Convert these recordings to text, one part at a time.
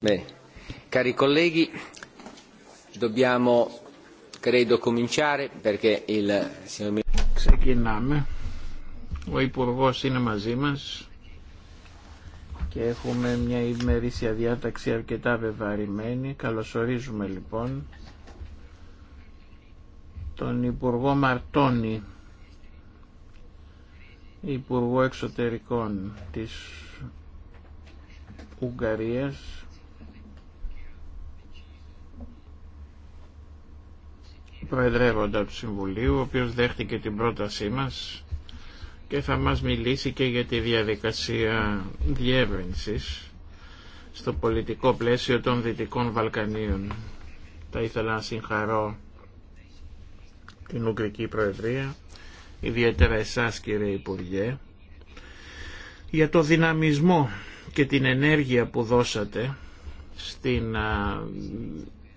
Bene. Cari colleghi, dobbiamo credo cominciare perché il signor Ξεκινάμε. Ο Υπουργό είναι μαζί μα και έχουμε μια ημερήσια διάταξη αρκετά βεβαρημένη. Καλωσορίζουμε λοιπόν τον Υπουργό Μαρτώνη, Υπουργό Εξωτερικών της Ουγγαρίας, προεδρεύοντα του Συμβουλίου, ο οποίος δέχτηκε την πρότασή μας και θα μας μιλήσει και για τη διαδικασία διεύρυνσης στο πολιτικό πλαίσιο των Δυτικών Βαλκανίων. Θα ήθελα να συγχαρώ την Ουγγρική Προεδρία, ιδιαίτερα εσάς κύριε Υπουργέ, για το δυναμισμό και την ενέργεια που δώσατε στην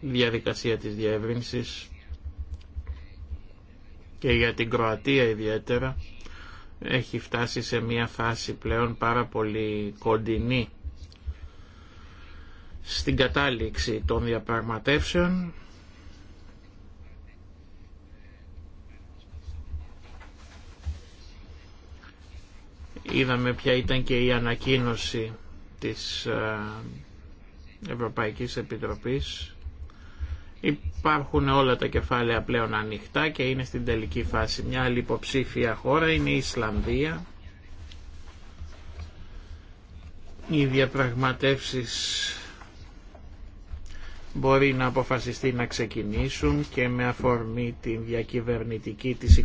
διαδικασία της διεύρυνσης και για την Κροατία ιδιαίτερα έχει φτάσει σε μια φάση πλέον πάρα πολύ κοντινή στην κατάληξη των διαπραγματεύσεων είδαμε ποια ήταν και η ανακοίνωση της ε, Ευρωπαϊκής Επιτροπής Υπάρχουν όλα τα κεφάλαια πλέον ανοιχτά και είναι στην τελική φάση. Μια άλλη υποψήφια χώρα είναι η Ισλανδία. Οι διαπραγματεύσεις μπορεί να αποφασιστεί να ξεκινήσουν και με αφορμή την διακυβερνητική της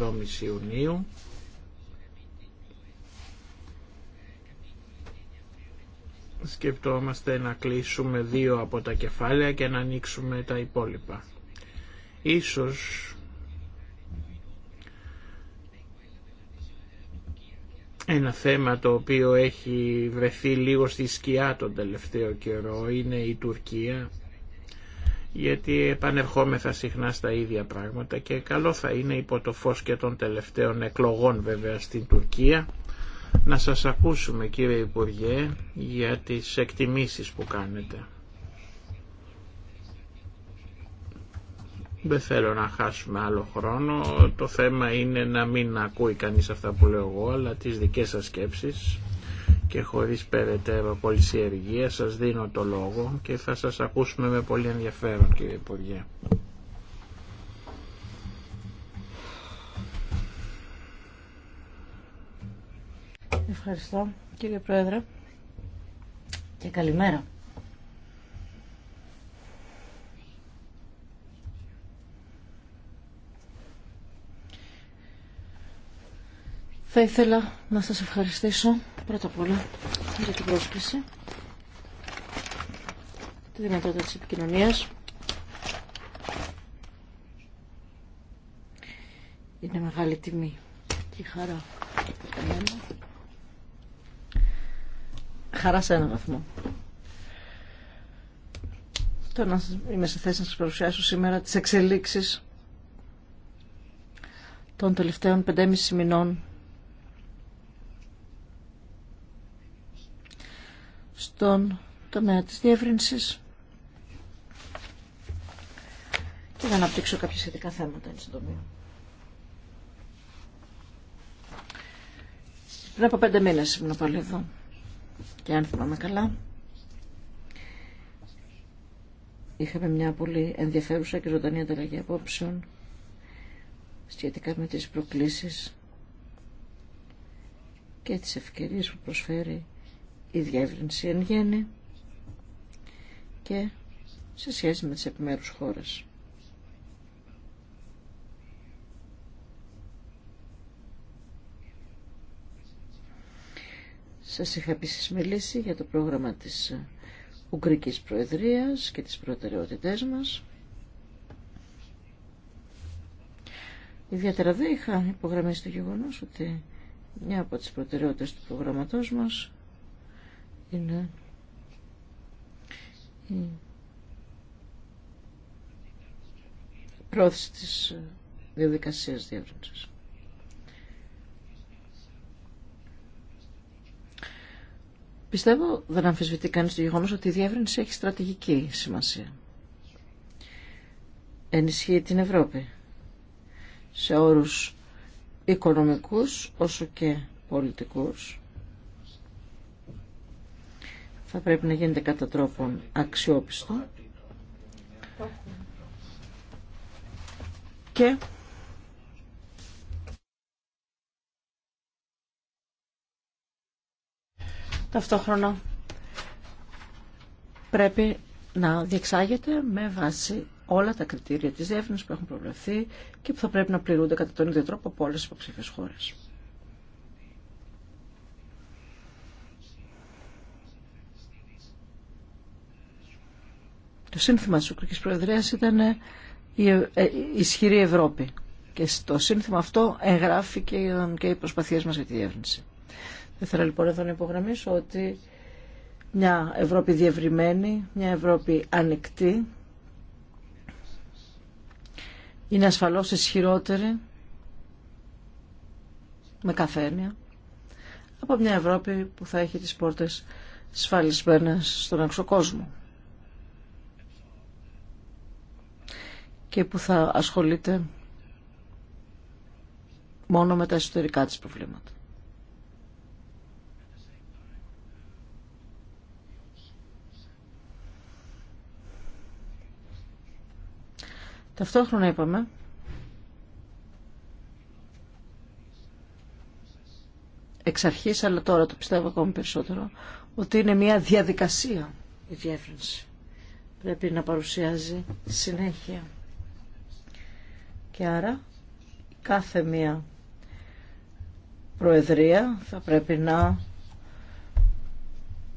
27 Ιουνίου. σκεπτόμαστε να κλείσουμε δύο από τα κεφάλαια και να ανοίξουμε τα υπόλοιπα. Ίσως ένα θέμα το οποίο έχει βρεθεί λίγο στη σκιά τον τελευταίο καιρό είναι η Τουρκία γιατί επανερχόμεθα συχνά στα ίδια πράγματα και καλό θα είναι υπό το φως και των τελευταίων εκλογών βέβαια στην Τουρκία να σας ακούσουμε κύριε Υπουργέ για τις εκτιμήσεις που κάνετε. Δεν θέλω να χάσουμε άλλο χρόνο. Το θέμα είναι να μην ακούει κανείς αυτά που λέω εγώ, αλλά τις δικές σας σκέψεις και χωρίς περαιτέρω πολυσιεργία σας δίνω το λόγο και θα σας ακούσουμε με πολύ ενδιαφέρον κύριε Υπουργέ. Ευχαριστώ κύριε Πρόεδρε και καλημέρα. Θα ήθελα να σας ευχαριστήσω πρώτα απ' όλα για την πρόσκληση, τη δυνατότητα της επικοινωνίας. Είναι μεγάλη τιμή και χαρά για χαρά σε έναν βαθμό. Τώρα να είμαι σε θέση να σας παρουσιάσω σήμερα τις εξελίξεις των τελευταίων 5,5 μηνών στον τομέα της διεύρυνσης και να αναπτύξω κάποια σχετικά θέματα στον τομέα. Πριν από πέντε μήνες ήμουν πάλι εδώ και αν θυμάμαι καλά είχαμε μια πολύ ενδιαφέρουσα και ζωντανή ανταλλαγή απόψεων σχετικά με τις προκλήσεις και τις ευκαιρίες που προσφέρει η διεύρυνση εν γέννη και σε σχέση με τις επιμέρους χώρες. Σας είχα επίση μιλήσει για το πρόγραμμα της Ουγγρικής Προεδρίας και τις προτεραιότητές μας. Ιδιαίτερα δεν είχα υπογραμμίσει το γεγονός ότι μια από τις προτεραιότητες του προγραμματός μας είναι η πρόθεση της διαδικασίας διεύρυνσης. Πιστεύω δεν αμφισβητεί κανείς το γεγονός ότι η διεύρυνση έχει στρατηγική σημασία. Ενισχύει την Ευρώπη σε όρους οικονομικούς όσο και πολιτικούς. Θα πρέπει να γίνεται κατά τρόπον αξιόπιστο. Και ταυτόχρονα πρέπει να διεξάγεται με βάση όλα τα κριτήρια της διεύθυνσης που έχουν προβλεφθεί και που θα πρέπει να πληρούνται κατά τον ίδιο τρόπο από όλες τις υποψήφιες χώρες. Το σύνθημα της Ουκρικής Προεδρίας ήταν η ε, ε, ισχυρή Ευρώπη. Και στο σύνθημα αυτό εγγράφηκε και οι προσπαθίες μας για τη διεύθυνση. Θα ήθελα λοιπόν εδώ να υπογραμμίσω ότι μια Ευρώπη διευρυμένη, μια Ευρώπη ανοιχτή, είναι ασφαλώς ισχυρότερη με καθένεια από μια Ευρώπη που θα έχει τις πόρτες σφαλισμένες στον εξωκόσμο και που θα ασχολείται μόνο με τα εσωτερικά της προβλήματα. Ταυτόχρονα είπαμε εξ αρχής, αλλά τώρα το πιστεύω ακόμη περισσότερο, ότι είναι μια διαδικασία η διεύρυνση. Πρέπει να παρουσιάζει συνέχεια. Και άρα κάθε μία προεδρία θα πρέπει να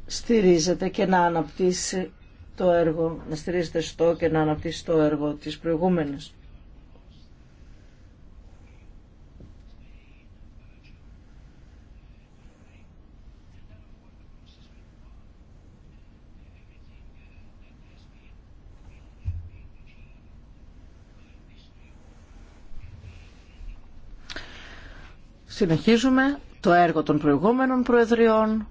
στηρίζεται και να αναπτύσσει το έργο, να στηρίζεται στο και να αναπτύσσει το έργο της προηγούμενης. συνεχίζουμε το έργο των προηγούμενων προεδριών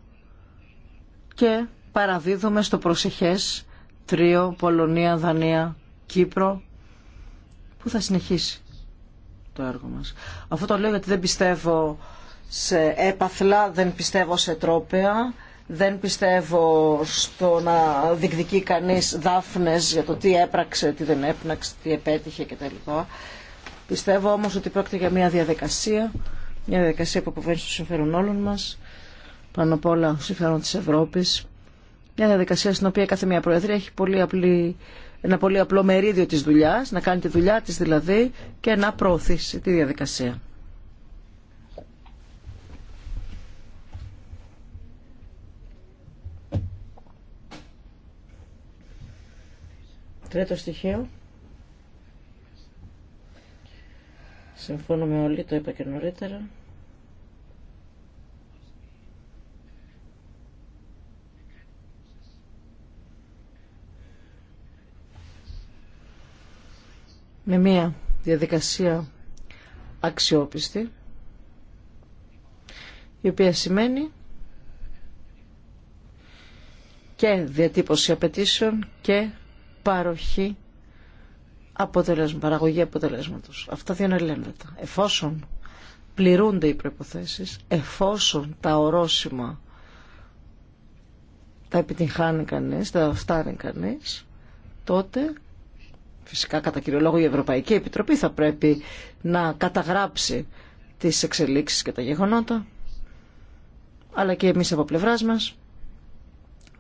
και παραδίδουμε στο προσεχές τρίο Πολωνία, Δανία, Κύπρο που θα συνεχίσει το έργο μας. Αυτό το λέω γιατί δεν πιστεύω σε έπαθλα, δεν πιστεύω σε τρόπαια, δεν πιστεύω στο να διεκδικεί κανείς δάφνες για το τι έπραξε, τι δεν έπναξε, τι επέτυχε κτλ. Πιστεύω όμως ότι πρόκειται για μια διαδικασία, μια διαδικασία που αποβαίνει στο συμφέρον όλων μας, πάνω απ' όλα συμφέρον της Ευρώπης μια διαδικασία στην οποία κάθε μια Προεδρία έχει πολύ απλή, ένα πολύ απλό μερίδιο της δουλειάς, να κάνει τη δουλειά της δηλαδή και να προωθήσει τη διαδικασία. Τρίτο στοιχείο. Συμφωνώ με όλοι, το είπα και νωρίτερα. με μια διαδικασία αξιόπιστη η οποία σημαίνει και διατύπωση απαιτήσεων και παροχή αποτελέσματος, παραγωγή αποτελέσματος. Αυτά δύο Εφόσον πληρούνται οι προϋποθέσεις, εφόσον τα ορόσημα τα επιτυγχάνει κανείς, τα φτάνει κανείς, τότε Φυσικά κατά κύριο λόγο η Ευρωπαϊκή Επιτροπή θα πρέπει να καταγράψει τις εξελίξεις και τα γεγονότα αλλά και εμείς από πλευράς μας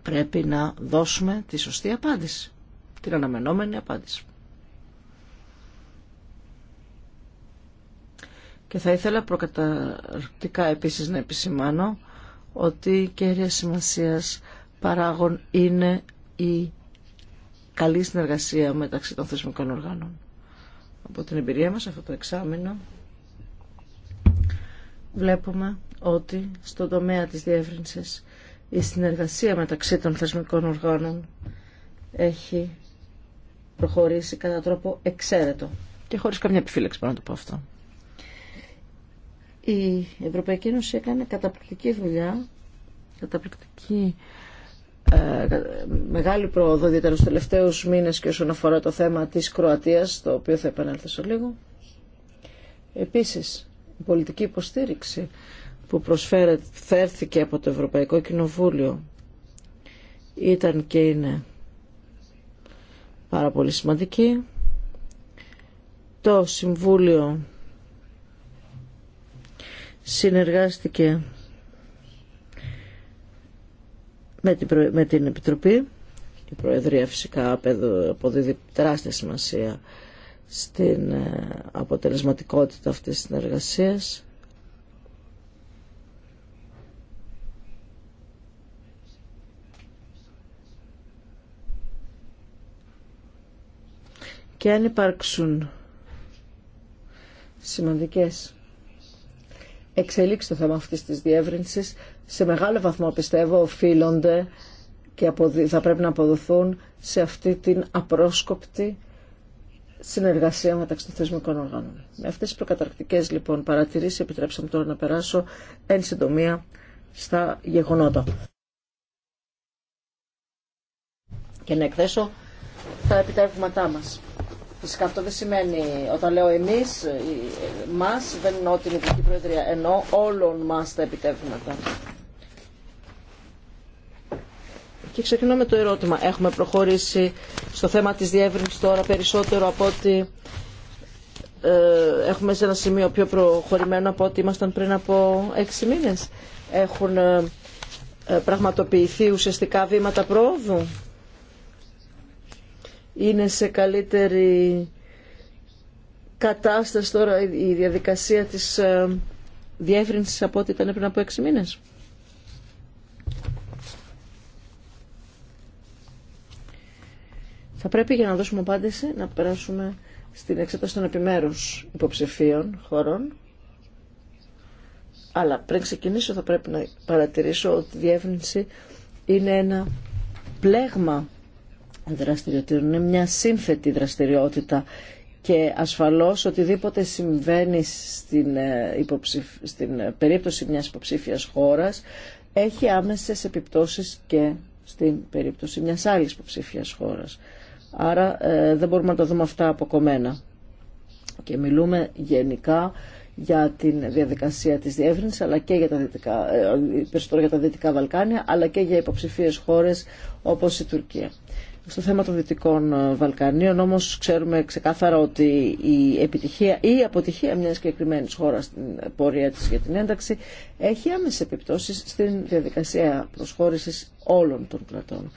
πρέπει να δώσουμε τη σωστή απάντηση, την αναμενόμενη απάντηση. Και θα ήθελα προκαταρκτικά επίσης να επισημάνω ότι η κέρια σημασίας παράγων είναι η καλή συνεργασία μεταξύ των θεσμικών οργάνων. Από την εμπειρία μας αυτό το εξάμεινο βλέπουμε ότι στον τομέα της διεύρυνσης η συνεργασία μεταξύ των θεσμικών οργάνων έχει προχωρήσει κατά τρόπο εξαίρετο και χωρίς καμιά επιφύλαξη πάνω να το πω αυτό. Η Ευρωπαϊκή Ένωση έκανε καταπληκτική δουλειά, καταπληκτική ε, μεγάλη πρόοδο, ιδιαίτερα στους τελευταίους μήνες και όσον αφορά το θέμα της Κροατίας, το οποίο θα επανέλθω σε λίγο. Επίσης, η πολιτική υποστήριξη που προσφέρθηκε από το Ευρωπαϊκό Κοινοβούλιο ήταν και είναι πάρα πολύ σημαντική. Το Συμβούλιο συνεργάστηκε με την, με την Επιτροπή. Η Προεδρία φυσικά αποδίδει τεράστια σημασία στην ε, αποτελεσματικότητα αυτής της συνεργασίας. Και αν υπάρξουν σημαντικές εξελίξεις στο θέμα αυτής της διεύρυνσης σε μεγάλο βαθμό πιστεύω οφείλονται και θα πρέπει να αποδοθούν σε αυτή την απρόσκοπτη συνεργασία μεταξύ των θεσμικών οργάνων. Με αυτές τις προκαταρκτικές λοιπόν παρατηρήσεις επιτρέψαμε τώρα να περάσω εν συντομία στα γεγονότα. Και να εκθέσω τα επιτεύγματά μας. Φυσικά αυτό δεν σημαίνει, όταν λέω εμεί, ε, μα δεν εννοώ την Ειδική Προεδρία, εννοώ όλων μα τα επιτεύγματα. Και ξεκινώ με το ερώτημα. Έχουμε προχωρήσει στο θέμα της διεύρυνσης τώρα περισσότερο από ότι ε, έχουμε σε ένα σημείο πιο προχωρημένο από ό,τι ήμασταν πριν από έξι μήνες. Έχουν ε, ε, πραγματοποιηθεί ουσιαστικά βήματα πρόοδου. Είναι σε καλύτερη κατάσταση τώρα η διαδικασία της διεύρυνσης από ό,τι ήταν πριν από έξι μήνες. Θα πρέπει για να δώσουμε απάντηση να περάσουμε στην εξέταση των επιμέρους υποψηφίων χωρών. Αλλά πριν ξεκινήσω θα πρέπει να παρατηρήσω ότι η διεύρυνση είναι ένα πλέγμα δραστηριοτήτων, είναι μια σύνθετη δραστηριότητα και ασφαλώς οτιδήποτε συμβαίνει στην, ε, υποψηφ... στην ε, περίπτωση μιας υποψήφιας χώρας έχει άμεσες επιπτώσεις και στην περίπτωση μιας άλλης υποψήφιας χώρας. Άρα ε, δεν μπορούμε να τα δούμε αυτά αποκομμένα. Και μιλούμε γενικά για την διαδικασία της διεύρυνσης, αλλά και για τα δυτικά, ε, περισσότερο για τα Δυτικά Βαλκάνια, αλλά και για υποψηφίες χώρες όπως η Τουρκία. Στο θέμα των Δυτικών ε, Βαλκανίων όμως ξέρουμε ξεκάθαρα ότι η επιτυχία ή η αποτυχία μιας συγκεκριμένη χώρας στην πορεία της για την ένταξη έχει άμεση επιπτώσεις στην διαδικασία προσχώρησης όλων των κρατών.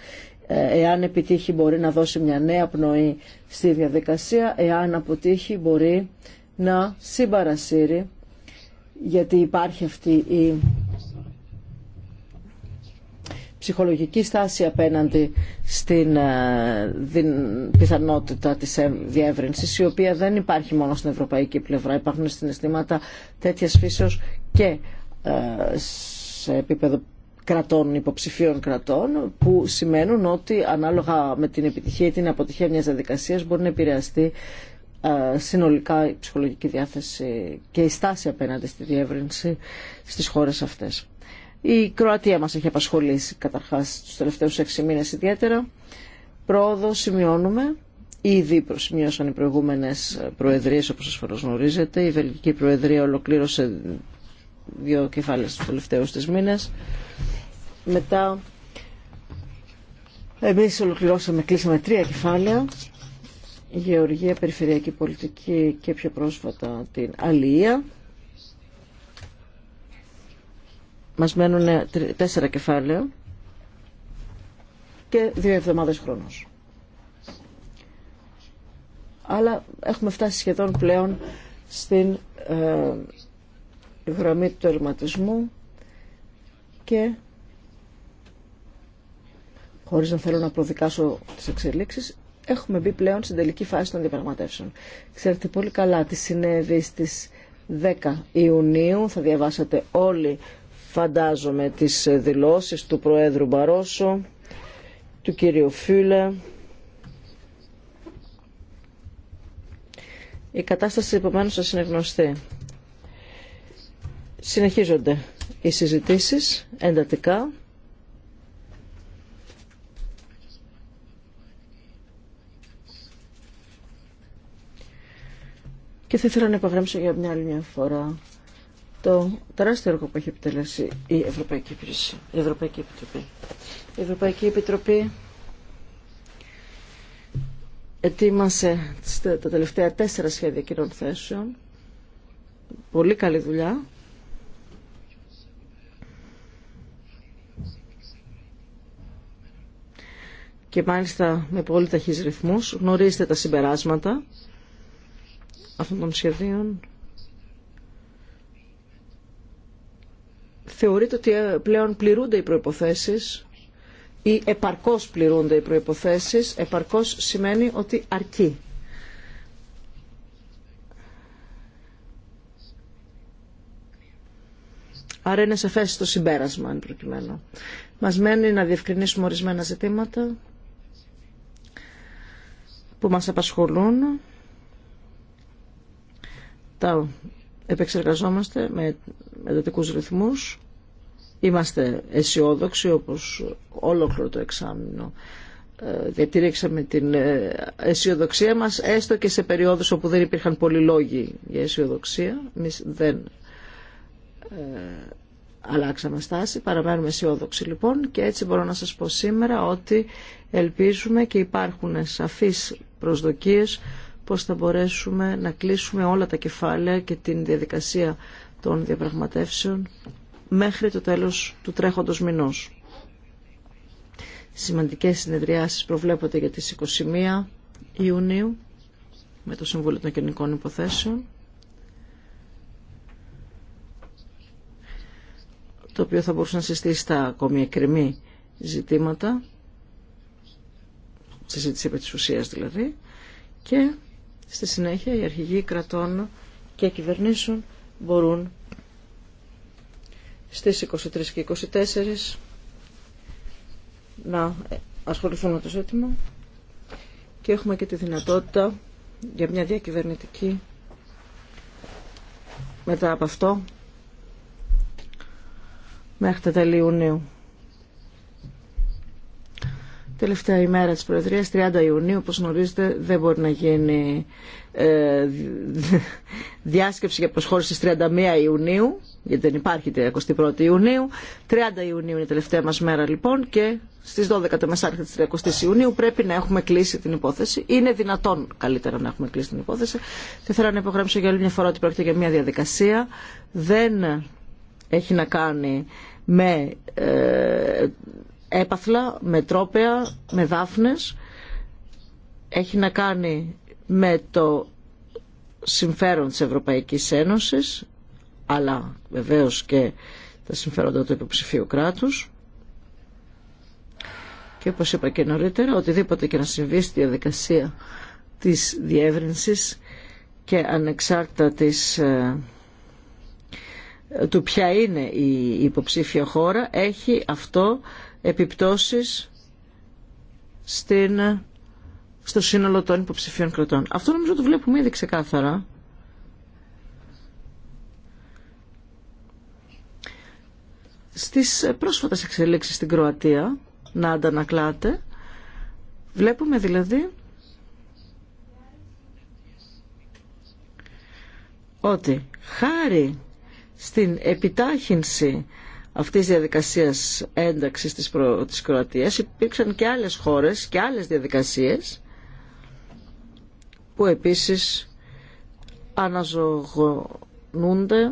Ε, εάν επιτύχει μπορεί να δώσει μια νέα πνοή στη διαδικασία, εάν αποτύχει μπορεί να συμπαρασύρει, γιατί υπάρχει αυτή η ψυχολογική στάση απέναντι στην ε, πιθανότητα της διεύρυνσης, η οποία δεν υπάρχει μόνο στην ευρωπαϊκή πλευρά, υπάρχουν συναισθήματα τέτοιας φύσεως και ε, σε επίπεδο κρατών, υποψηφίων κρατών, που σημαίνουν ότι ανάλογα με την επιτυχία ή την αποτυχία μιας διαδικασία μπορεί να επηρεαστεί συνολικά η ψυχολογική διάθεση και η στάση απέναντι στη διεύρυνση στις χώρες αυτές. Η Κροατία μας έχει απασχολήσει καταρχάς τους τελευταίους έξι μήνες ιδιαίτερα. Πρόοδο σημειώνουμε. Ήδη προσημειώσαν οι προηγούμενες προεδρίες όπως σας γνωρίζετε. Η Βελγική Προεδρία ολοκλήρωσε δύο κεφάλαια στους τελευταίους μήνες. Μετά εμείς ολοκληρώσαμε, κλείσαμε τρία κεφάλαια. Γεωργία, περιφερειακή πολιτική και πιο πρόσφατα την αλία Μας μένουν τέσσερα κεφάλαια και δύο εβδομάδες χρόνος. Αλλά έχουμε φτάσει σχεδόν πλέον στην ε, γραμμή του τερματισμού και χωρίς να θέλω να προδικάσω τις εξελίξεις, έχουμε μπει πλέον στην τελική φάση των διαπραγματεύσεων. Ξέρετε πολύ καλά τι συνέβη στις 10 Ιουνίου, θα διαβάσατε όλοι φαντάζομαι τις δηλώσεις του Προέδρου Μπαρόσο, του κυρίου Φίλε. Η κατάσταση επομένω σας είναι γνωστή. Συνεχίζονται οι συζητήσεις εντατικά Και θα ήθελα να υπογράψω για μια άλλη μια φορά το τεράστιο έργο που έχει επιτελέσει η Ευρωπαϊκή η Ευρωπαϊκή Επιτροπή. Η Ευρωπαϊκή Επιτροπή ετοίμασε τα τελευταία τέσσερα σχέδια κοινών θέσεων. Πολύ καλή δουλειά. Και μάλιστα με πολύ ταχύς ρυθμούς. Γνωρίζετε τα συμπεράσματα αυτών των σχεδίων θεωρείται ότι ε, πλέον πληρούνται οι προϋποθέσεις ή επαρκώς πληρούνται οι προϋποθέσεις. Επαρκώς σημαίνει ότι αρκεί. Άρα είναι σε το συμπέρασμα, εν προκειμένου. Μας μένει να διευκρινίσουμε ορισμένα ζητήματα που μας απασχολούν τα επεξεργαζόμαστε με εντατικούς ρυθμούς. Είμαστε αισιόδοξοι όπως ολόκληρο το εξάμεινο. Ε, Διατηρήξαμε την ε, αισιοδοξία μας έστω και σε περιόδους όπου δεν υπήρχαν πολλοί λόγοι για αισιοδοξία. Εμεί δεν ε, αλλάξαμε στάση, παραμένουμε αισιόδοξοι λοιπόν και έτσι μπορώ να σας πω σήμερα ότι ελπίζουμε και υπάρχουν σαφείς προσδοκίες πώς θα μπορέσουμε να κλείσουμε όλα τα κεφάλαια και την διαδικασία των διαπραγματεύσεων μέχρι το τέλος του τρέχοντος μηνός. Σημαντικές συνεδριάσεις προβλέπονται για τις 21 Ιουνίου με το Συμβούλιο των Κοινωνικών Υποθέσεων το οποίο θα μπορούσε να συστήσει τα ακόμη εκκρεμή ζητήματα συζήτηση επί της ουσίας δηλαδή και Στη συνέχεια οι αρχηγοί κρατών και κυβερνήσεων μπορούν στις 23 και 24 να ασχοληθούν με το ζήτημα και έχουμε και τη δυνατότητα για μια διακυβερνητική μετά από αυτό μέχρι τα τέλη Ιουνίου τελευταία ημέρα της Προεδρίας, 30 Ιουνίου, όπως γνωρίζετε, δεν μπορεί να γίνει ε, διάσκεψη για προσχώρηση στις 31 Ιουνίου, γιατί δεν υπάρχει 31 Ιουνίου. 30 Ιουνίου είναι η τελευταία μας μέρα λοιπόν και στις 12 το μεσάρχη της 30 Ιουνίου πρέπει να έχουμε κλείσει την υπόθεση. Είναι δυνατόν καλύτερα να έχουμε κλείσει την υπόθεση. Θα ήθελα να υπογράψω για άλλη μια φορά ότι πρόκειται για μια διαδικασία. Δεν έχει να κάνει με... Ε, έπαθλα, με τρόπεα, με δάφνες. Έχει να κάνει με το συμφέρον της Ευρωπαϊκής Ένωσης, αλλά βεβαίως και τα συμφέροντα του υποψηφίου κράτους. Και όπως είπα και νωρίτερα, οτιδήποτε και να συμβεί στη διαδικασία της διεύρυνσης και ανεξάρτητα της, ε, του ποια είναι η υποψήφια χώρα, έχει αυτό επιπτώσεις στην, στο σύνολο των υποψηφίων κρατών. Αυτό νομίζω το βλέπουμε ήδη ξεκάθαρα. Στις πρόσφατες εξελίξεις στην Κροατία να αντανακλάτε, βλέπουμε δηλαδή ότι χάρη στην επιτάχυνση αυτής της διαδικασίας ένταξης της, προ... της Κροατίας υπήρξαν και άλλες χώρες και άλλες διαδικασίες που επίσης αναζωογονούνται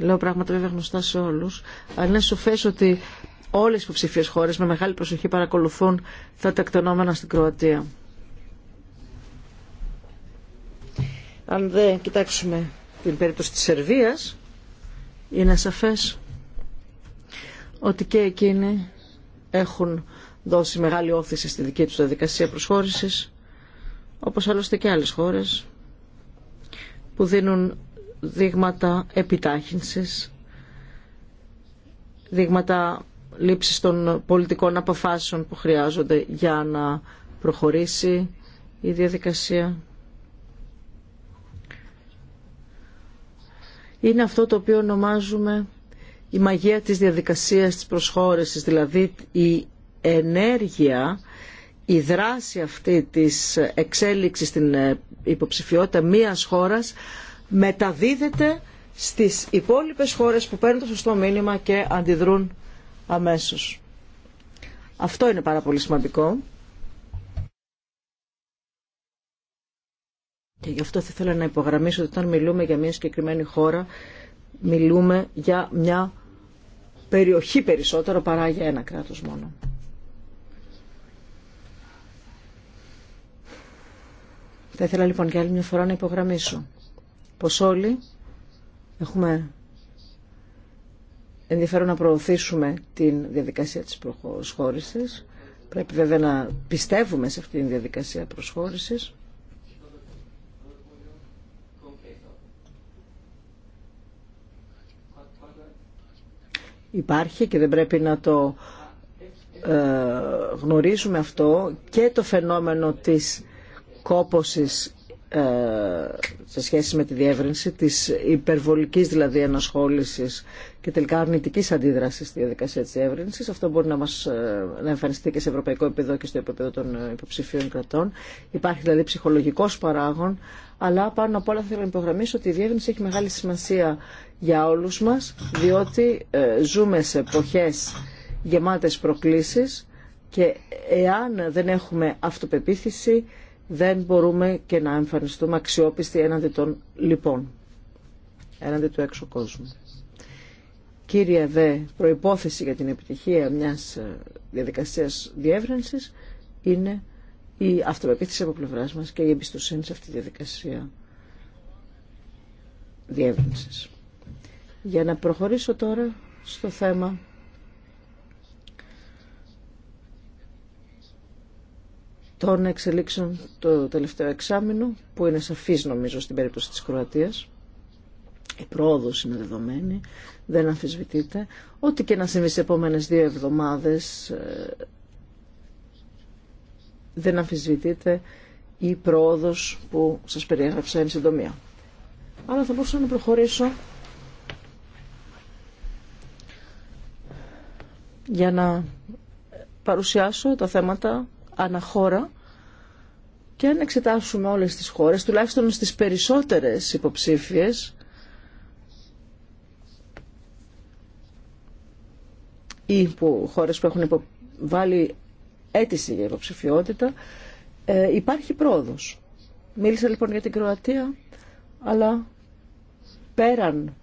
λέω πράγματα βέβαια γνωστά σε όλους αλλά είναι σοφές ότι όλες οι υποψηφιέ χώρες με μεγάλη προσοχή παρακολουθούν τα τεκτενόμενα στην Κροατία. Αν δεν κοιτάξουμε την περίπτωση της Σερβίας, είναι σαφές ότι και εκείνοι έχουν δώσει μεγάλη όθηση στη δική τους διαδικασία προσχώρησης, όπως άλλωστε και άλλες χώρες, που δίνουν δείγματα επιτάχυνσης, δείγματα λήψης των πολιτικών αποφάσεων που χρειάζονται για να προχωρήσει η διαδικασία. είναι αυτό το οποίο ονομάζουμε η μαγεία της διαδικασίας της προσχώρησης, δηλαδή η ενέργεια, η δράση αυτή της εξέλιξης στην ε, υποψηφιότητα μίας χώρας μεταδίδεται στις υπόλοιπες χώρες που παίρνουν το σωστό μήνυμα και αντιδρούν αμέσως. Αυτό είναι πάρα πολύ σημαντικό Και γι' αυτό θα ήθελα να υπογραμμίσω ότι όταν μιλούμε για μια συγκεκριμένη χώρα, μιλούμε για μια περιοχή περισσότερο παρά για ένα κράτος μόνο. Θα ήθελα λοιπόν και άλλη μια φορά να υπογραμμίσω πως όλοι έχουμε ενδιαφέρον να προωθήσουμε την διαδικασία της προσχώρησης. Πρέπει βέβαια να πιστεύουμε σε αυτή τη διαδικασία προσχώρησης. υπάρχει και δεν πρέπει να το ε, γνωρίζουμε αυτό και το φαινόμενο της κόπωσης ε, σε σχέση με τη διεύρυνση της υπερβολικής δηλαδή ανασχόλησης και τελικά αρνητικής αντίδρασης στη διαδικασία της διεύρυνσης. Αυτό μπορεί να, μας, ε, να εμφανιστεί και σε ευρωπαϊκό επίπεδο και στο επίπεδο των υποψηφίων κρατών. Υπάρχει δηλαδή ψυχολογικός παράγον, αλλά πάνω απ' όλα θέλω να υπογραμμίσω ότι η διεύρυνση έχει μεγάλη σημασία για όλους μας, διότι ε, ζούμε σε εποχές γεμάτες προκλήσεις και εάν δεν έχουμε αυτοπεποίθηση δεν μπορούμε και να εμφανιστούμε αξιόπιστοι έναντι των λοιπόν, έναντι του έξω κόσμου. Κύρια δε, προϋπόθεση για την επιτυχία μιας ε, διαδικασίας διεύρυνσης είναι η αυτοπεποίθηση από πλευράς μας και η εμπιστοσύνη σε αυτή τη διαδικασία διεύρυνσης. Για να προχωρήσω τώρα στο θέμα των εξελίξεων το τελευταίο εξάμεινο, που είναι σαφής νομίζω στην περίπτωση της Κροατίας. Η πρόοδος είναι δεδομένη, δεν αμφισβητείται. Ό,τι και να συμβεί σε επόμενες δύο εβδομάδες ε, δεν αμφισβητείται η πρόοδος που σας περιέγραψα εν συντομία. αλλά θα μπορούσα να προχωρήσω για να παρουσιάσω τα θέματα αναχώρα και αν εξετάσουμε όλες τις χώρες, τουλάχιστον στις περισσότερες υποψήφιες, ή που χώρες που έχουν υπο... βάλει αίτηση για υποψηφιότητα, ε, υπάρχει πρόοδος. Μίλησα λοιπόν για την Κροατία, αλλά πέραν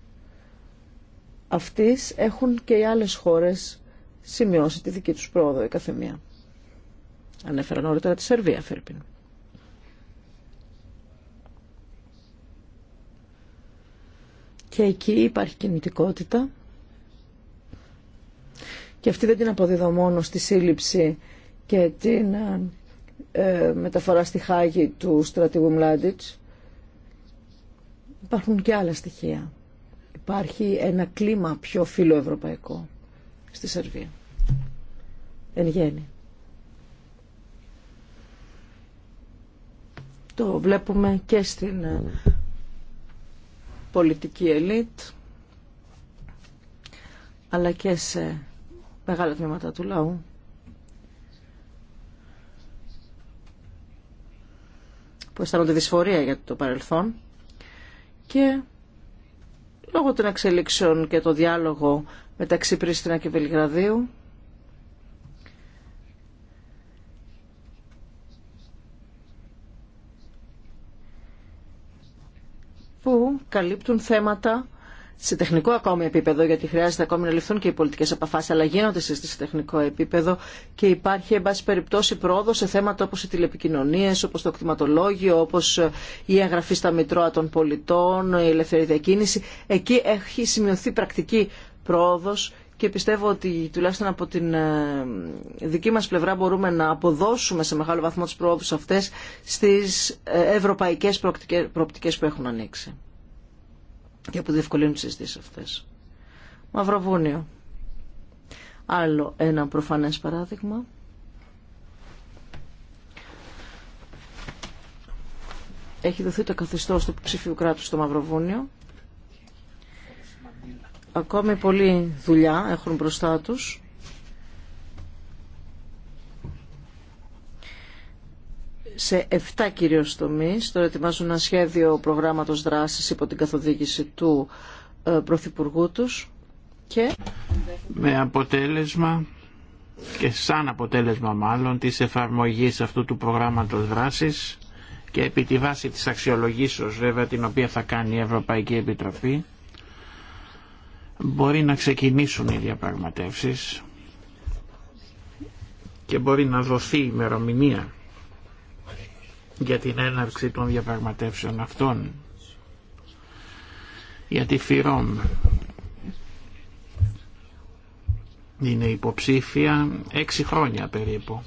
αυτής έχουν και οι άλλες χώρες σημειώσει τη δική τους πρόοδο η καθεμία. Ανέφεραν όλοι τη Σερβία, Φερπίν. Και εκεί υπάρχει κινητικότητα. Και αυτή δεν την αποδίδω μόνο στη σύλληψη και την ε, ε, μεταφορά στη Χάγη του στρατηγού Μλάντιτς. Υπάρχουν και άλλα στοιχεία. Υπάρχει ένα κλίμα πιο φιλοευρωπαϊκό στη Σερβία. Εν γέννη. Το βλέπουμε και στην ε, πολιτική ελίτ αλλά και σε μεγάλα τμήματα του λαού. που αισθάνονται δυσφορία για το παρελθόν και λόγω των εξελίξεων και το διάλογο μεταξύ Πρίστινα και Βελιγραδίου. που καλύπτουν θέματα σε τεχνικό ακόμη επίπεδο, γιατί χρειάζεται ακόμη να ληφθούν και οι πολιτικέ αποφάσει, αλλά γίνονται σε τεχνικό επίπεδο και υπάρχει, εν πάση περιπτώσει, πρόοδο σε θέματα όπω οι τηλεπικοινωνίε, όπω το κτηματολόγιο, όπω η εγγραφή στα Μητρώα των Πολιτών, η ελευθερία διακίνηση. Εκεί έχει σημειωθεί πρακτική πρόοδος και πιστεύω ότι τουλάχιστον από την ε, δική μας πλευρά μπορούμε να αποδώσουμε σε μεγάλο βαθμό τις προόδους αυτές στις ε, ευρωπαϊκές προοπτικές που έχουν ανοίξει και που διευκολύνουν τις συζητήσεις αυτές. Μαυροβούνιο. Άλλο ένα προφανές παράδειγμα. Έχει δοθεί το καθεστώς του ψηφίου κράτους στο Μαυροβούνιο ακόμη πολλή δουλειά έχουν μπροστά τους. σε 7 κυρίως τομείς. Τώρα ετοιμάζουν ένα σχέδιο προγράμματος δράσης υπό την καθοδήγηση του ε, Πρωθυπουργού τους. Και... Με αποτέλεσμα και σαν αποτέλεσμα μάλλον της εφαρμογής αυτού του προγράμματος δράσης και επί τη βάση της αξιολογήσεως βέβαια την οποία θα κάνει η Ευρωπαϊκή Επιτροπή μπορεί να ξεκινήσουν οι διαπραγματεύσεις και μπορεί να δοθεί ημερομηνία για την έναρξη των διαπραγματεύσεων αυτών γιατί φυρών ΦΥΡΟΜ είναι υποψήφια έξι χρόνια περίπου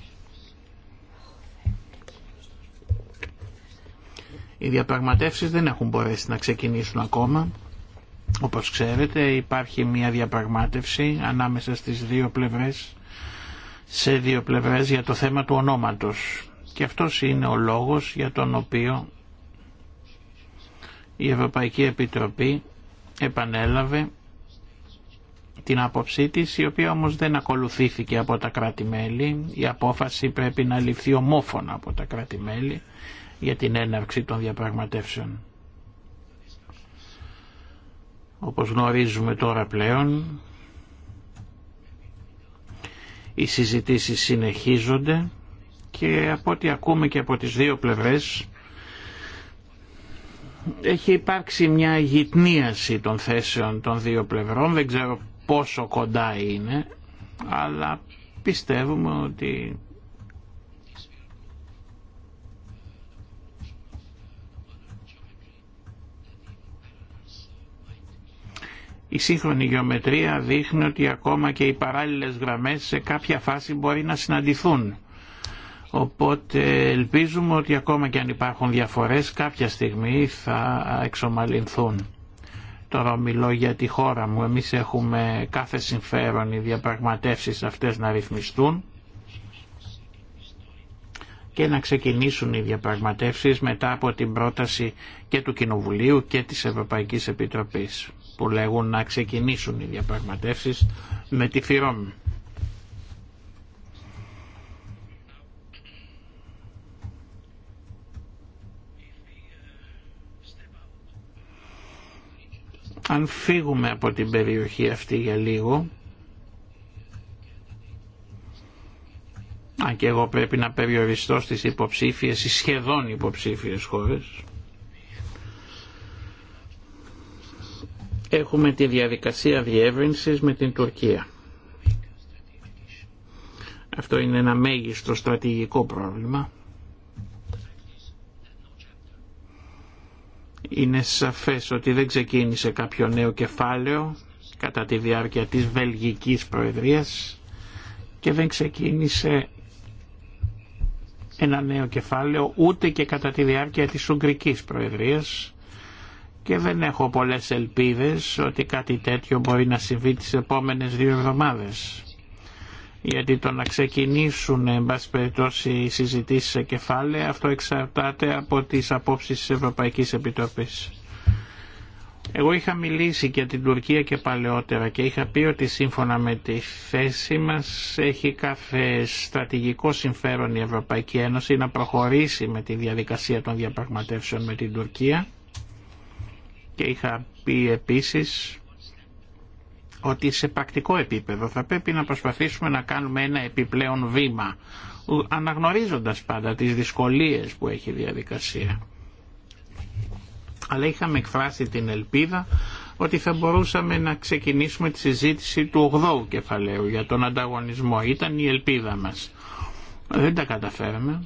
οι διαπραγματεύσεις δεν έχουν μπορέσει να ξεκινήσουν ακόμα όπως ξέρετε υπάρχει μια διαπραγμάτευση ανάμεσα στις δύο πλευρές σε δύο πλευρές για το θέμα του ονόματος. Και αυτός είναι ο λόγος για τον οποίο η Ευρωπαϊκή Επιτροπή επανέλαβε την άποψή της, η οποία όμως δεν ακολουθήθηκε από τα κράτη-μέλη. Η απόφαση πρέπει να ληφθεί ομόφωνα από τα κράτη-μέλη για την έναρξη των διαπραγματεύσεων. Όπως γνωρίζουμε τώρα πλέον, οι συζητήσεις συνεχίζονται και από ό,τι ακούμε και από τις δύο πλευρές έχει υπάρξει μια γυτνίαση των θέσεων των δύο πλευρών, δεν ξέρω πόσο κοντά είναι, αλλά πιστεύουμε ότι Η σύγχρονη γεωμετρία δείχνει ότι ακόμα και οι παράλληλες γραμμές σε κάποια φάση μπορεί να συναντηθούν. Οπότε ελπίζουμε ότι ακόμα και αν υπάρχουν διαφορές κάποια στιγμή θα εξομαλυνθούν. Τώρα μιλώ για τη χώρα μου. Εμείς έχουμε κάθε συμφέρον οι διαπραγματεύσεις αυτές να ρυθμιστούν και να ξεκινήσουν οι διαπραγματεύσεις μετά από την πρόταση και του Κοινοβουλίου και της Ευρωπαϊκής Επιτροπής που λέγουν να ξεκινήσουν οι διαπραγματεύσεις με τη ΦΥΡΟΜ. Αν φύγουμε από την περιοχή αυτή για λίγο, αν και εγώ πρέπει να περιοριστώ στις υποψήφιες ή σχεδόν υποψήφιες χώρες, έχουμε τη διαδικασία διεύρυνσης με την Τουρκία. Αυτό είναι ένα μέγιστο στρατηγικό πρόβλημα. Είναι σαφές ότι δεν ξεκίνησε κάποιο νέο κεφάλαιο κατά τη διάρκεια της Βελγικής Προεδρίας και δεν ξεκίνησε ένα νέο κεφάλαιο ούτε και κατά τη διάρκεια της Ουγγρικής Προεδρίας και δεν έχω πολλές ελπίδες ότι κάτι τέτοιο μπορεί να συμβεί τις επόμενες δύο εβδομάδες. Γιατί το να ξεκινήσουν, εν πάση περιπτώσει, οι συζητήσεις σε κεφάλαια, αυτό εξαρτάται από τις απόψεις της Ευρωπαϊκής Επιτροπής. Εγώ είχα μιλήσει για την Τουρκία και παλαιότερα και είχα πει ότι σύμφωνα με τη θέση μας έχει κάθε στρατηγικό συμφέρον η Ευρωπαϊκή Ένωση να προχωρήσει με τη διαδικασία των διαπραγματεύσεων με την Τουρκία και είχα πει επίσης ότι σε πρακτικό επίπεδο θα πρέπει να προσπαθήσουμε να κάνουμε ένα επιπλέον βήμα αναγνωρίζοντας πάντα τις δυσκολίες που έχει η διαδικασία. Αλλά είχαμε εκφράσει την ελπίδα ότι θα μπορούσαμε να ξεκινήσουμε τη συζήτηση του 8ου κεφαλαίου για τον ανταγωνισμό. Ήταν η ελπίδα μας. Δεν τα καταφέραμε.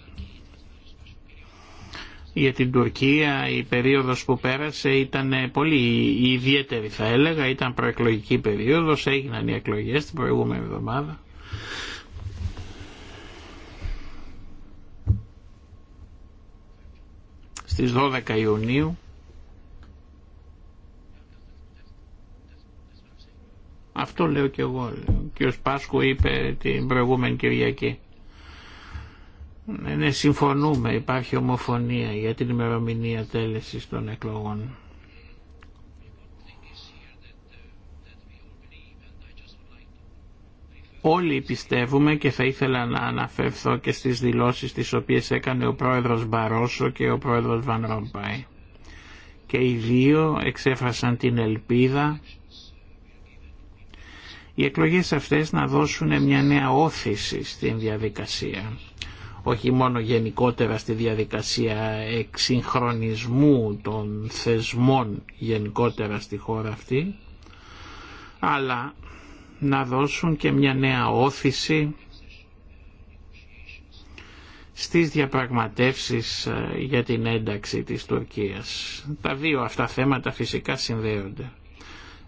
Για την Τουρκία η περίοδος που πέρασε ήταν πολύ ιδιαίτερη θα έλεγα, ήταν προεκλογική περίοδος, έγιναν οι εκλογές την προηγούμενη εβδομάδα. Στις 12 Ιουνίου Αυτό λέω και εγώ. Ο κ. είπε την προηγούμενη Κυριακή. Ναι, ναι, συμφωνούμε, υπάρχει ομοφωνία για την ημερομηνία τέλεσης των εκλογών. Όλοι πιστεύουμε και θα ήθελα να αναφερθώ και στις δηλώσεις τις οποίες έκανε ο πρόεδρος Μπαρόσο και ο πρόεδρος Βαν Ρομπάι. Και οι δύο εξέφρασαν την ελπίδα οι εκλογές αυτές να δώσουν μια νέα όθηση στην διαδικασία όχι μόνο γενικότερα στη διαδικασία εξυγχρονισμού των θεσμών γενικότερα στη χώρα αυτή, αλλά να δώσουν και μια νέα όθηση στις διαπραγματεύσεις ε, για την ένταξη της Τουρκίας. Τα δύο αυτά θέματα φυσικά συνδέονται.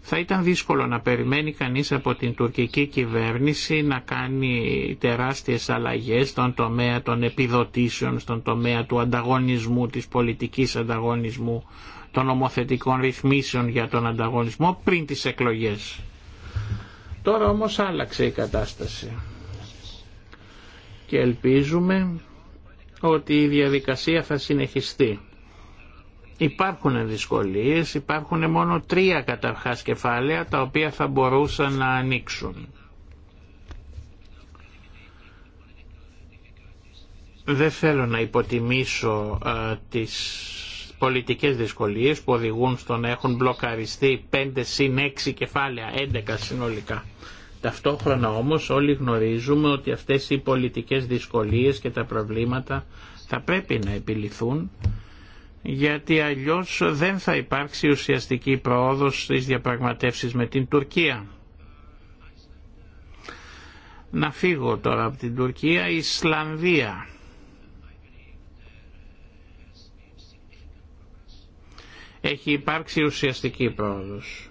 Θα ήταν δύσκολο να περιμένει κανείς από την τουρκική κυβέρνηση να κάνει τεράστιες αλλαγές στον τομέα των επιδοτήσεων, στον τομέα του ανταγωνισμού, της πολιτικής ανταγωνισμού, των ομοθετικών ρυθμίσεων για τον ανταγωνισμό πριν τις εκλογές. Τώρα όμως άλλαξε η κατάσταση και ελπίζουμε ότι η διαδικασία θα συνεχιστεί. Υπάρχουν δυσκολίες, υπάρχουν μόνο τρία καταρχάς κεφάλαια τα οποία θα μπορούσαν να ανοίξουν. Δεν θέλω να υποτιμήσω α, τις πολιτικές δυσκολίες που οδηγούν στο να έχουν μπλοκαριστεί πέντε συν έξι κεφάλαια, 11 συνολικά. Ταυτόχρονα όμως όλοι γνωρίζουμε ότι αυτές οι πολιτικές δυσκολίες και τα προβλήματα θα πρέπει να επιληθούν γιατί αλλιώς δεν θα υπάρξει ουσιαστική προόδος στις διαπραγματεύσεις με την Τουρκία. Να φύγω τώρα από την Τουρκία, Ισλανδία. Έχει υπάρξει ουσιαστική πρόοδος.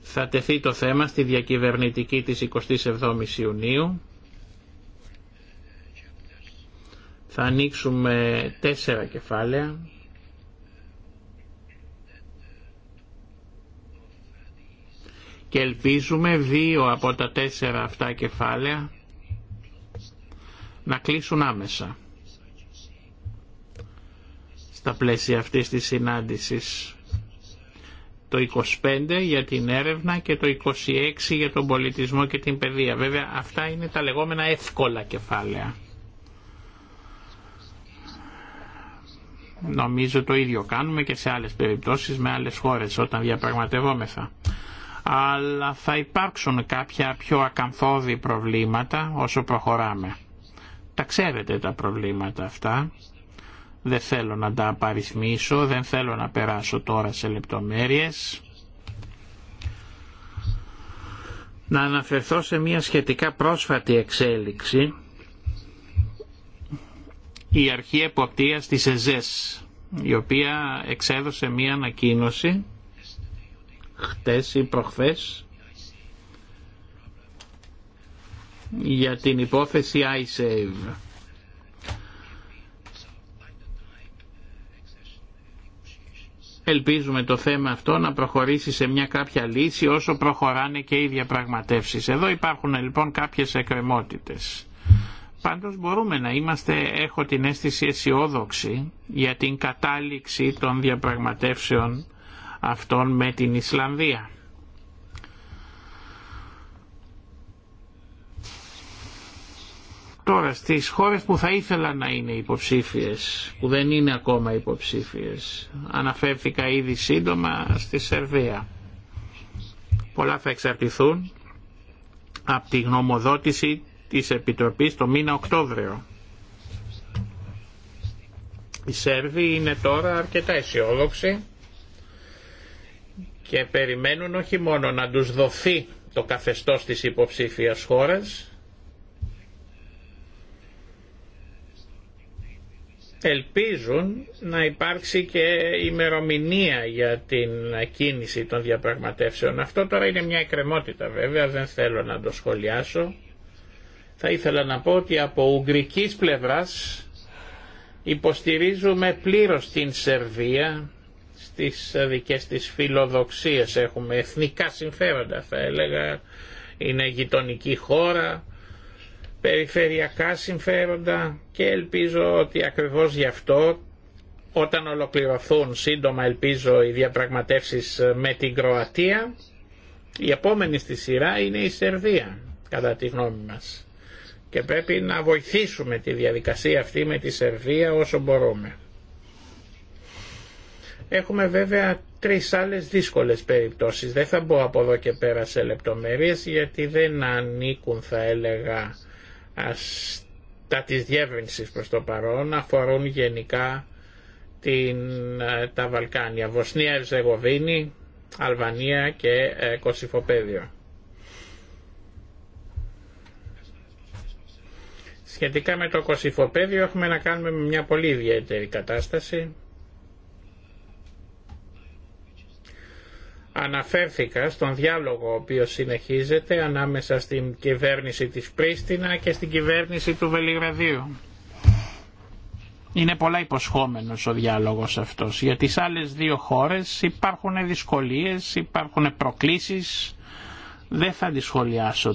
Θα τεθεί το θέμα στη διακυβερνητική της 27ης Ιουνίου Θα ανοίξουμε τέσσερα κεφάλαια. Και ελπίζουμε δύο από τα τέσσερα αυτά κεφάλαια να κλείσουν άμεσα στα πλαίσια αυτής της συνάντησης. Το 25 για την έρευνα και το 26 για τον πολιτισμό και την παιδεία. Βέβαια αυτά είναι τα λεγόμενα εύκολα κεφάλαια. Νομίζω το ίδιο κάνουμε και σε άλλες περιπτώσεις με άλλες χώρες όταν διαπραγματευόμεθα. Αλλά θα υπάρξουν κάποια πιο ακανθώδη προβλήματα όσο προχωράμε. Τα ξέρετε τα προβλήματα αυτά. Δεν θέλω να τα απαριθμίσω, δεν θέλω να περάσω τώρα σε λεπτομέρειες. Να αναφερθώ σε μια σχετικά πρόσφατη εξέλιξη η αρχή εποπτείας της ΕΖΕΣ η οποία εξέδωσε μία ανακοίνωση χτες ή προχθές για την υπόθεση iSave. Ελπίζουμε το θέμα αυτό να προχωρήσει σε μια κάποια λύση όσο προχωράνε και οι διαπραγματεύσεις. Εδώ υπάρχουν λοιπόν κάποιες εκκρεμότητες. Πάντως μπορούμε να είμαστε, έχω την αίσθηση αισιόδοξη για την κατάληξη των διαπραγματεύσεων αυτών με την Ισλανδία. Τώρα στις χώρες που θα ήθελα να είναι υποψήφιες, που δεν είναι ακόμα υποψήφιες, αναφέρθηκα ήδη σύντομα στη Σερβία. Πολλά θα εξαρτηθούν από τη γνωμοδότηση της Επιτροπής το μήνα Οκτώβριο. Οι Σέρβοι είναι τώρα αρκετά αισιόδοξοι και περιμένουν όχι μόνο να τους δοθεί το καθεστώς της υποψήφιας χώρας, ελπίζουν να υπάρξει και ημερομηνία για την κίνηση των διαπραγματεύσεων. Αυτό τώρα είναι μια εκκρεμότητα βέβαια, δεν θέλω να το σχολιάσω θα ήθελα να πω ότι από ουγγρικής πλευράς υποστηρίζουμε πλήρως την Σερβία στις δικές της φιλοδοξίες έχουμε εθνικά συμφέροντα θα έλεγα είναι γειτονική χώρα περιφερειακά συμφέροντα και ελπίζω ότι ακριβώς γι' αυτό όταν ολοκληρωθούν σύντομα ελπίζω οι διαπραγματεύσεις με την Κροατία η επόμενη στη σειρά είναι η Σερβία κατά τη γνώμη μας και πρέπει να βοηθήσουμε τη διαδικασία αυτή με τη Σερβία όσο μπορούμε. Έχουμε βέβαια τρεις άλλες δύσκολες περιπτώσεις. Δεν θα μπω από εδώ και πέρα σε λεπτομέρειες γιατί δεν ανήκουν θα έλεγα τα της διεύρυνσης προς το παρόν αφορούν γενικά την, τα Βαλκάνια, Βοσνία, Ερζεγοβίνη, Αλβανία και ε, Σχετικά με το κοσυφοπέδιο έχουμε να κάνουμε μια πολύ ιδιαίτερη κατάσταση. Αναφέρθηκα στον διάλογο ο οποίος συνεχίζεται ανάμεσα στην κυβέρνηση της Πρίστινα και στην κυβέρνηση του Βελιγραδίου. Είναι πολλά υποσχόμενος ο διάλογος αυτός. Για τις άλλες δύο χώρες υπάρχουν δυσκολίες, υπάρχουν προκλήσεις. Δεν θα τις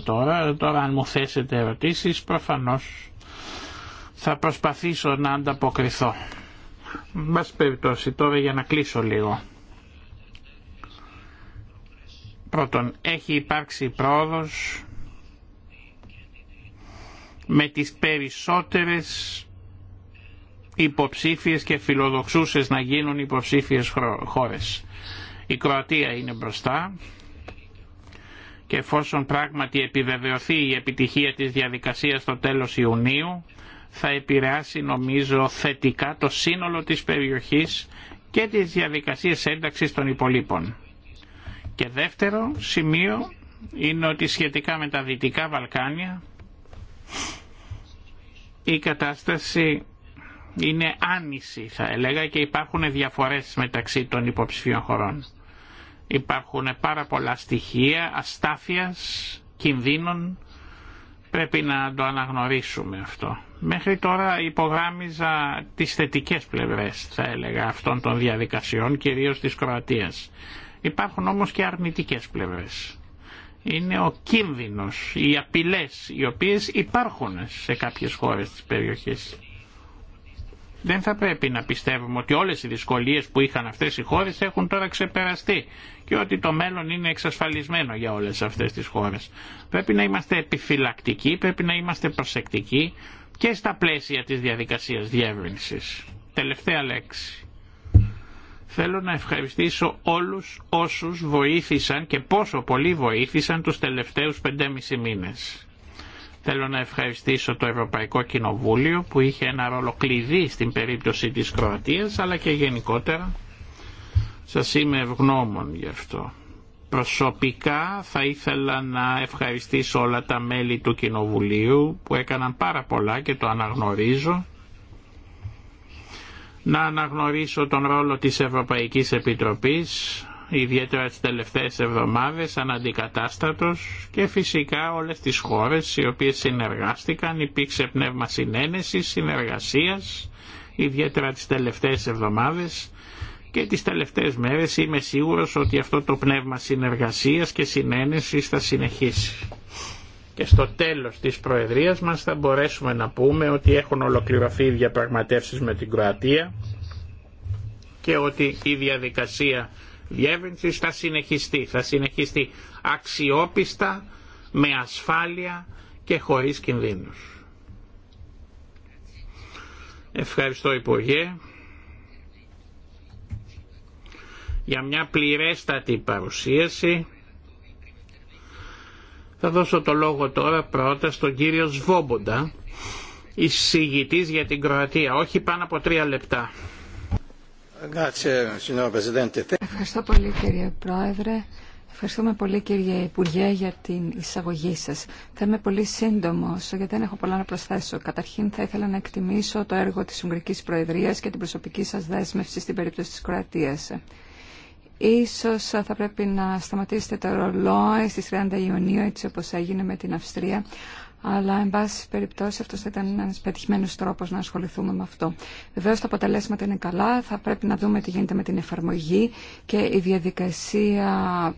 τώρα. Τώρα αν μου θέσετε ερωτήσεις προφανώς θα προσπαθήσω να ανταποκριθώ. Μπας περιπτώσει τώρα για να κλείσω λίγο. Πρώτον, έχει υπάρξει πρόοδος με τις περισσότερες υποψήφιες και φιλοδοξούσες να γίνουν υποψήφιες χώρες. Η Κροατία είναι μπροστά και εφόσον πράγματι επιβεβαιωθεί η επιτυχία της διαδικασίας στο τέλος Ιουνίου θα επηρεάσει νομίζω θετικά το σύνολο της περιοχής και τις διαδικασίες ένταξης των υπολείπων. Και δεύτερο σημείο είναι ότι σχετικά με τα Δυτικά Βαλκάνια η κατάσταση είναι άνηση θα έλεγα και υπάρχουν διαφορές μεταξύ των υποψηφίων χωρών. Υπάρχουν πάρα πολλά στοιχεία αστάθειας, κινδύνων Πρέπει να το αναγνωρίσουμε αυτό. Μέχρι τώρα υπογράμμιζα τις θετικές πλευρές, θα έλεγα, αυτών των διαδικασιών, κυρίως της Κροατίας. Υπάρχουν όμως και αρνητικές πλευρές. Είναι ο κίνδυνος, οι απειλές οι οποίες υπάρχουν σε κάποιες χώρες της περιοχής. Δεν θα πρέπει να πιστεύουμε ότι όλες οι δυσκολίες που είχαν αυτές οι χώρες έχουν τώρα ξεπεραστεί και ότι το μέλλον είναι εξασφαλισμένο για όλες αυτές τις χώρες. Πρέπει να είμαστε επιφυλακτικοί, πρέπει να είμαστε προσεκτικοί και στα πλαίσια της διαδικασίας διεύρυνσης. Τελευταία λέξη. Θέλω να ευχαριστήσω όλους όσους βοήθησαν και πόσο πολύ βοήθησαν τους τελευταίους 5,5 μήνες Θέλω να ευχαριστήσω το Ευρωπαϊκό Κοινοβούλιο που είχε ένα ρόλο κλειδί στην περίπτωση της Κροατίας αλλά και γενικότερα. Σας είμαι ευγνώμων γι' αυτό. Προσωπικά θα ήθελα να ευχαριστήσω όλα τα μέλη του Κοινοβουλίου που έκαναν πάρα πολλά και το αναγνωρίζω. Να αναγνωρίσω τον ρόλο της Ευρωπαϊκής Επιτροπής ιδιαίτερα τις τελευταίες εβδομάδες αναντικατάστατος και φυσικά όλες τις χώρες οι οποίες συνεργάστηκαν υπήρξε πνεύμα συνένεσης, συνεργασίας ιδιαίτερα τις τελευταίες εβδομάδες και τις τελευταίες μέρες είμαι σίγουρος ότι αυτό το πνεύμα συνεργασίας και συνένεσης θα συνεχίσει. Και στο τέλος της Προεδρίας μας θα μπορέσουμε να πούμε ότι έχουν ολοκληρωθεί οι διαπραγματεύσεις με την Κροατία και ότι η διαδικασία διεύρυνσης θα συνεχιστεί. Θα συνεχιστεί αξιόπιστα, με ασφάλεια και χωρίς κινδύνους. Ευχαριστώ Υπουργέ για μια πληρέστατη παρουσίαση. Θα δώσω το λόγο τώρα πρώτα στον κύριο Σβόμποντα, εισηγητής για την Κροατία, όχι πάνω από τρία λεπτά. Ευχαριστώ πολύ κύριε Πρόεδρε. Ευχαριστούμε πολύ κύριε Υπουργέ για την εισαγωγή σας. Θα είμαι πολύ σύντομος γιατί δεν έχω πολλά να προσθέσω. Καταρχήν θα ήθελα να εκτιμήσω το έργο της Ουγγρικής Προεδρίας και την προσωπική σας δέσμευση στην περίπτωση της Κροατίας. Ίσως θα πρέπει να σταματήσετε το ρολόι στις 30 Ιουνίου έτσι όπως έγινε με την Αυστρία αλλά εν πάση περιπτώσει αυτό θα ήταν ένα πετυχημένο τρόπο να ασχοληθούμε με αυτό. Βεβαίω τα αποτελέσματα είναι καλά, θα πρέπει να δούμε τι γίνεται με την εφαρμογή και η διαδικασία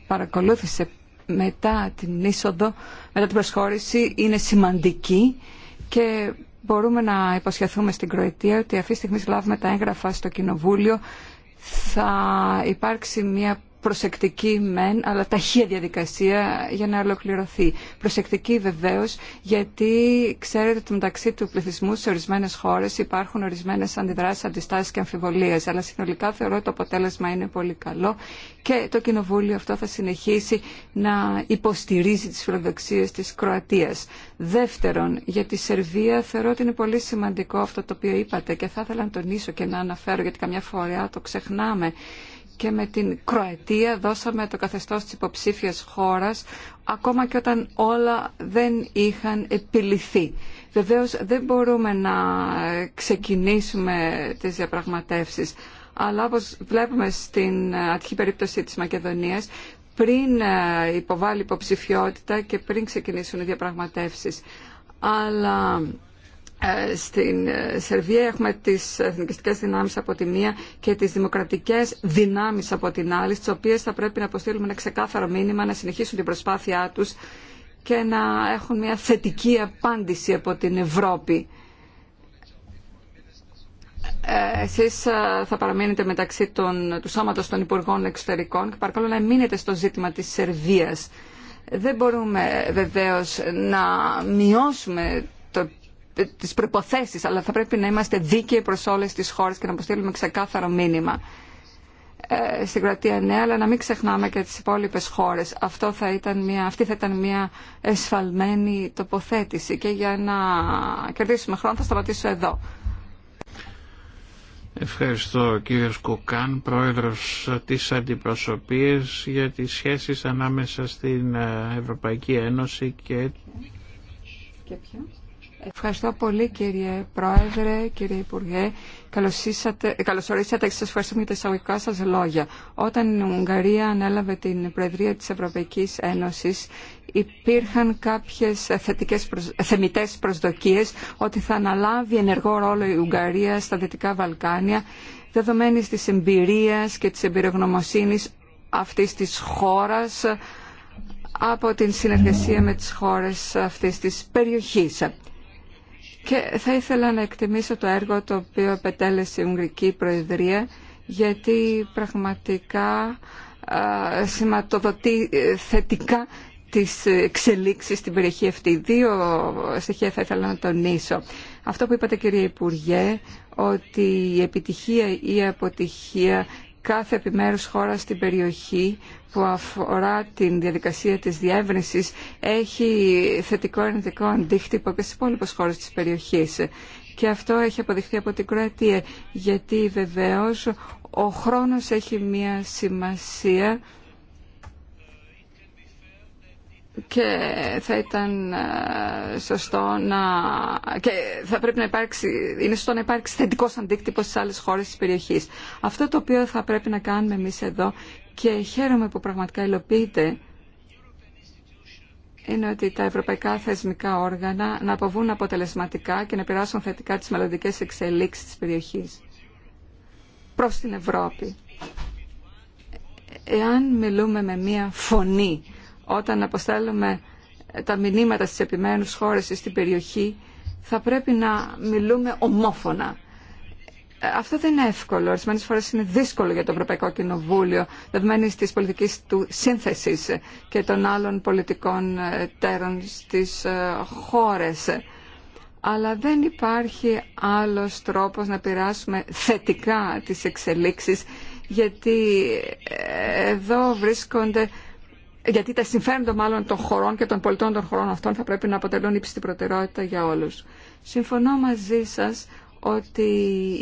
παρακολούθησε μετά την είσοδο, μετά την προσχώρηση είναι σημαντική και μπορούμε να υποσχεθούμε στην Κροατία ότι αυτή τη στιγμή λάβουμε τα έγγραφα στο Κοινοβούλιο θα υπάρξει μια προσεκτική μεν, αλλά ταχεία διαδικασία για να ολοκληρωθεί. Προσεκτική βεβαίω, γιατί ξέρετε ότι μεταξύ του πληθυσμού σε ορισμένε χώρε υπάρχουν ορισμένε αντιδράσει, αντιστάσει και αμφιβολίε. Αλλά συνολικά θεωρώ ότι το αποτέλεσμα είναι πολύ καλό και το Κοινοβούλιο αυτό θα συνεχίσει να υποστηρίζει τι φιλοδοξίε τη Κροατία. Δεύτερον, για τη Σερβία θεωρώ ότι είναι πολύ σημαντικό αυτό το οποίο είπατε και θα ήθελα να τονίσω και να αναφέρω γιατί καμιά φορά το ξεχνάμε και με την Κροατία δώσαμε το καθεστώς της υποψήφιας χώρας ακόμα και όταν όλα δεν είχαν επιληθεί. Βεβαίως δεν μπορούμε να ξεκινήσουμε τις διαπραγματεύσεις αλλά όπως βλέπουμε στην αρχή περίπτωση της Μακεδονίας πριν ε, υποβάλει υποψηφιότητα και πριν ξεκινήσουν οι διαπραγματεύσεις. Αλλά ε, στην ε, Σερβία έχουμε τις εθνικιστικές δυνάμεις από τη μία και τις δημοκρατικές δυνάμεις από την άλλη, τις οποίες θα πρέπει να αποστείλουμε ένα ξεκάθαρο μήνυμα, να συνεχίσουν την προσπάθειά τους και να έχουν μια θετική απάντηση από την Ευρώπη. Ε, εσείς θα παραμείνετε μεταξύ των, του Σώματος των Υπουργών Εξωτερικών και παρακαλώ να μείνετε στο ζήτημα της Σερβίας. Δεν μπορούμε βεβαίως να μειώσουμε το τις προποθέσει, αλλά θα πρέπει να είμαστε δίκαιοι προ όλε τι χώρε και να αποστείλουμε ξεκάθαρο μήνυμα ε, στην κρατία νέα, αλλά να μην ξεχνάμε και τι υπόλοιπε χώρε. αυτή θα ήταν μια εσφαλμένη τοποθέτηση και για να κερδίσουμε χρόνο θα σταματήσω εδώ. Ευχαριστώ κύριε Σκουκάν, πρόεδρος της Αντιπροσωπείας για τις σχέσεις ανάμεσα στην ε, Ευρωπαϊκή Ένωση και... και ποιο? Ευχαριστώ πολύ κύριε Πρόεδρε, κύριε Υπουργέ. Ε, ορίσατε και σας ευχαριστούμε για τα εισαγωγικά σας λόγια. Όταν η Ουγγαρία ανέλαβε την Προεδρία της Ευρωπαϊκής Ένωσης υπήρχαν κάποιες θεμητέ προσδοκίε θεμητές προσδοκίες ότι θα αναλάβει ενεργό ρόλο η Ουγγαρία στα Δυτικά Βαλκάνια δεδομένη της εμπειρίας και της εμπειρογνωμοσύνης αυτής της χώρας από την συνεργασία με τις χώρες αυτής της περιοχής. Και θα ήθελα να εκτιμήσω το έργο το οποίο επετέλεσε η Ουγγρική Προεδρία γιατί πραγματικά σηματοδοτεί ε, θετικά τις εξελίξεις στην περιοχή αυτή. Δύο στοιχεία θα ήθελα να τονίσω. Αυτό που είπατε κύριε Υπουργέ, ότι η επιτυχία ή η αποτυχία κάθε επιμέρους χώρα στην περιοχή που αφορά την διαδικασία της διεύρυνσης έχει θετικό ενδικό αντίκτυπο και στις υπόλοιπες χώρες της περιοχής. Και αυτό έχει αποδειχθεί από την Κροατία, γιατί βεβαίως ο χρόνος έχει μία σημασία και θα ήταν ε, σωστό να... και θα πρέπει να υπάρξει, είναι σωστό να υπάρξει θετικός αντίκτυπος στις άλλες χώρες της περιοχής. Αυτό το οποίο θα πρέπει να κάνουμε εμείς εδώ και χαίρομαι που πραγματικά υλοποιείται είναι ότι τα ευρωπαϊκά θεσμικά όργανα να αποβούν αποτελεσματικά και να περάσουν θετικά τις μελλοντικέ εξελίξεις της περιοχής προς την Ευρώπη. Ε, εάν μιλούμε με μία φωνή όταν αποστέλουμε τα μηνύματα στις επιμένους χώρες ή στην περιοχή, θα πρέπει να μιλούμε ομόφωνα. Ε, αυτό δεν είναι εύκολο. Ορισμένε φορέ είναι δύσκολο για το Ευρωπαϊκό Κοινοβούλιο, δεδομένη τη πολιτική του σύνθεση και των άλλων πολιτικών ε, τέρων στι ε, χώρε. Αλλά δεν υπάρχει άλλο τρόπο να πειράσουμε θετικά τι εξελίξει, γιατί εδώ βρίσκονται γιατί τα συμφέροντα μάλλον των χωρών και των πολιτών των χωρών αυτών θα πρέπει να αποτελούν την προτεραιότητα για όλους. Συμφωνώ μαζί σας ότι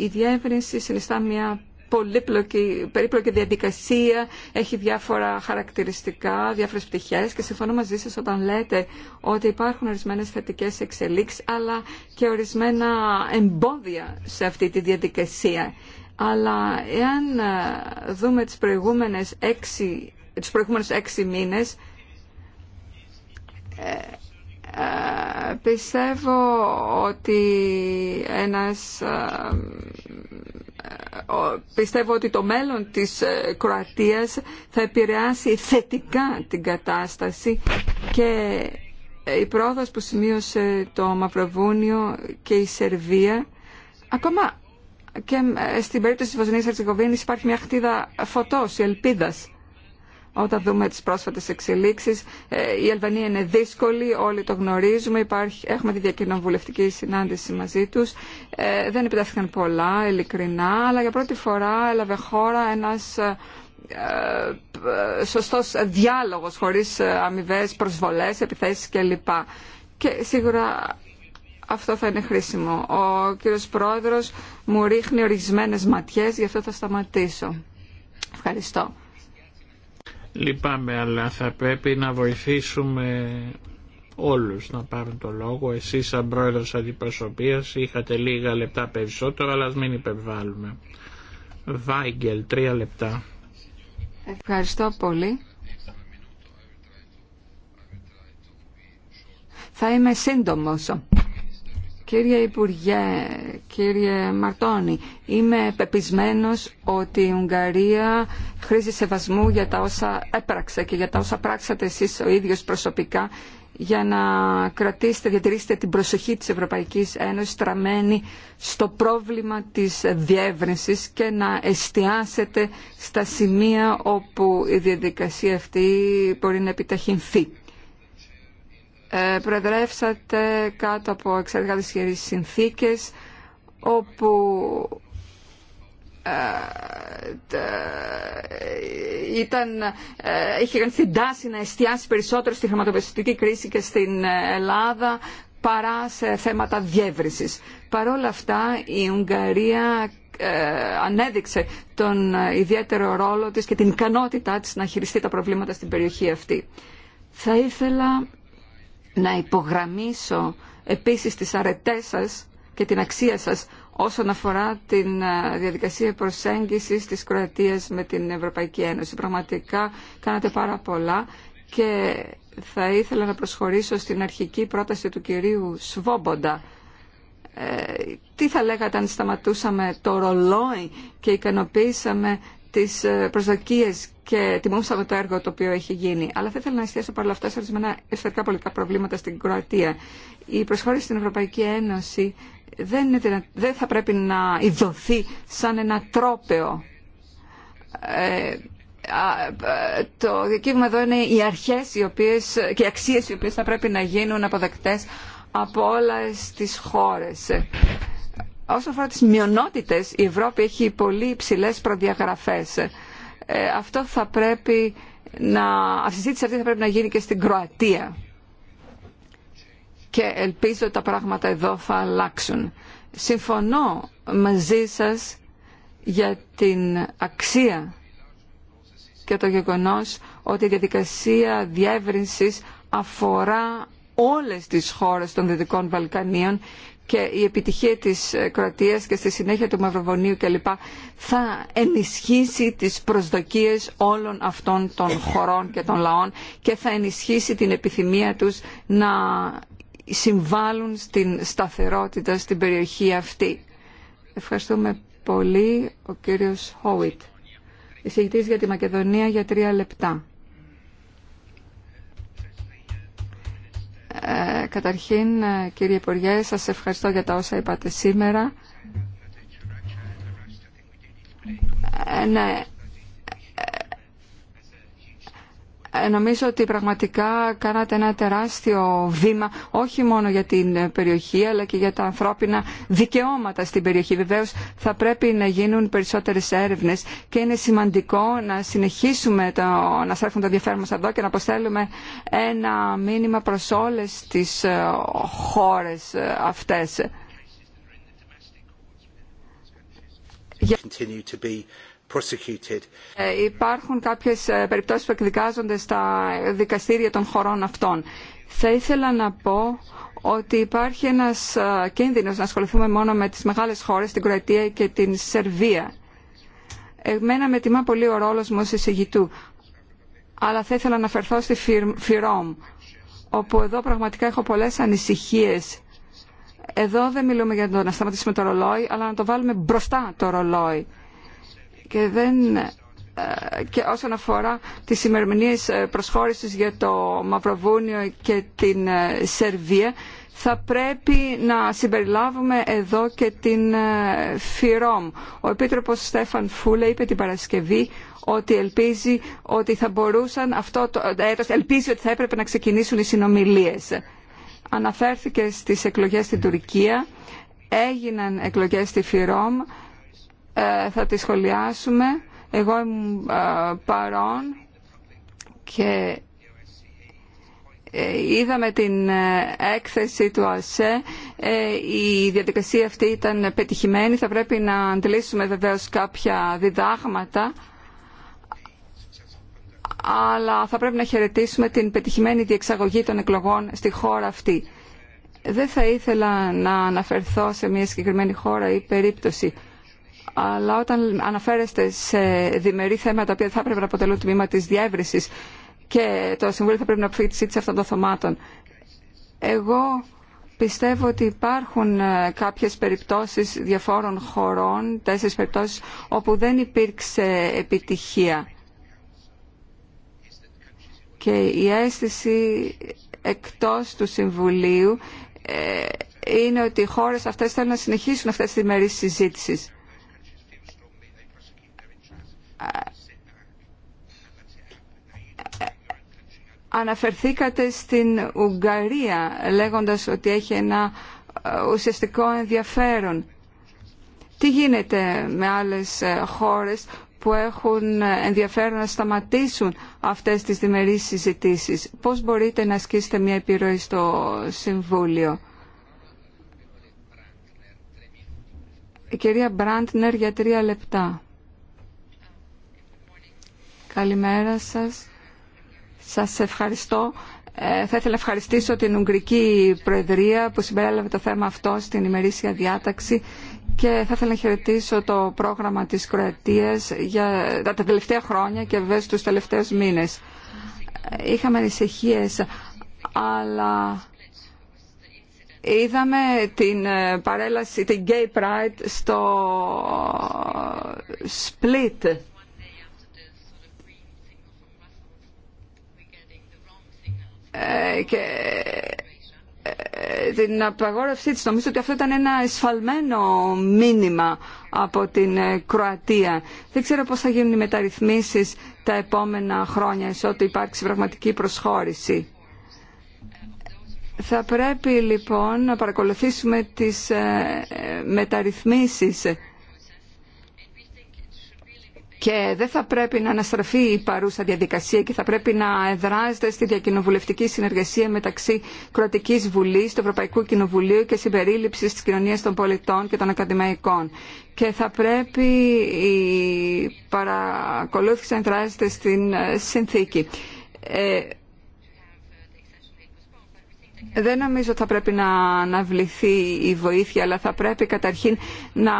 η διεύρυνση συνιστά μια πολύπλοκη, περίπλοκη διαδικασία, έχει διάφορα χαρακτηριστικά, διάφορες πτυχές και συμφωνώ μαζί σας όταν λέτε ότι υπάρχουν ορισμένες θετικές εξελίξεις αλλά και ορισμένα εμπόδια σε αυτή τη διαδικασία. Αλλά εάν ε, δούμε τις προηγούμενες έξι τους προηγούμενους έξι μήνες ε, ε, πιστεύω ότι ένας ε, πιστεύω ότι το μέλλον της Κροατίας θα επηρεάσει θετικά την κατάσταση και η πρόοδος που σημείωσε το Μαυροβούνιο και η Σερβία ακόμα και στην περίπτωση της Βοσνίας Αρτσικοβίνης υπάρχει μια χτίδα φωτός, ελπίδας όταν δούμε τις πρόσφατες εξελίξεις. Ε, η Αλβανία είναι δύσκολη, όλοι το γνωρίζουμε, Υπάρχει, έχουμε τη διακοινοβουλευτική συνάντηση μαζί τους. Ε, δεν επιτάθηκαν πολλά, ειλικρινά, αλλά για πρώτη φορά έλαβε χώρα ένας ε, σωστός διάλογος χωρίς αμοιβέ προσβολές, επιθέσεις κλπ. Και σίγουρα αυτό θα είναι χρήσιμο. Ο κύριος Πρόεδρος μου ρίχνει ορισμένες ματιές, γι' αυτό θα σταματήσω. Ευχαριστώ. Λυπάμαι, αλλά θα πρέπει να βοηθήσουμε όλους να πάρουν το λόγο. Εσείς σαν πρόεδρος αντιπροσωπείας είχατε λίγα λεπτά περισσότερο, αλλά ας μην υπερβάλλουμε. Βάγγελ, τρία λεπτά. Ευχαριστώ πολύ. Θα είμαι σύντομος. Κύριε Υπουργέ, κύριε Μαρτώνη, είμαι πεπισμένος ότι η Ουγγαρία χρήζει σεβασμού για τα όσα έπραξε και για τα όσα πράξατε εσείς ο ίδιος προσωπικά για να κρατήσετε, διατηρήσετε την προσοχή της Ευρωπαϊκής Ένωσης τραμμένη στο πρόβλημα της διεύρυνσης και να εστιάσετε στα σημεία όπου η διαδικασία αυτή μπορεί να επιταχυνθεί. Ε, προεδρεύσατε κάτω από εξαιρετικά συνθήκες όπου ε, ήταν, ε, είχε κάνει την τάση να εστιάσει περισσότερο στη χρηματοπιστωτική κρίση και στην Ελλάδα παρά σε θέματα διεύρυνσης. Παρόλα αυτά η Ουγγαρία ανέδειξε τον ιδιαίτερο ρόλο της και την ικανότητά της να χειριστεί τα προβλήματα στην περιοχή αυτή. Θα ήθελα να υπογραμμίσω επίσης τις αρετές σας και την αξία σας όσον αφορά την ε, διαδικασία προσέγγισης της Κροατίας με την Ευρωπαϊκή Ένωση. Πραγματικά κάνατε πάρα πολλά και θα ήθελα να προσχωρήσω στην αρχική πρόταση του κυρίου Σβόμποντα. Ε, τι θα λέγατε αν σταματούσαμε το ρολόι και ικανοποίησαμε τις ε, προσδοκίες και τιμούσαμε το έργο το οποίο έχει γίνει. Αλλά θα ήθελα να εστιάσω παρόλα αυτά σε ορισμένα εσωτερικά πολιτικά προβλήματα στην Κροατία. Η προσχώρηση στην Ευρωπαϊκή Ένωση δεν, δεν θα πρέπει να ιδωθεί σαν ένα τρόπεο. Ε, ε, το διακύβημα εδώ είναι οι αρχές οι οποίες, και οι αξίες οι οποίες θα πρέπει να γίνουν αποδεκτές από όλες τις χώρες. Όσον αφορά τις μειονότητες, η Ευρώπη έχει πολύ υψηλές προδιαγραφές. Ε, αυτό θα πρέπει να... Η συζήτηση αυτή θα πρέπει να γίνει και στην Κροατία. Και ελπίζω ότι τα πράγματα εδώ θα αλλάξουν. Συμφωνώ μαζί σας για την αξία και το γεγονός ότι η διαδικασία διεύρυνσης αφορά όλες τις χώρες των Δυτικών Βαλκανίων και η επιτυχία της ε, Κροατίας και στη συνέχεια του Μαυροβονίου κλπ. θα ενισχύσει τις προσδοκίες όλων αυτών των χωρών και των λαών και θα ενισχύσει την επιθυμία τους να συμβάλλουν στην σταθερότητα στην περιοχή αυτή. Ευχαριστούμε πολύ ο κύριος Χόουιτ. Εισηγητής για τη Μακεδονία για τρία λεπτά. Ε, καταρχήν, ε, κύριε Υπουργέ, σας ευχαριστώ για τα όσα είπατε σήμερα. Ε, ναι, Ε, νομίζω ότι πραγματικά κάνατε ένα τεράστιο βήμα όχι μόνο για την περιοχή αλλά και για τα ανθρώπινα δικαιώματα στην περιοχή. Βεβαίως θα πρέπει να γίνουν περισσότερες έρευνες και είναι σημαντικό να συνεχίσουμε το, να στρέφουμε το ενδιαφέρον μας εδώ και να αποστέλουμε ένα μήνυμα προς όλες τις ε, χώρες ε, αυτές. Ε, υπάρχουν κάποιες ε, περιπτώσεις που εκδικάζονται στα δικαστήρια των χωρών αυτών. Θα ήθελα να πω ότι υπάρχει ένας ε, κίνδυνος να ασχοληθούμε μόνο με τις μεγάλες χώρες, την Κροατία και την Σερβία. Εμένα με τιμά πολύ ο ρόλος μου ως εισηγητού, αλλά θα ήθελα να αναφερθώ στη Φιρόμ, όπου εδώ πραγματικά έχω πολλές ανησυχίες. Εδώ δεν μιλούμε για το να σταματήσουμε το ρολόι, αλλά να το βάλουμε μπροστά το ρολόι και δεν ε, και όσον αφορά τις ημερομηνίες ε, προσχώρησης για το Μαυροβούνιο και την ε, Σερβία θα πρέπει να συμπεριλάβουμε εδώ και την ΦΥΡΟΜ. Ο Επίτροπος Στέφαν Φούλε είπε την Παρασκευή ότι ελπίζει ότι θα μπορούσαν αυτό το έτος, ελπίζει ότι θα έπρεπε να ξεκινήσουν οι συνομιλίες. Αναφέρθηκε στις εκλογές στην Τουρκία, έγιναν εκλογές στη ΦΥΡΟΜ ε, θα τη σχολιάσουμε. Εγώ ήμουν ε, παρόν και ε, είδαμε την έκθεση του ΑΣΕ. Η διαδικασία αυτή ήταν πετυχημένη. Θα πρέπει να αντλήσουμε βεβαίως κάποια διδάγματα αλλά θα πρέπει να χαιρετήσουμε την πετυχημένη διεξαγωγή των εκλογών στη χώρα αυτή. Δεν θα ήθελα να αναφερθώ σε μια συγκεκριμένη χώρα ή περίπτωση αλλά όταν αναφέρεστε σε διμερεί θέματα τα οποία θα έπρεπε να αποτελούν τμήμα της διεύρυνσης και το Συμβούλιο θα πρέπει να αποφύγει τη σύντηση αυτών των θωμάτων. Εγώ πιστεύω ότι υπάρχουν ε, κάποιες περιπτώσεις διαφόρων χωρών, τέσσερις περιπτώσεις, όπου δεν υπήρξε επιτυχία. Και η αίσθηση εκτός του Συμβουλίου ε, είναι ότι οι χώρες αυτές θέλουν να συνεχίσουν αυτές τις διμερείς συζήτησεις. Αναφερθήκατε στην Ουγγαρία λέγοντας ότι έχει ένα ε, ουσιαστικό ενδιαφέρον. Τι γίνεται με άλλες ε, χώρες που έχουν ε, ενδιαφέρον να σταματήσουν αυτές τις διμερείς συζητήσεις. Πώς μπορείτε να ασκήσετε μια επιρροή στο Συμβούλιο. κυρία Μπραντνερ για τρία λεπτά. Καλημέρα σας. Σας ευχαριστώ. Ε, θα ήθελα να ευχαριστήσω την Ουγγρική Προεδρία που συμπερέλαβε το θέμα αυτό στην ημερήσια διάταξη και θα ήθελα να χαιρετήσω το πρόγραμμα της Κροατίας για τα τελευταία χρόνια και βέβαια τους τελευταίους μήνες. Είχαμε ανησυχίε, αλλά είδαμε την ε, παρέλαση, την Gay Pride στο Split Ε, και ε, την απαγόρευσή της. Νομίζω ότι αυτό ήταν ένα εσφαλμένο μήνυμα από την ε, Κροατία. Δεν ξέρω πώς θα γίνουν οι μεταρρυθμίσεις τα επόμενα χρόνια σε ό,τι υπάρξει πραγματική προσχώρηση. Θα πρέπει λοιπόν να παρακολουθήσουμε τις μεταρρυθμίσεις και δεν θα πρέπει να αναστραφεί η παρούσα διαδικασία και θα πρέπει να εδράζεται στη διακοινοβουλευτική συνεργασία μεταξύ Κροατικής Βουλής, του Ευρωπαϊκού Κοινοβουλίου και συμπερίληψη της κοινωνίας των πολιτών και των ακαδημαϊκών. Και θα πρέπει η παρακολούθηση να εδράζεται στην συνθήκη. Ε, δεν νομίζω ότι θα πρέπει να αναβληθεί η βοήθεια, αλλά θα πρέπει καταρχήν να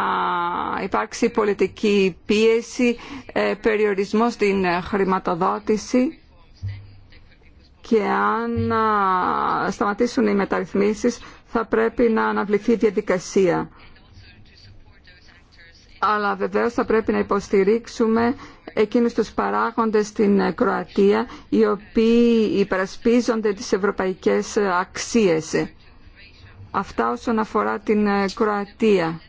υπάρξει πολιτική πίεση, ε, περιορισμό στην χρηματοδότηση και αν σταματήσουν οι μεταρρυθμίσεις θα πρέπει να αναβληθεί η διαδικασία αλλά βεβαίως θα πρέπει να υποστηρίξουμε εκείνους τους παράγοντες στην Κροατία οι οποίοι υπερασπίζονται τις ευρωπαϊκές αξίες. Αυτά όσον αφορά την Κροατία.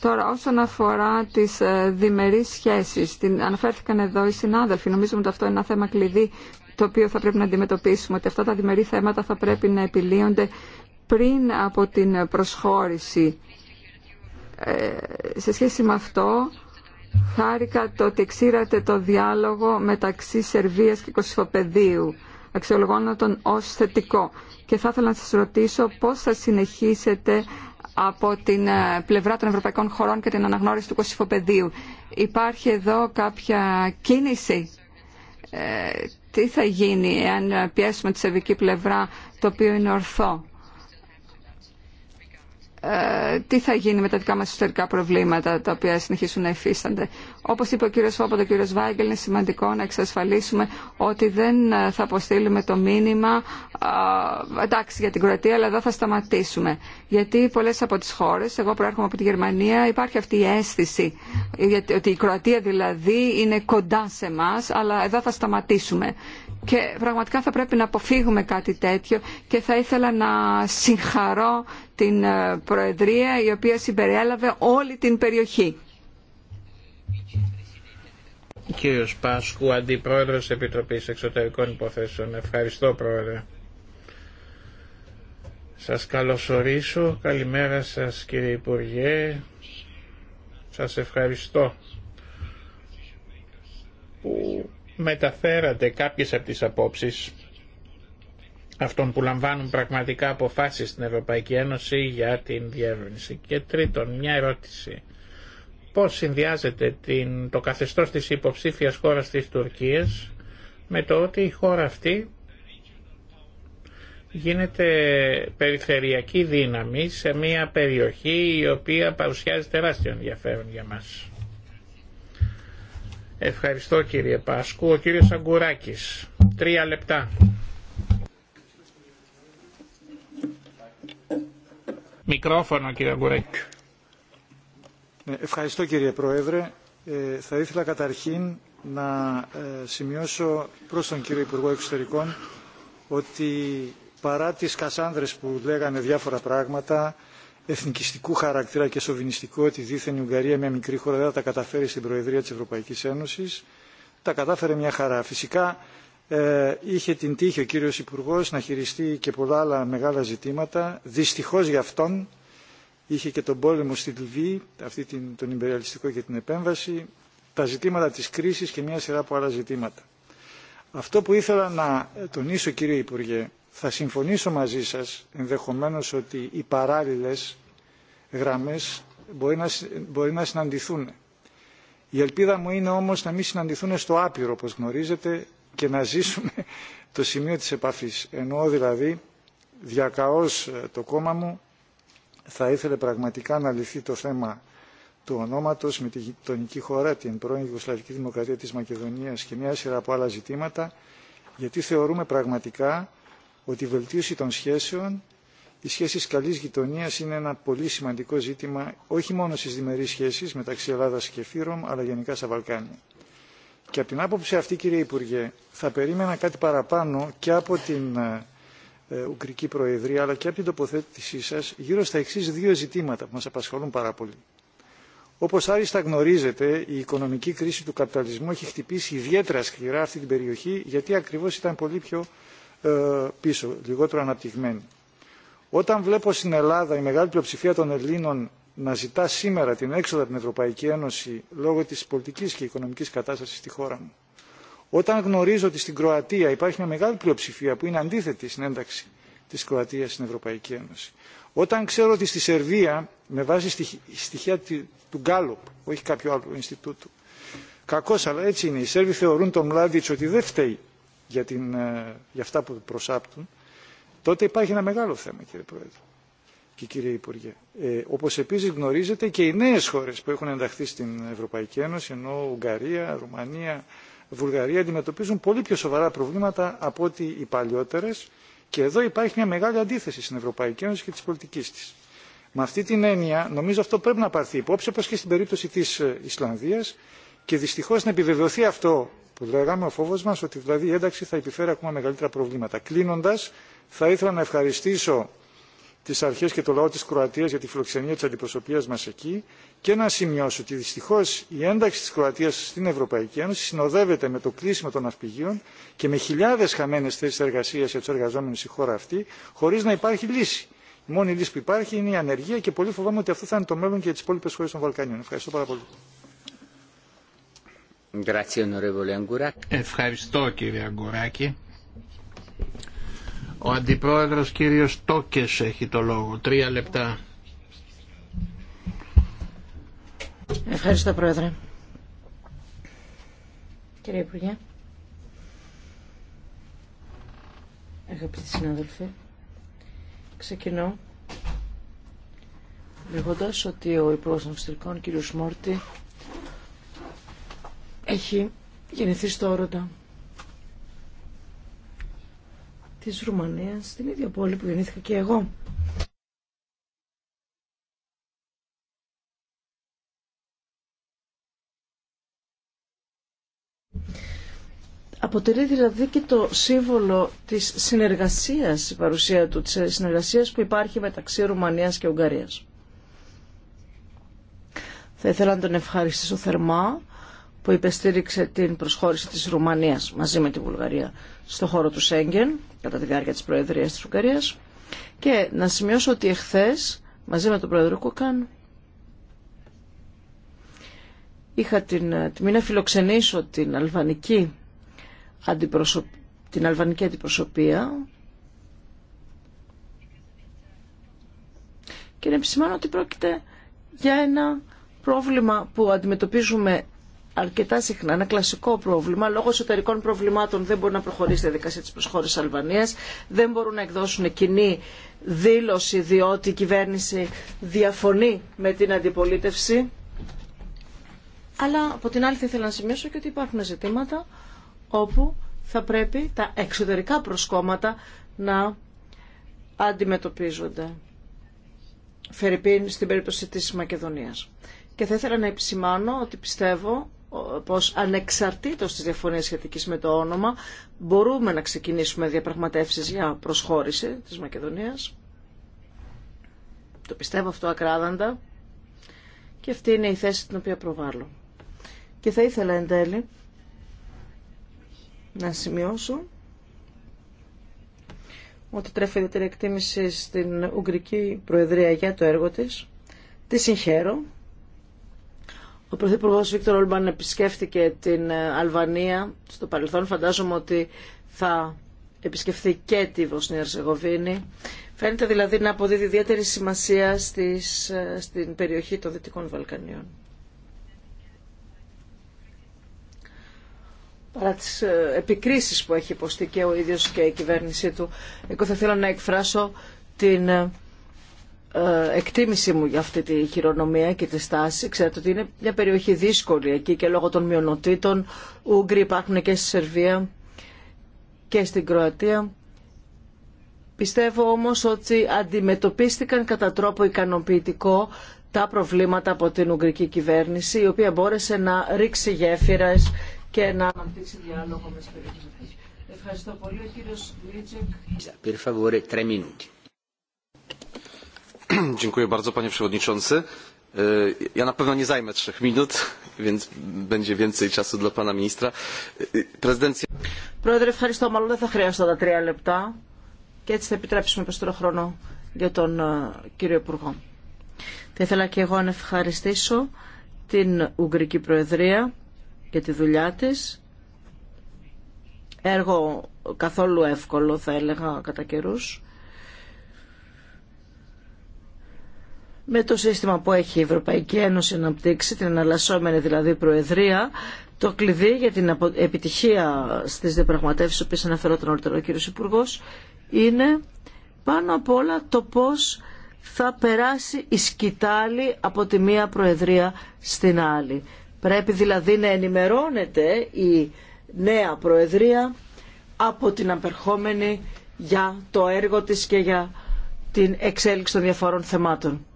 Τώρα, όσον αφορά τις ε, διμερείς σχέσεις, την, αναφέρθηκαν εδώ οι συνάδελφοι, νομίζουμε ότι αυτό είναι ένα θέμα κλειδί το οποίο θα πρέπει να αντιμετωπίσουμε, ότι αυτά τα διμερεί θέματα θα πρέπει να επιλύονται πριν από την προσχώρηση ε, σε σχέση με αυτό χάρηκα το ότι εξήρατε το διάλογο μεταξύ Σερβίας και Κωσυφοπεδίου αξιολογώντας τον ως θετικό και θα ήθελα να σας ρωτήσω πώς θα συνεχίσετε από την ε, πλευρά των ευρωπαϊκών χωρών και την αναγνώριση του Κωσυφοπεδίου. Υπάρχει εδώ κάποια κίνηση. Ε, τι θα γίνει εάν πιέσουμε τη σερβική πλευρά το οποίο είναι ορθό. Ε, τι θα γίνει με τα δικά μας ιστορικά προβλήματα τα οποία συνεχίσουν να υφίστανται. Όπως είπε ο κύριος Φόπα, ο κύριος Βάγκελ, είναι σημαντικό να εξασφαλίσουμε ότι δεν ε, θα αποστείλουμε το μήνυμα ε, εντάξει για την Κροατία αλλά εδώ θα σταματήσουμε. Γιατί πολλές από τις χώρες, εγώ προέρχομαι από τη Γερμανία, υπάρχει αυτή η αίσθηση ότι η Κροατία δηλαδή είναι κοντά σε εμά, αλλά εδώ θα σταματήσουμε και πραγματικά θα πρέπει να αποφύγουμε κάτι τέτοιο και θα ήθελα να συγχαρώ την ε, Προεδρία η οποία συμπεριέλαβε όλη την περιοχή. Κύριος Πάσχου, Αντιπρόεδρος Επιτροπής Εξωτερικών Υποθέσεων. Ευχαριστώ, Πρόεδρε. Σας καλωσορίσω. Καλημέρα σας, κύριε Υπουργέ. Σας ευχαριστώ μεταφέρατε κάποιες από τις απόψεις αυτών που λαμβάνουν πραγματικά αποφάσεις στην Ευρωπαϊκή Ένωση για την διεύρυνση. Και τρίτον, μια ερώτηση. Πώς συνδυάζεται την, το καθεστώς της υποψήφιας χώρας της Τουρκίας με το ότι η χώρα αυτή γίνεται περιφερειακή δύναμη σε μια περιοχή η οποία παρουσιάζει τεράστιο ενδιαφέρον για μας. Ευχαριστώ κύριε Πάσκου. Ο κύριος Αγκουράκης. Τρία λεπτά. Μικρόφωνο κύριε Αγκουράκη. Ε, ευχαριστώ κύριε Πρόεδρε. Ε, θα ήθελα καταρχήν να ε, σημειώσω προς τον κύριο Υπουργό Εξωτερικών ότι παρά τις κασάνδρες που λέγανε διάφορα πράγματα εθνικιστικού χαρακτήρα και σοβινιστικού ότι δίθεν η Ουγγαρία μια μικρή χώρα δεν θα τα καταφέρει στην Προεδρία της Ευρωπαϊκής Ένωσης. Τα κατάφερε μια χαρά. Φυσικά ε, είχε την τύχη ο κύριος Υπουργό να χειριστεί και πολλά άλλα μεγάλα ζητήματα. Δυστυχώς για αυτόν είχε και τον πόλεμο στη Λιβύη, αυτή την, τον υπεριαλιστικό και την επέμβαση, τα ζητήματα της κρίσης και μια σειρά από άλλα ζητήματα. Αυτό που ήθελα να τονίσω κύριε Υπουργέ θα συμφωνήσω μαζί σας ενδεχομένως ότι οι παράλληλες γραμμές μπορεί να, μπορεί συναντηθούν. Η ελπίδα μου είναι όμως να μην συναντηθούν στο άπειρο, όπως γνωρίζετε, και να ζήσουμε το σημείο της επαφής. Εννοώ δηλαδή διακαώς ε, το κόμμα μου θα ήθελε πραγματικά να λυθεί το θέμα του ονόματος με τη γειτονική χώρα, την πρώην Ιουγκοσλαβική Δημοκρατία της Μακεδονίας και μια σειρά από άλλα ζητήματα, γιατί θεωρούμε πραγματικά ότι η βελτίωση των σχέσεων, οι σχέσεις καλής γειτονίας είναι ένα πολύ σημαντικό ζήτημα όχι μόνο στις διμερείς σχέσεις μεταξύ Ελλάδας και Φύρομ, αλλά γενικά στα Βαλκάνια. Και από την άποψη αυτή, κύριε Υπουργέ, θα περίμενα κάτι παραπάνω και από την ε, ε, Ουγγρική Προεδρία, αλλά και από την τοποθέτησή σας, γύρω στα εξή δύο ζητήματα που μας απασχολούν πάρα πολύ. Όπως άριστα γνωρίζετε, η οικονομική κρίση του καπιταλισμού έχει χτυπήσει ιδιαίτερα σκληρά αυτή την περιοχή, γιατί ακριβώς ήταν πολύ πιο ε, πίσω, λιγότερο αναπτυγμένη. Όταν βλέπω στην Ελλάδα η μεγάλη πλειοψηφία των Ελλήνων να ζητά σήμερα την έξοδο από την Ευρωπαϊκή Ένωση λόγω της πολιτικής και οικονομικής κατάστασης στη χώρα μου. Όταν γνωρίζω ότι στην Κροατία υπάρχει μια μεγάλη πλειοψηφία που είναι αντίθετη στην ένταξη της Κροατίας στην Ευρωπαϊκή Ένωση. Όταν ξέρω ότι στη Σερβία, με βάση στοιχεία του Γκάλοπ, όχι κάποιο άλλο Ινστιτούτου, κακώς αλλά έτσι είναι, οι Σέρβοι θεωρούν τον Μλάδιτς ότι δεν για, την, ε, για αυτά που προσάπτουν, τότε υπάρχει ένα μεγάλο θέμα, κύριε Πρόεδρε και κύριε Υπουργέ. Ε, όπως επίσης γνωρίζετε και οι νέες χώρες που έχουν ενταχθεί στην Ευρωπαϊκή Ένωση, ενώ Ουγγαρία, Ρουμανία, Βουλγαρία αντιμετωπίζουν πολύ πιο σοβαρά προβλήματα από ότι οι παλιότερες και εδώ υπάρχει μια μεγάλη αντίθεση στην Ευρωπαϊκή Ένωση και της πολιτικής της. Με αυτή την έννοια νομίζω αυτό πρέπει να πάρθει υπόψη όπως και στην περίπτωση της ε, Ισλανδίας και δυστυχώ να επιβεβαιωθεί αυτό που λέγαμε, ο φόβο μα, ότι δηλαδή η ένταξη θα επιφέρει ακόμα μεγαλύτερα προβλήματα. Κλείνοντα, θα ήθελα να ευχαριστήσω τι αρχέ και το λαό τη Κροατία για τη φιλοξενία τη αντιπροσωπεία μα εκεί και να σημειώσω ότι δυστυχώ η ένταξη τη Κροατία στην Ευρωπαϊκή Ένωση συνοδεύεται με το κλείσιμο των αυπηγείων και με χιλιάδε χαμένε θέσει εργασία για του εργαζόμενου στη χώρα αυτή, χωρί να υπάρχει λύση. Η μόνη λύση που υπάρχει είναι η ανεργία και πολύ φοβάμαι ότι αυτό θα είναι το μέλλον και για τι υπόλοιπε χώρε των Βαλκανίων. Ευχαριστώ πάρα πολύ. Ευχαριστώ κύριε Αγκουράκη. Ο Αντιπρόεδρος κύριος Τόκες έχει το λόγο. Τρία λεπτά. Ευχαριστώ Πρόεδρε. Κύριε Υπουργέ. Αγαπητοί συνάδελφοι. Ξεκινώ λέγοντας ότι ο Υπουργός των Εξωτερικών κύριος Μόρτη έχει γεννηθεί στο όροτα της Ρουμανίας, στην ίδια πόλη που γεννήθηκα και εγώ. Αποτελεί δηλαδή και το σύμβολο της συνεργασίας, η παρουσία του, της συνεργασίας που υπάρχει μεταξύ Ρουμανίας και Ουγγαρίας. Θα ήθελα να τον ευχαριστήσω θερμά που υπεστήριξε την προσχώρηση της Ρουμανίας μαζί με τη Βουλγαρία στο χώρο του Σέγγεν κατά τη διάρκεια της Προεδρίας της Ουγγαρίας. Και να σημειώσω ότι εχθές μαζί με τον Πρόεδρο Κουκάν είχα την τιμή να φιλοξενήσω την αλβανική, αντιπροσω... την αλβανική αντιπροσωπεία και να επισημάνω ότι πρόκειται για ένα πρόβλημα που αντιμετωπίζουμε αρκετά συχνά ένα κλασικό πρόβλημα. Λόγω εσωτερικών προβλημάτων δεν μπορεί να προχωρήσει η διαδικασία τη προσχώρηση Αλβανία, δεν μπορούν να εκδώσουν κοινή δήλωση διότι η κυβέρνηση διαφωνεί με την αντιπολίτευση. Αλλά από την άλλη θα ήθελα να σημειώσω και ότι υπάρχουν ζητήματα όπου θα πρέπει τα εξωτερικά προσκόμματα να αντιμετωπίζονται. Φερρυπίν στην περίπτωση της Μακεδονίας. Και θα ήθελα να επισημάνω ότι πιστεύω πως ανεξαρτήτως της διαφωνίας σχετικής με το όνομα μπορούμε να ξεκινήσουμε διαπραγματεύσεις για προσχώρηση της Μακεδονίας. Το πιστεύω αυτό ακράδαντα και αυτή είναι η θέση την οποία προβάλλω. Και θα ήθελα εν τέλει να σημειώσω ότι τρέφει ιδιαίτερη εκτίμηση στην Ουγγρική Προεδρία για το έργο της. Τη συγχαίρω ο Πρωθυπουργό Βίκτορ Όλμπαν επισκέφθηκε την ε, Αλβανία στο παρελθόν. Φαντάζομαι ότι θα επισκεφθεί και τη Βοσνία Ερζεγοβίνη. Φαίνεται δηλαδή να αποδίδει ιδιαίτερη σημασία στις, ε, στην περιοχή των Δυτικών Βαλκανίων. παρά τις ε, επικρίσεις που έχει υποστεί και ο ίδιος και η κυβέρνησή του, εγώ θα θέλω να εκφράσω την ε, εκτίμησή μου για αυτή τη χειρονομία και τη στάση. Ξέρετε ότι είναι μια περιοχή δύσκολη εκεί και λόγω των μειονοτήτων. Ούγγροι υπάρχουν και στη Σερβία και στην Κροατία. Πιστεύω όμως ότι αντιμετωπίστηκαν κατά τρόπο ικανοποιητικό τα προβλήματα από την Ουγγρική κυβέρνηση, η οποία μπόρεσε να ρίξει γέφυρες και να αναπτύξει διάλογο με τις περιοχές. Ευχαριστώ πολύ. κύριος Λίτσεκ. Ευχαριστώ panie Πρόεδρε, ευχαριστώ. δεν θα χρειάζονταν τα τρία λεπτά και έτσι θα επιτρέψουμε περισσότερο χρόνο για τον ε, κύριο Υπουργό. Θα ήθελα και εγώ να ευχαριστήσω την Ουγγρική Προεδρία για τη δουλειά της. Έργο καθόλου εύκολο θα έλεγα κατά καιρούς με το σύστημα που έχει η Ευρωπαϊκή Ένωση να πτύξει, την εναλλασσόμενη δηλαδή Προεδρία, το κλειδί για την επιτυχία στις διαπραγματεύσεις, οποίες αναφερόταν ο κύριος υπουργό, είναι πάνω απ' όλα το πώς θα περάσει η σκητάλη από τη μία Προεδρία στην άλλη. Πρέπει δηλαδή να ενημερώνεται η νέα Προεδρία από την απερχόμενη για το έργο της και για την εξέλιξη των διαφορών θεμάτων.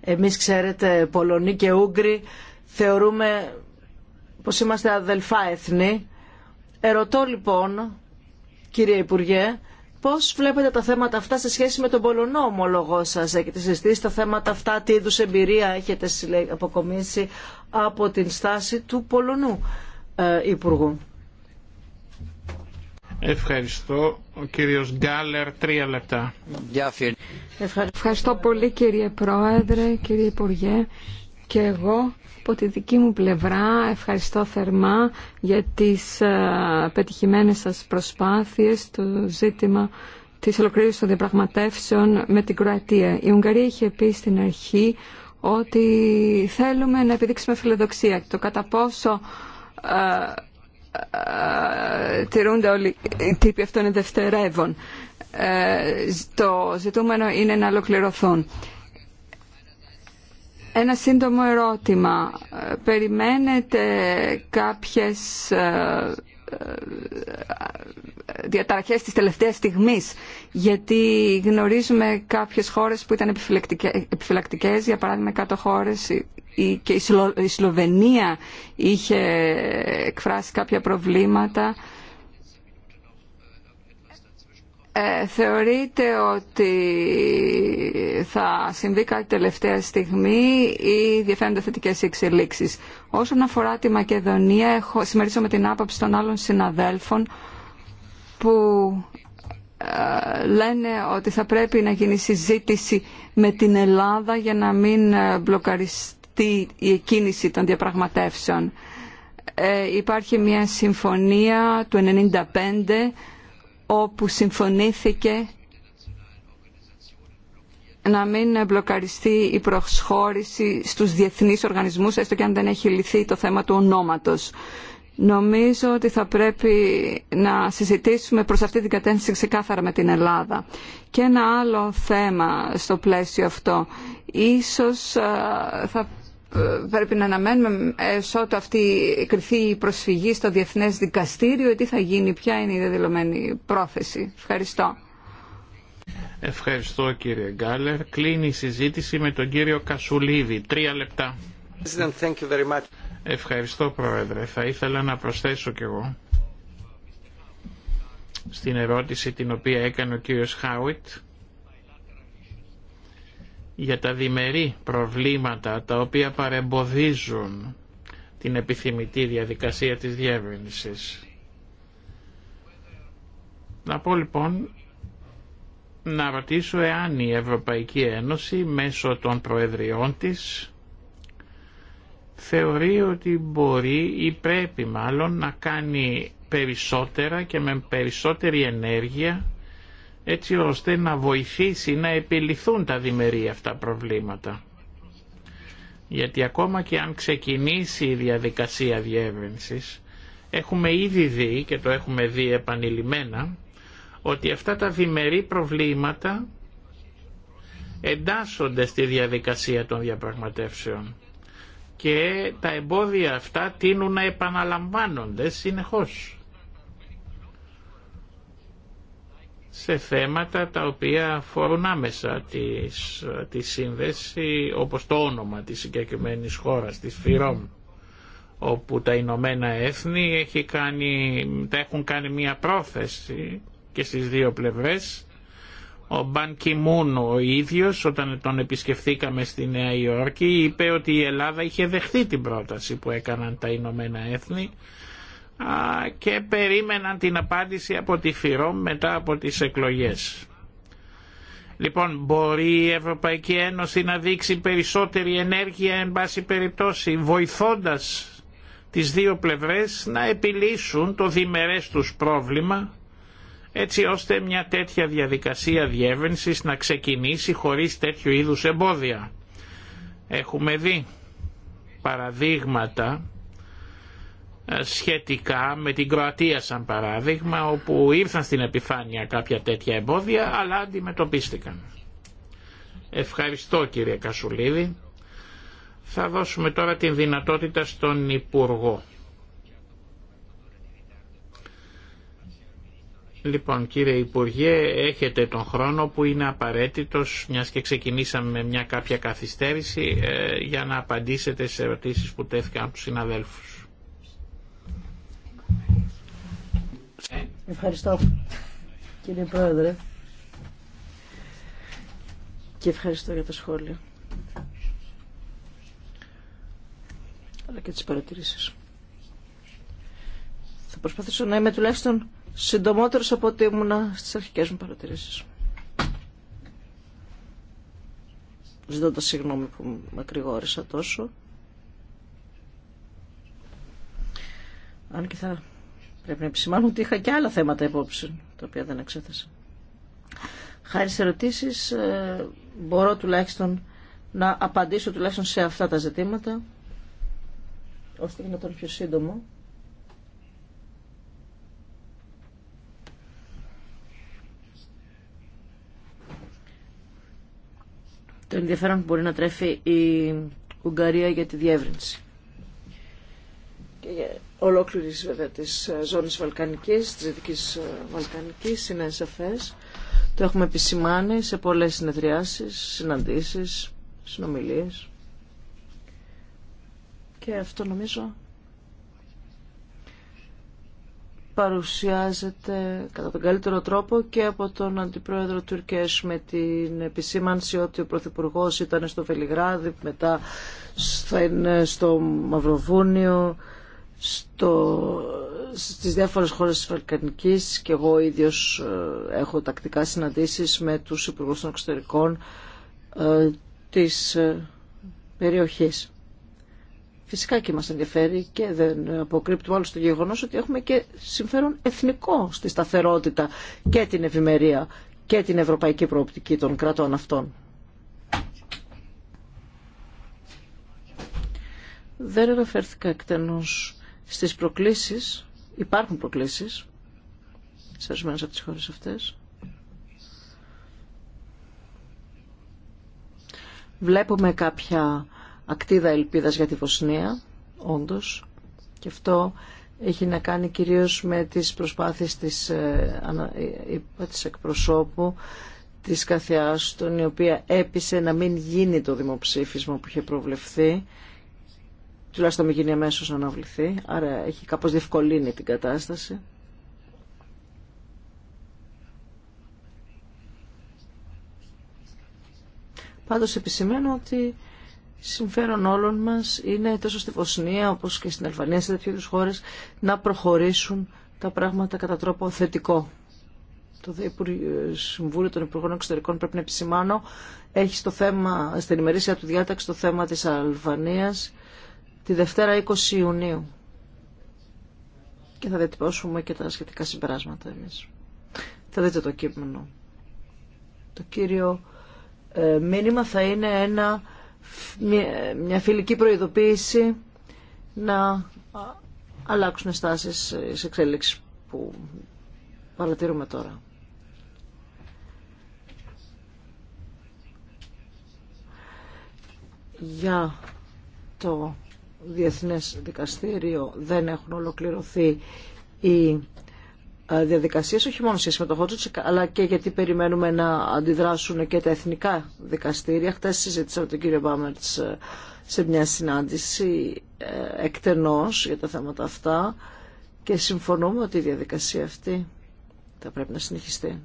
Εμείς ξέρετε Πολωνοί και Ούγγροι θεωρούμε πως είμαστε αδελφά έθνη. Ερωτώ λοιπόν κύριε Υπουργέ πώς βλέπετε τα θέματα αυτά σε σχέση με τον Πολωνό ομολογό σας. Έχετε συζητήσει τα θέματα αυτά, τι είδους εμπειρία έχετε αποκομίσει από την στάση του Πολωνού ε, Υπουργού. Ευχαριστώ. Ο τρία λεπτά. Ευχαριστώ πολύ κύριε Πρόεδρε, κύριε Υπουργέ. Και εγώ από τη δική μου πλευρά ευχαριστώ θερμά για τις ε, πετυχημένες σας προσπάθειες το ζήτημα της ολοκλήρωσης των διαπραγματεύσεων με την Κροατία. Η Ουγγαρία είχε πει στην αρχή ότι θέλουμε να επιδείξουμε φιλοδοξία. Το κατά πόσο ε, τηρούνται όλοι οι τύποι αυτών είναι δευτερεύων. Ε, το ζητούμενο είναι να ολοκληρωθούν. Ένα σύντομο ερώτημα. Περιμένετε κάποιες ε, ε, διαταραχές της τελευταίας στιγμής γιατί γνωρίζουμε κάποιες χώρες που ήταν επιφυλακτικές για παράδειγμα κάτω χώρες και η Σλοβενία είχε εκφράσει κάποια προβλήματα. Ε, θεωρείτε ότι θα συμβεί κάτι τελευταία στιγμή ή διαφέρονται θετικέ εξελίξεις. Όσον αφορά τη Μακεδονία, έχω, συμμερίζω με την άποψη των άλλων συναδέλφων που ε, λένε ότι θα πρέπει να γίνει συζήτηση με την Ελλάδα για να μην ε, μπλοκαριστεί η κίνηση των διαπραγματεύσεων. Ε, υπάρχει μια συμφωνία του 1995 όπου συμφωνήθηκε να μην μπλοκαριστεί η προσχώρηση στους διεθνείς οργανισμούς, έστω και αν δεν έχει λυθεί το θέμα του ονόματος. Νομίζω ότι θα πρέπει να συζητήσουμε προς αυτή την κατεύθυνση ξεκάθαρα με την Ελλάδα. Και ένα άλλο θέμα στο πλαίσιο αυτό. Ίσως ε, θα πρέπει να αναμένουμε εσότου αυτή κρυθεί η προσφυγή στο Διεθνές Δικαστήριο, τι θα γίνει, ποια είναι η δεδηλωμένη πρόθεση. Ευχαριστώ. Ευχαριστώ κύριε Γκάλερ. Κλείνει η συζήτηση με τον κύριο Κασουλίδη. Τρία λεπτά. Ευχαριστώ πρόεδρε. Θα ήθελα να προσθέσω κι εγώ στην ερώτηση την οποία έκανε ο κύριος Χάουιτ για τα διμερεί προβλήματα τα οποία παρεμποδίζουν την επιθυμητή διαδικασία της διεύρυνσης. Να πω λοιπόν να ρωτήσω εάν η Ευρωπαϊκή Ένωση μέσω των προεδριών της θεωρεί ότι μπορεί ή πρέπει μάλλον να κάνει περισσότερα και με περισσότερη ενέργεια έτσι ώστε να βοηθήσει να επιληθούν τα διμερεί αυτά προβλήματα. Γιατί ακόμα και αν ξεκινήσει η διαδικασία διεύρυνσης, έχουμε ήδη δει και το έχουμε δει επανειλημμένα, ότι αυτά τα διμερεί προβλήματα εντάσσονται στη διαδικασία των διαπραγματεύσεων και τα εμπόδια αυτά τείνουν να επαναλαμβάνονται συνεχώς. σε θέματα τα οποία αφορούν άμεσα της, τη σύνδεση όπως το όνομα της συγκεκριμένης χώρας, της ΦΥΡΟΜ όπου τα Ηνωμένα Έθνη έχει κάνει, τα έχουν κάνει μια πρόθεση και στις δύο πλευρές ο Μπαν Κιμούν ο ίδιος όταν τον επισκεφθήκαμε στη Νέα Υόρκη είπε ότι η Ελλάδα είχε δεχθεί την πρόταση που έκαναν τα Ηνωμένα Έθνη και περίμεναν την απάντηση από τη ΦΥΡΟΜ μετά από τις εκλογές. Λοιπόν, μπορεί η Ευρωπαϊκή Ένωση να δείξει περισσότερη ενέργεια εν πάση περιπτώσει, βοηθώντας τις δύο πλευρές να επιλύσουν το διμερές τους πρόβλημα, έτσι ώστε μια τέτοια διαδικασία διεύρυνσης να ξεκινήσει χωρίς τέτοιου είδους εμπόδια. Έχουμε δει παραδείγματα σχετικά με την Κροατία σαν παράδειγμα όπου ήρθαν στην επιφάνεια κάποια τέτοια εμπόδια αλλά αντιμετωπίστηκαν. Ευχαριστώ κύριε Κασουλίδη. Θα δώσουμε τώρα την δυνατότητα στον Υπουργό. Λοιπόν κύριε Υπουργέ έχετε τον χρόνο που είναι απαραίτητος μιας και ξεκινήσαμε με μια κάποια καθυστέρηση ε, για να απαντήσετε σε ερωτήσεις που τέθηκαν από τους συναδέλφους. Ευχαριστώ κύριε Πρόεδρε και ευχαριστώ για τα σχόλια αλλά και τις παρατηρήσεις. Θα προσπαθήσω να είμαι τουλάχιστον συντομότερος από ό,τι ήμουν στις αρχικές μου παρατηρήσεις. Ζητώντας συγγνώμη που με τόσο. Αν και θα Πρέπει να επισημάνω ότι είχα και άλλα θέματα υπόψη, τα οποία δεν εξέθεσα. Χάρη σε ερωτήσεις ε, μπορώ τουλάχιστον να απαντήσω τουλάχιστον σε αυτά τα ζητήματα, ώστε να τον πιο σύντομο. το ενδιαφέρον που μπορεί να τρέφει η Ουγγαρία για τη διεύρυνση. Και ολόκληρης βέβαια της ε, ζώνη Βαλκανική, τη Δυτική ε, βαλκανική είναι σαφέ. Το έχουμε επισημάνει σε πολλέ συνεδριάσει, συναντήσεις, συνομιλίε. Και αυτό νομίζω παρουσιάζεται κατά τον καλύτερο τρόπο και από τον Αντιπρόεδρο Τουρκές με την επισήμανση ότι ο Πρωθυπουργό ήταν στο Βελιγράδι, μετά στο Μαυροβούνιο, στο, στις διάφορες χώρες της και εγώ ίδιος ε, έχω τακτικά συναντήσεις με τους υπουργούς των εξωτερικών ε, της ε, περιοχής. Φυσικά και μας ενδιαφέρει και δεν αποκρύπτουμε άλλο στο γεγονός ότι έχουμε και συμφέρον εθνικό στη σταθερότητα και την ευημερία και την ευρωπαϊκή προοπτική των κρατών αυτών. Δεν αναφέρθηκα εκτενώς στις προκλήσεις, υπάρχουν προκλήσεις σε ορισμένες από τις χώρες αυτές. Βλέπουμε κάποια ακτίδα ελπίδας για τη Βοσνία, όντως, και αυτό έχει να κάνει κυρίως με τις προσπάθειες της, ε, ε, της εκπροσώπου της Καθιάς, η οποία έπεισε να μην γίνει το δημοψήφισμα που είχε προβλεφθεί τουλάχιστον μην γίνει αμέσω να αναβληθεί, άρα έχει κάπως διευκολύνει την κατάσταση. Πάντως επισημαίνω ότι συμφέρον όλων μας είναι τόσο στη Βοσνία όπως και στην Αλβανία, σε τέτοιου χώρες, να προχωρήσουν τα πράγματα κατά τρόπο θετικό. Το Συμβούλιο των Υπουργών Εξωτερικών πρέπει να επισημάνω έχει στο θέμα, στην ημερήσια του διάταξη το θέμα της Αλβανίας τη Δευτέρα 20 Ιουνίου. Και θα διατυπώσουμε και τα σχετικά συμπεράσματα εμείς. Θα δείτε το κείμενο. Το κύριο ε, μήνυμα θα είναι ένα, μια φιλική προειδοποίηση να αλλάξουν στάσεις ε, σε εξέλιξη που παρατηρούμε τώρα. Για το Διεθνές Δικαστήριο δεν έχουν ολοκληρωθεί οι ε, διαδικασίες, όχι μόνο σχέση με το αλλά και γιατί περιμένουμε να αντιδράσουν και τα εθνικά δικαστήρια. Χτες συζήτησα με τον κύριο Μπάμερτς ε, σε μια συνάντηση ε, εκτενώς για τα θέματα αυτά και συμφωνούμε ότι η διαδικασία αυτή θα πρέπει να συνεχιστεί.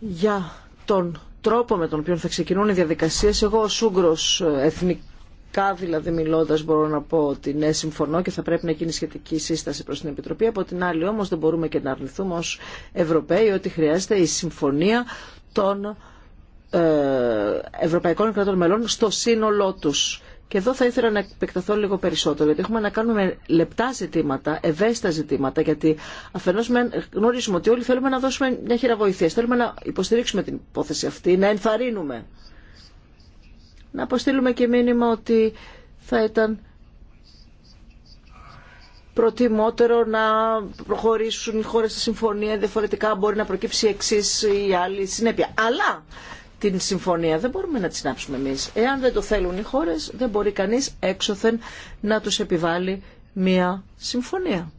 για τον τρόπο με τον οποίο θα ξεκινούν οι διαδικασίες. Εγώ ως Ούγκρος ε, εθνικά δηλαδή μιλώντας μπορώ να πω ότι ναι συμφωνώ και θα πρέπει να γίνει σχετική σύσταση προς την Επιτροπή. Από την άλλη όμως δεν μπορούμε και να αρνηθούμε ως Ευρωπαίοι ότι χρειάζεται η συμφωνία των ε, ευρωπαϊκών κρατών μελών στο σύνολό τους και εδώ θα ήθελα να επεκταθώ λίγο περισσότερο, γιατί έχουμε να κάνουμε λεπτά ζητήματα, ευαίσθητα ζητήματα, γιατί αφενός με, γνωρίζουμε ότι όλοι θέλουμε να δώσουμε μια χειρά θέλουμε να υποστηρίξουμε την υπόθεση αυτή, να ενθαρρύνουμε. Να αποστείλουμε και μήνυμα ότι θα ήταν προτιμότερο να προχωρήσουν οι χώρες στη συμφωνία, διαφορετικά μπορεί να προκύψει εξή ή άλλη συνέπεια. Αλλά την συμφωνία. Δεν μπορούμε να τη συνάψουμε εμείς. Εάν δεν το θέλουν οι χώρες, δεν μπορεί κανείς έξωθεν να τους επιβάλλει μία συμφωνία.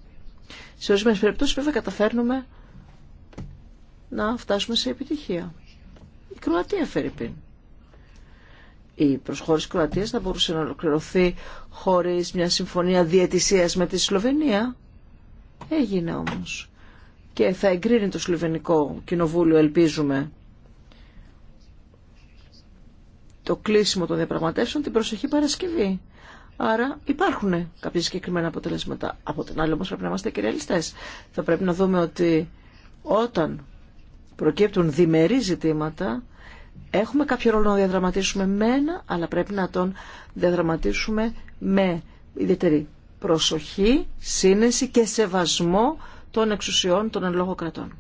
Σε ορισμένε περιπτώσεις βέβαια καταφέρνουμε να φτάσουμε σε επιτυχία. Η Κροατία φέρει Η προσχώρηση Κροατίας θα μπορούσε να ολοκληρωθεί χωρίς μια συμφωνία διαιτησίας με τη Σλοβενία. Έγινε όμως. Και θα εγκρίνει το Σλοβενικό Κοινοβούλιο, ελπίζουμε, το κλείσιμο των διαπραγματεύσεων την προσεχή Παρασκευή. Άρα υπάρχουν κάποια συγκεκριμένα αποτελέσματα. Από την άλλη όμως πρέπει να είμαστε και Θα πρέπει να δούμε ότι όταν προκύπτουν διμερεί ζητήματα έχουμε κάποιο ρόλο να διαδραματίσουμε με ένα, αλλά πρέπει να τον διαδραματίσουμε με ιδιαίτερη προσοχή, σύνεση και σεβασμό των εξουσιών των εν κρατών.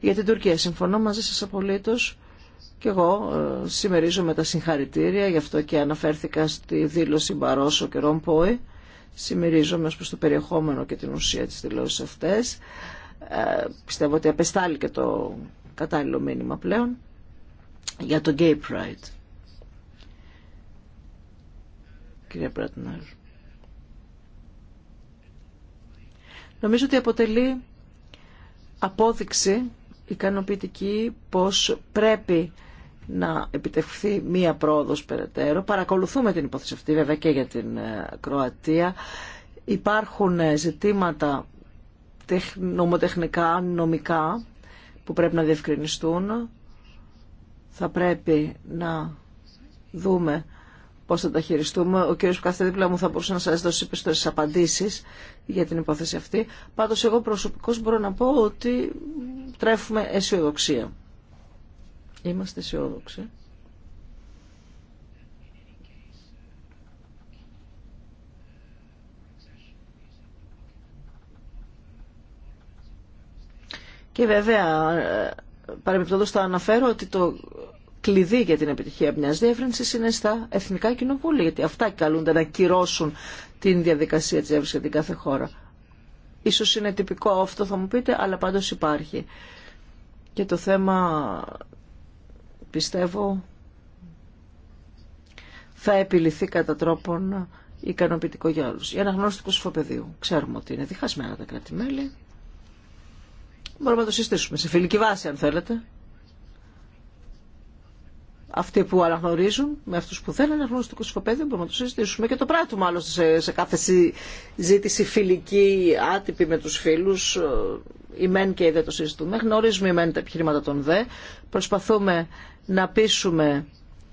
Για την Τουρκία συμφωνώ μαζί σας απολύτως και εγώ ε, συμμερίζομαι τα συγχαρητήρια, γι' αυτό και αναφέρθηκα στη δήλωση Μπαρόσο και Ρομπόη. Συμμερίζομαι ως προς το περιεχόμενο και την ουσία της δηλώσης αυτές. Ε, πιστεύω ότι απεστάλλει και το κατάλληλο μήνυμα πλέον για το Gay Pride. Κυρία Πρατνάρ. Νομίζω ότι αποτελεί απόδειξη ικανοποιητική πως πρέπει να επιτευχθεί μία πρόοδος περαιτέρω. Παρακολουθούμε την υπόθεση αυτή βέβαια και για την ε, Κροατία. Υπάρχουν ε, ζητήματα νομοτεχνικά, νομικά που πρέπει να διευκρινιστούν. Θα πρέπει να δούμε πώς θα τα χειριστούμε. Ο κύριος που κάθεται δίπλα μου θα μπορούσε να σας δώσει περισσότερες απαντήσεις για την υπόθεση αυτή. Πάντως εγώ προσωπικώς μπορώ να πω ότι τρέφουμε αισιοδοξία. Είμαστε αισιόδοξοι. Και βέβαια, παρεμπιπτόντως θα αναφέρω ότι το κλειδί για την επιτυχία μια διεύρυνση είναι στα εθνικά κοινοβούλια, γιατί αυτά καλούνται να κυρώσουν την διαδικασία της διεύρυνσης για την κάθε χώρα. Ίσως είναι τυπικό αυτό θα μου πείτε, αλλά πάντως υπάρχει. Και το θέμα πιστεύω θα επιληθεί κατά τρόπον ικανοποιητικό για όλους. Η αναγνώριση του κοσφοπεδίου. Ξέρουμε ότι είναι διχασμένα τα κράτη-μέλη. Μπορούμε να το συστήσουμε σε φιλική βάση αν θέλετε αυτοί που αναγνωρίζουν με αυτού που δεν αναγνωρίζουν το κοσμοπέδιο μπορούμε να το συζητήσουμε και το πράττουμε του, σε, σε κάθε συζήτηση φιλική, άτυπη με του φίλου. Η ε, μεν και η δε το συζητούμε. Γνωρίζουμε η μεν τα επιχειρήματα των δε. Προσπαθούμε να πείσουμε,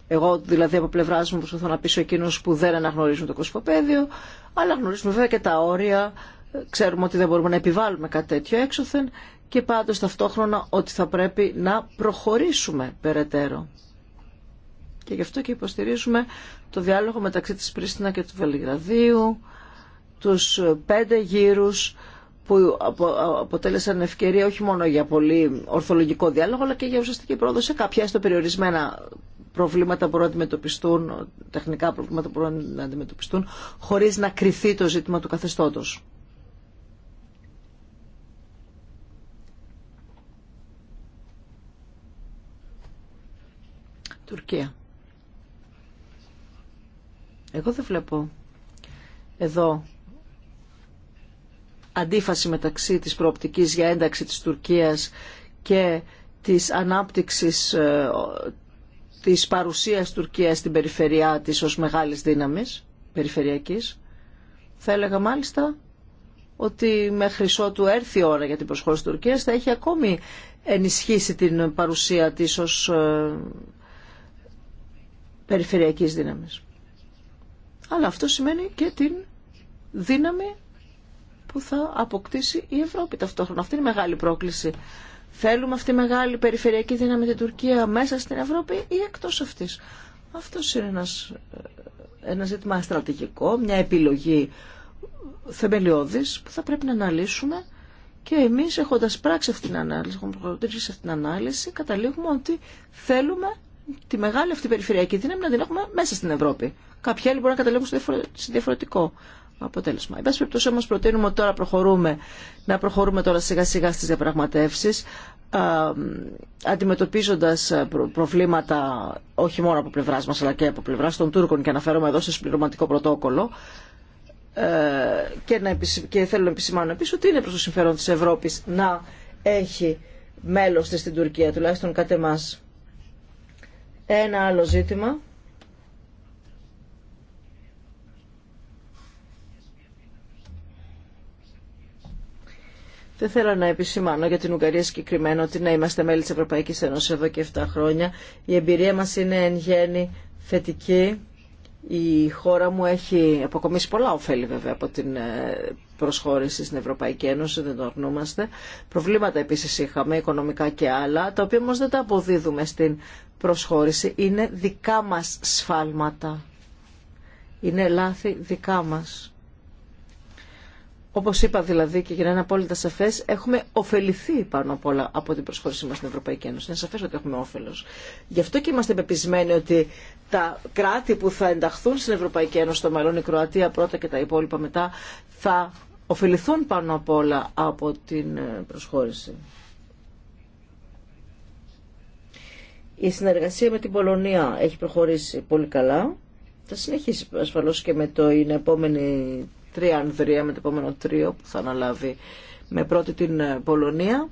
εγώ δηλαδή από πλευρά μου προσπαθώ να πείσω εκείνου που δεν αναγνωρίζουν το κοσμοπέδιο, αλλά γνωρίζουμε βέβαια και τα όρια. Ε, ξέρουμε ότι δεν μπορούμε να επιβάλλουμε κάτι τέτοιο έξωθεν και πάντως ταυτόχρονα ότι θα πρέπει να προχωρήσουμε περαιτέρω. Και γι' αυτό και υποστηρίζουμε το διάλογο μεταξύ της Πρίστινα και του Βελιγραδίου, τους πέντε γύρους που αποτέλεσαν ευκαιρία όχι μόνο για πολύ ορθολογικό διάλογο, αλλά και για ουσιαστική πρόοδο σε κάποια στο περιορισμένα προβλήματα μπορούν να αντιμετωπιστούν, τεχνικά προβλήματα μπορούν να αντιμετωπιστούν, χωρίς να κρυθεί το ζήτημα του καθεστώτος. Τουρκία. Εγώ δεν βλέπω εδώ αντίφαση μεταξύ της προοπτικής για ένταξη της Τουρκίας και της ανάπτυξης ε, της παρουσίας Τουρκίας στην περιφερειά της ως μεγάλης δύναμης περιφερειακής. Θα έλεγα μάλιστα ότι μέχρι του έρθει η ώρα για την προσχώρηση της Τουρκίας θα έχει ακόμη ενισχύσει την παρουσία της ως ε, περιφερειακής δύναμης αλλά αυτό σημαίνει και την δύναμη που θα αποκτήσει η Ευρώπη ταυτόχρονα. Αυτή είναι η μεγάλη πρόκληση. Θέλουμε αυτή η μεγάλη περιφερειακή δύναμη την Τουρκία μέσα στην Ευρώπη ή εκτός αυτής. Αυτό είναι ένας, ένα ζήτημα στρατηγικό, μια επιλογή θεμελιώδης που θα πρέπει να αναλύσουμε και εμείς έχοντας πράξει αυτή την ανάλυση, έχουμε προχωρήσει αυτή την ανάλυση, καταλήγουμε ότι θέλουμε τη μεγάλη αυτή περιφερειακή δύναμη να την έχουμε μέσα στην Ευρώπη. Κάποιοι άλλοι μπορούν να καταλήγουν σε διαφορετικό αποτέλεσμα. Εν πάση περιπτώσει όμως προτείνουμε τώρα προχωρούμε, να προχωρούμε τώρα σιγά σιγά στις διαπραγματεύσεις αντιμετωπίζοντας ε, προβλήματα όχι μόνο από πλευράς μας αλλά και από πλευράς των Τούρκων και αναφέρομαι εδώ σε συμπληρωματικό πρωτόκολλο ε, και, να, και θέλω να επισημάνω επίση ότι είναι προ το συμφέρον τη Ευρώπη να έχει μέλο τη στην Τουρκία, τουλάχιστον κατ' εμά. Ένα άλλο ζήτημα Δεν θέλω να επισημάνω για την Ουγγαρία συγκεκριμένα ότι να είμαστε μέλη της Ευρωπαϊκής Ένωσης εδώ και 7 χρόνια. Η εμπειρία μας είναι εν γέννη θετική. Η χώρα μου έχει αποκομίσει πολλά ωφέλη βέβαια από την ε, προσχώρηση στην Ευρωπαϊκή Ένωση, δεν το αρνούμαστε. Προβλήματα επίσης είχαμε, οικονομικά και άλλα, τα οποία όμως δεν τα αποδίδουμε στην προσχώρηση. Είναι δικά μας σφάλματα. Είναι λάθη δικά μας. Όπω είπα δηλαδή και για να είναι απόλυτα σαφέ, έχουμε ωφεληθεί πάνω απ' όλα από την προσχώρησή μα στην Ευρωπαϊκή Ένωση. Είναι σαφέ ότι έχουμε όφελο. Γι' αυτό και είμαστε πεπισμένοι ότι τα κράτη που θα ενταχθούν στην Ευρωπαϊκή Ένωση, το μέλλον η Κροατία πρώτα και τα υπόλοιπα μετά, θα ωφεληθούν πάνω απ' όλα από την ε, προσχώρηση. Η συνεργασία με την Πολωνία έχει προχωρήσει πολύ καλά. Θα συνεχίσει ασφαλώς και με το, επόμενη τρία Ανδρία με το επόμενο τρίο που θα αναλάβει με πρώτη την Πολωνία.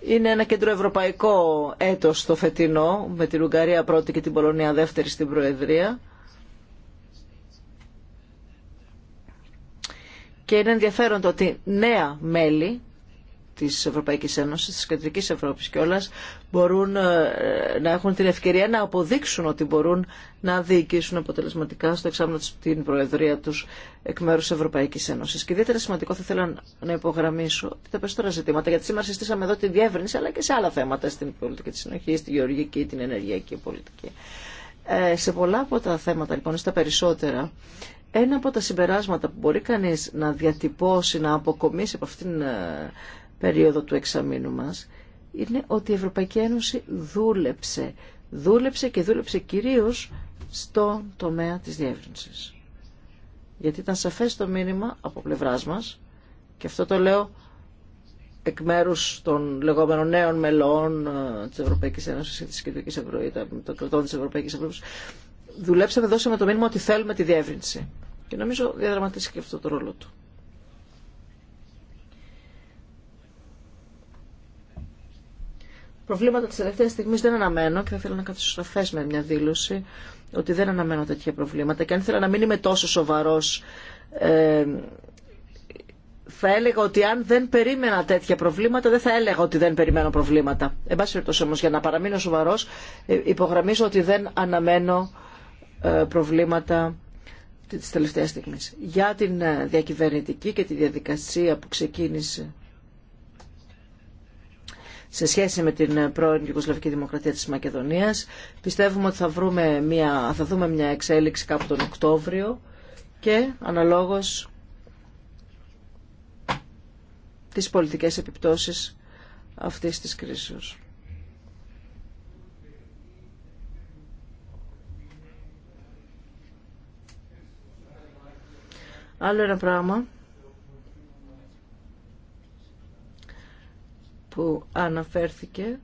Είναι ένα κεντροευρωπαϊκό έτος το φετινό, με την Ουγγαρία πρώτη και την Πολωνία δεύτερη στην Προεδρία. Και είναι ενδιαφέρον ότι νέα μέλη της Ευρωπαϊκής Ένωσης, της Κεντρικής Ευρώπης κιόλας, μπορούν ε, να έχουν την ευκαιρία να αποδείξουν ότι μπορούν να διοικήσουν αποτελεσματικά στο εξάμεινο την Προεδρία τους εκ μέρους της Ευρωπαϊκής Ένωσης. Και ιδιαίτερα σημαντικό θα ήθελα να υπογραμμίσω ότι τα περισσότερα ζητήματα, γιατί σήμερα συστήσαμε εδώ την διεύρυνση, αλλά και σε άλλα θέματα, στην πολιτική της συνοχή, στη γεωργική, την ενεργειακή πολιτική. Ε, σε πολλά από τα θέματα, λοιπόν, στα περισσότερα, ένα από τα συμπεράσματα που μπορεί κανείς να διατυπώσει, να αποκομίσει από αυτήν ε, περίοδο του εξαμήνου μας είναι ότι η Ευρωπαϊκή Ένωση δούλεψε. Δούλεψε και δούλεψε κυρίως στον τομέα της διεύρυνσης. Γιατί ήταν σαφές το μήνυμα από πλευράς μας και αυτό το λέω εκ μέρου των λεγόμενων νέων μελών ε, της Ευρωπαϊκής Ένωσης και της Κεντρικής των κρατών της Ευρωπαϊκής Ευρώπης. Δουλέψαμε, δώσαμε το μήνυμα ότι θέλουμε τη διεύρυνση. Και νομίζω διαδραματίστηκε αυτό το ρόλο του. Προβλήματα τη τελευταία στιγμή δεν αναμένω και θα ήθελα να καθίσω σαφέ με μια δήλωση ότι δεν αναμένω τέτοια προβλήματα. Και αν ήθελα να μην είμαι τόσο σοβαρό, ε, θα έλεγα ότι αν δεν περίμενα τέτοια προβλήματα, δεν θα έλεγα ότι δεν περιμένω προβλήματα. Εν πάση περιπτώσει όμω, για να παραμείνω σοβαρό, ε, υπογραμμίζω ότι δεν αναμένω ε, προβλήματα τη τελευταία στιγμή. Για την ε, διακυβερνητική και τη διαδικασία που ξεκίνησε σε σχέση με την πρώην Ιουγκοσλαβική Δημοκρατία της Μακεδονίας. Πιστεύουμε ότι θα, βρούμε μια, θα δούμε μια εξέλιξη κάπου τον Οκτώβριο και αναλόγως τις πολιτικές επιπτώσεις αυτής της κρίσης. Άλλο ένα πράγμα που αναφέρθηκε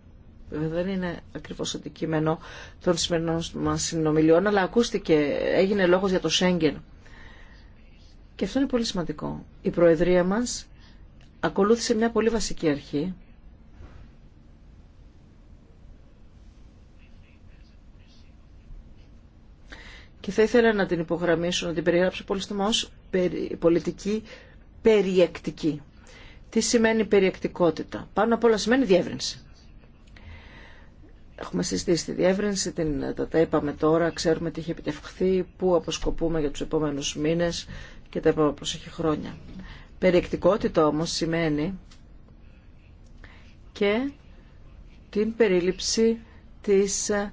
βέβαια δεν είναι ακριβώς αντικείμενο των σημερινών μας συνομιλιών αλλά ακούστηκε, έγινε λόγος για το Σέγγεν και αυτό είναι πολύ σημαντικό η Προεδρία μας ακολούθησε μια πολύ βασική αρχή και θα ήθελα να την υπογραμμίσω, να την περιγράψω πολύ πολιτική περιεκτική. Τι σημαίνει περιεκτικότητα. Πάνω απ' όλα σημαίνει διεύρυνση. Έχουμε συζητήσει τη διεύρυνση, την, τα, είπαμε τώρα, ξέρουμε τι έχει επιτευχθεί, πού αποσκοπούμε για τους επόμενους μήνες και τα επόμενα προσεχή χρόνια. Περιεκτικότητα όμως σημαίνει και την περίληψη της ε,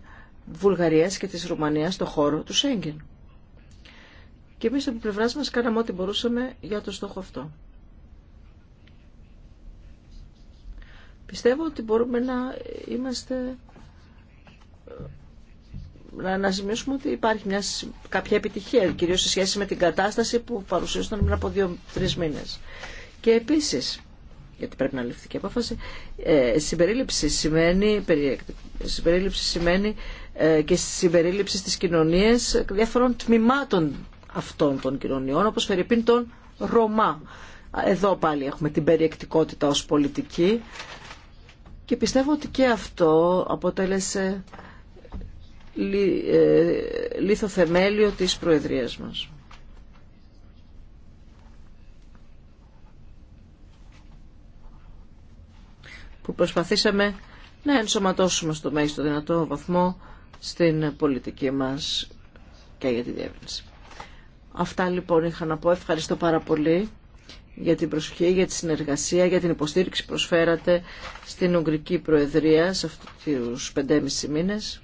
Βουλγαρίας και της Ρουμανίας στο χώρο του Σέγγεν. Και εμείς από πλευρά μας κάναμε ό,τι μπορούσαμε για το στόχο αυτό. Πιστεύω ότι μπορούμε να είμαστε ε, να αναζημιώσουμε ότι υπάρχει μια, κάποια επιτυχία, κυρίως σε σχέση με την κατάσταση που παρουσίασαν πριν από δύο-τρει μήνες. Και επίσης, γιατί πρέπει να ληφθεί και απόφαση, ε, συμπερίληψη σημαίνει, συμπερίληψη σημαίνει ε, και συμπερίληψη στις κοινωνίες διάφορων τμήματων αυτών των κοινωνιών, όπως φερειπίν τον Ρωμά. Εδώ πάλι έχουμε την περιεκτικότητα ως πολιτική και πιστεύω ότι και αυτό αποτέλεσε ε, λίθο θεμέλιο της Προεδρίας μας. Που προσπαθήσαμε να ενσωματώσουμε στο μέγιστο δυνατό βαθμό στην πολιτική μας και για τη διεύρυνση. Αυτά λοιπόν είχα να πω. Ευχαριστώ πάρα πολύ για την προσοχή, για τη συνεργασία, για την υποστήριξη που προσφέρατε στην Ουγγρική Προεδρία σε αυτούς τους πεντέμισι μήνες.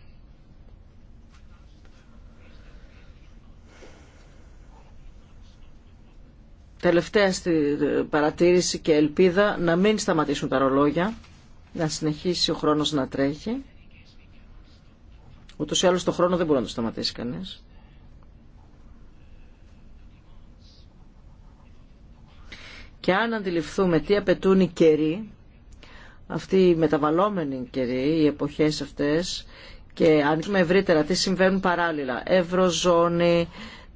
Τελευταία στη ε, παρατήρηση και ελπίδα να μην σταματήσουν τα ρολόγια, να συνεχίσει ο χρόνος να τρέχει. Ούτως ή άλλως το χρόνο δεν μπορεί να το σταματήσει κανείς. Και αν αντιληφθούμε τι απαιτούν οι καιροί, αυτοί οι μεταβαλλόμενοι καιροί, οι εποχές αυτές, και αν δούμε ευρύτερα τι συμβαίνουν παράλληλα, ευρωζώνη,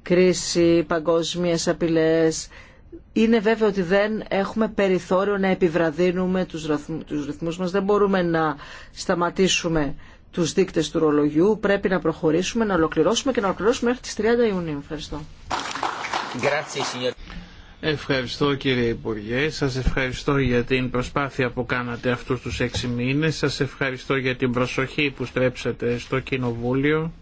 κρίση, παγκόσμιες απειλές, είναι βέβαιο ότι δεν έχουμε περιθώριο να επιβραδύνουμε τους, ρυθμού τους ρυθμούς μας. Δεν μπορούμε να σταματήσουμε τους δείκτες του ρολογιού. Πρέπει να προχωρήσουμε, να ολοκληρώσουμε και να ολοκληρώσουμε μέχρι τις 30 Ιουνίου. Ευχαριστώ. Ευχαριστώ κύριε Υπουργέ, σας ευχαριστώ για την προσπάθεια που κάνατε αυτούς τους έξι μήνες, σας ευχαριστώ για την προσοχή που στρέψατε στο Κοινοβούλιο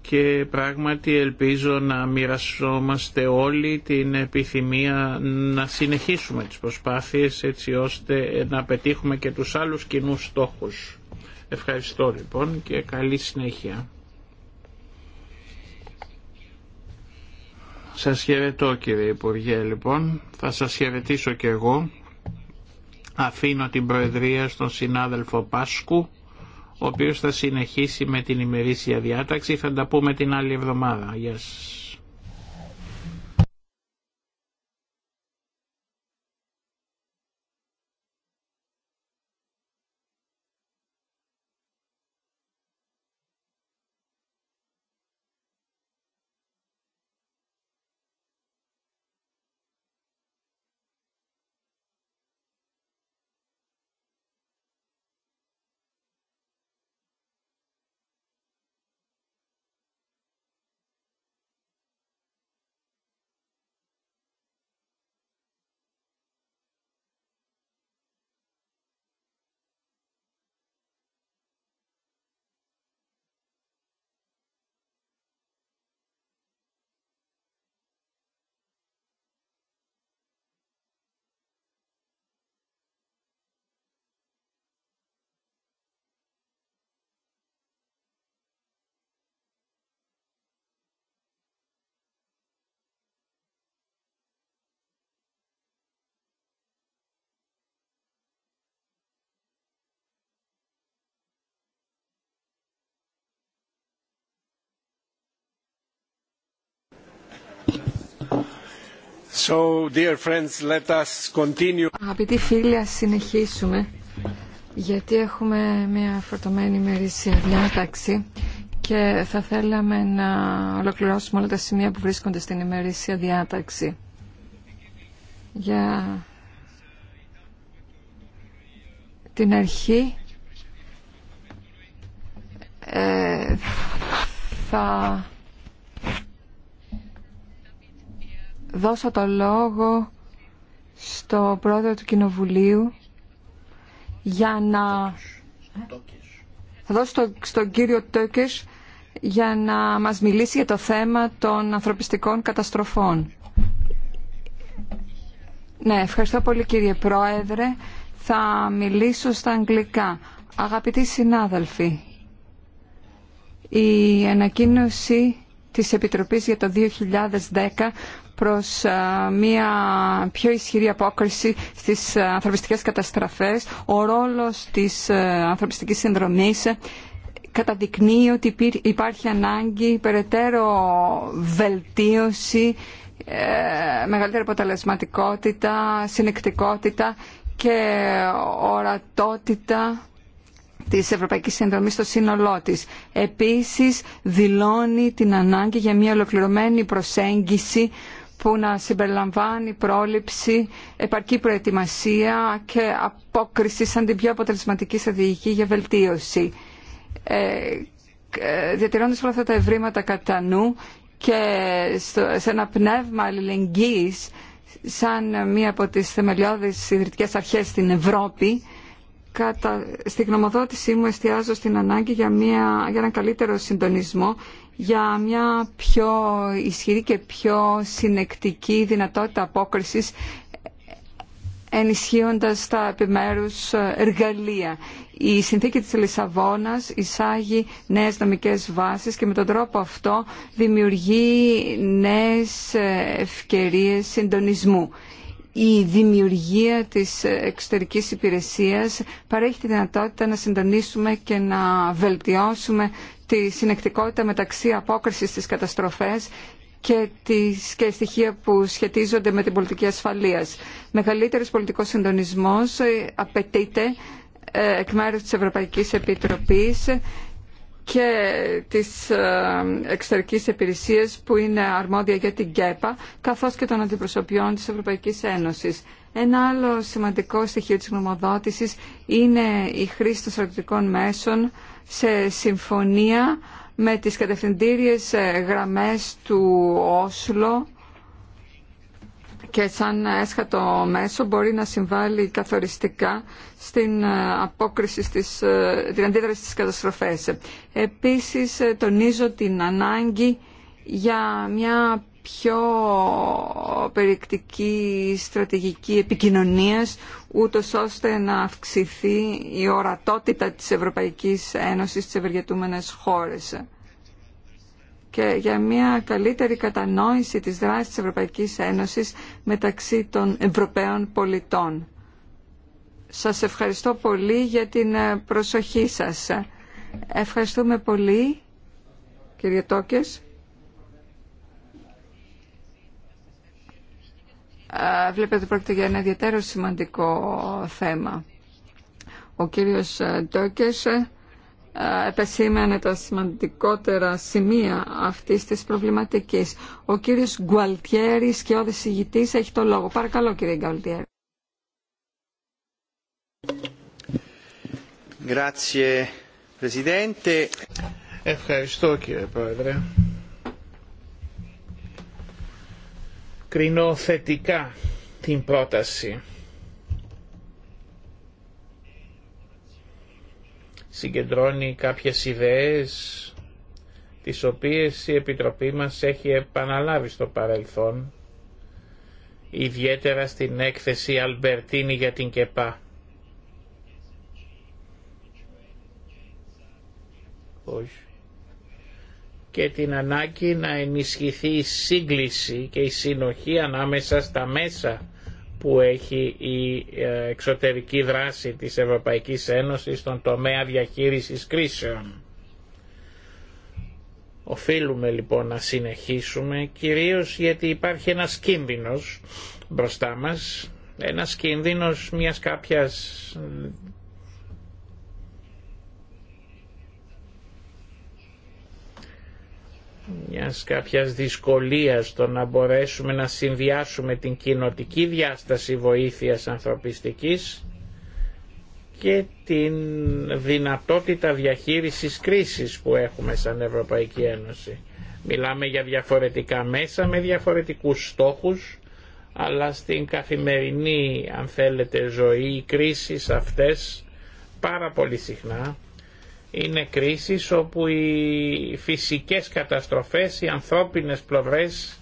και πράγματι ελπίζω να μοιρασόμαστε όλοι την επιθυμία να συνεχίσουμε τις προσπάθειες έτσι ώστε να πετύχουμε και τους άλλους κοινούς στόχους. Ευχαριστώ λοιπόν και καλή συνέχεια. Σας χαιρετώ κύριε Υπουργέ λοιπόν. Θα σας χαιρετήσω και εγώ. Αφήνω την Προεδρία στον συνάδελφο Πάσκου, ο οποίος θα συνεχίσει με την ημερήσια διάταξη. Θα τα πούμε την άλλη εβδομάδα. Γεια σας. Αγαπητοί φίλοι, ας συνεχίσουμε, γιατί έχουμε μια φορτωμένη ημερήσια διάταξη και θα θέλαμε να ολοκληρώσουμε όλα τα σημεία που βρίσκονται στην ημερήσια διάταξη. Για την αρχή ε, θα δώσω το λόγο στο πρόεδρο του Κοινοβουλίου για να... Θα δώσω στο, στον κύριο για να μας μιλήσει για το θέμα των ανθρωπιστικών καταστροφών. Ναι, ευχαριστώ πολύ κύριε Πρόεδρε. Θα μιλήσω στα αγγλικά. Αγαπητοί συνάδελφοι, η ανακοίνωση της Επιτροπής για το 2010 προς μια πιο ισχυρή απόκριση στις ανθρωπιστικές καταστραφές. Ο ρόλος της ανθρωπιστικής συνδρομής καταδεικνύει ότι υπάρχει ανάγκη περαιτέρω βελτίωση, ε, μεγαλύτερη αποτελεσματικότητα, συνεκτικότητα και ορατότητα της Ευρωπαϊκής Συνδρομής στο σύνολό της. Επίσης, δηλώνει την ανάγκη για μια ολοκληρωμένη προσέγγιση που να συμπεριλαμβάνει πρόληψη, επαρκή προετοιμασία και απόκριση σαν την πιο αποτελεσματική στρατηγική για βελτίωση. Ε, ε, διατηρώντας όλα αυτά τα ευρήματα κατά νου και σε ένα πνεύμα αλληλεγγύης σαν μία από τις θεμελιώδεις ιδρυτικές αρχές στην Ευρώπη, κατά, στη γνωμοδότησή μου εστιάζω στην ανάγκη για, μια, για έναν καλύτερο συντονισμό για μια πιο ισχυρή και πιο συνεκτική δυνατότητα απόκρισης ενισχύοντας τα επιμέρους εργαλεία. Η συνθήκη της Λισαβόνας εισάγει νέες νομικές βάσεις και με τον τρόπο αυτό δημιουργεί νέες ευκαιρίες συντονισμού. Η δημιουργία της εξωτερικής υπηρεσίας παρέχει τη δυνατότητα να συντονίσουμε και να βελτιώσουμε τη συνεκτικότητα μεταξύ απόκρισης της καταστροφές και, τις, και στοιχεία που σχετίζονται με την πολιτική ασφαλείας. Μεγαλύτερος πολιτικός συντονισμός ε, απαιτείται ε, εκ μέρους της Ευρωπαϊκής Επιτροπής και της ε, εξωτερικής υπηρεσίας που είναι αρμόδια για την ΚΕΠΑ, καθώς και των αντιπροσωπιών της Ευρωπαϊκής Ένωσης. Ένα άλλο σημαντικό στοιχείο της γνωμοδότησης είναι η χρήση των στρατιωτικών μέσων σε συμφωνία με τις κατευθυντήριες ε, γραμμές του Όσλο και σαν έσχατο μέσο μπορεί να συμβάλλει καθοριστικά στην ε, απόκριση στις, ε, την αντίδραση στις καταστροφές. Επίσης τονίζω την ανάγκη για μια πιο περιεκτική στρατηγική επικοινωνίας ούτως ώστε να αυξηθεί η ορατότητα της Ευρωπαϊκής Ένωσης στις ευεργετούμενες χώρες και για μια καλύτερη κατανόηση της δράσης της Ευρωπαϊκής Ένωσης μεταξύ των Ευρωπαίων πολιτών. Σας ευχαριστώ πολύ για την προσοχή σας. Ευχαριστούμε πολύ, κύριε Τόκες. βλέπετε πρόκειται για ένα ιδιαίτερο σημαντικό θέμα. Ο κύριος ε, Ντόκες ε, επεσήμανε τα σημαντικότερα σημεία αυτής της προβληματικής. Ο κύριος και ο ηγητής, έχει το λόγο. Παρακαλώ κύριε Γκουαλτιέρη. Ευχαριστώ κύριε Πρόεδρε. κρίνω θετικά την πρόταση. Συγκεντρώνει κάποιες ιδέες τις οποίες η Επιτροπή μας έχει επαναλάβει στο παρελθόν, ιδιαίτερα στην έκθεση Αλμπερτίνη για την ΚΕΠΑ. Όχι και την ανάγκη να ενισχυθεί η σύγκληση και η συνοχή ανάμεσα στα μέσα που έχει η ε, εξωτερική δράση της Ευρωπαϊκής Ένωσης στον τομέα διαχείρισης κρίσεων. Οφείλουμε λοιπόν να συνεχίσουμε κυρίως γιατί υπάρχει ένας κίνδυνος μπροστά μας, ένας κίνδυνος μιας κάποιας μιας κάποιας δυσκολίας στο να μπορέσουμε να συνδυάσουμε την κοινοτική διάσταση βοήθειας ανθρωπιστικής και την δυνατότητα διαχείρισης κρίσης που έχουμε σαν Ευρωπαϊκή Ένωση. Μιλάμε για διαφορετικά μέσα με διαφορετικούς στόχους, αλλά στην καθημερινή, αν θέλετε, ζωή, οι κρίσεις αυτές πάρα πολύ συχνά είναι κρίσεις όπου οι φυσικές καταστροφές, οι ανθρώπινες πλευρές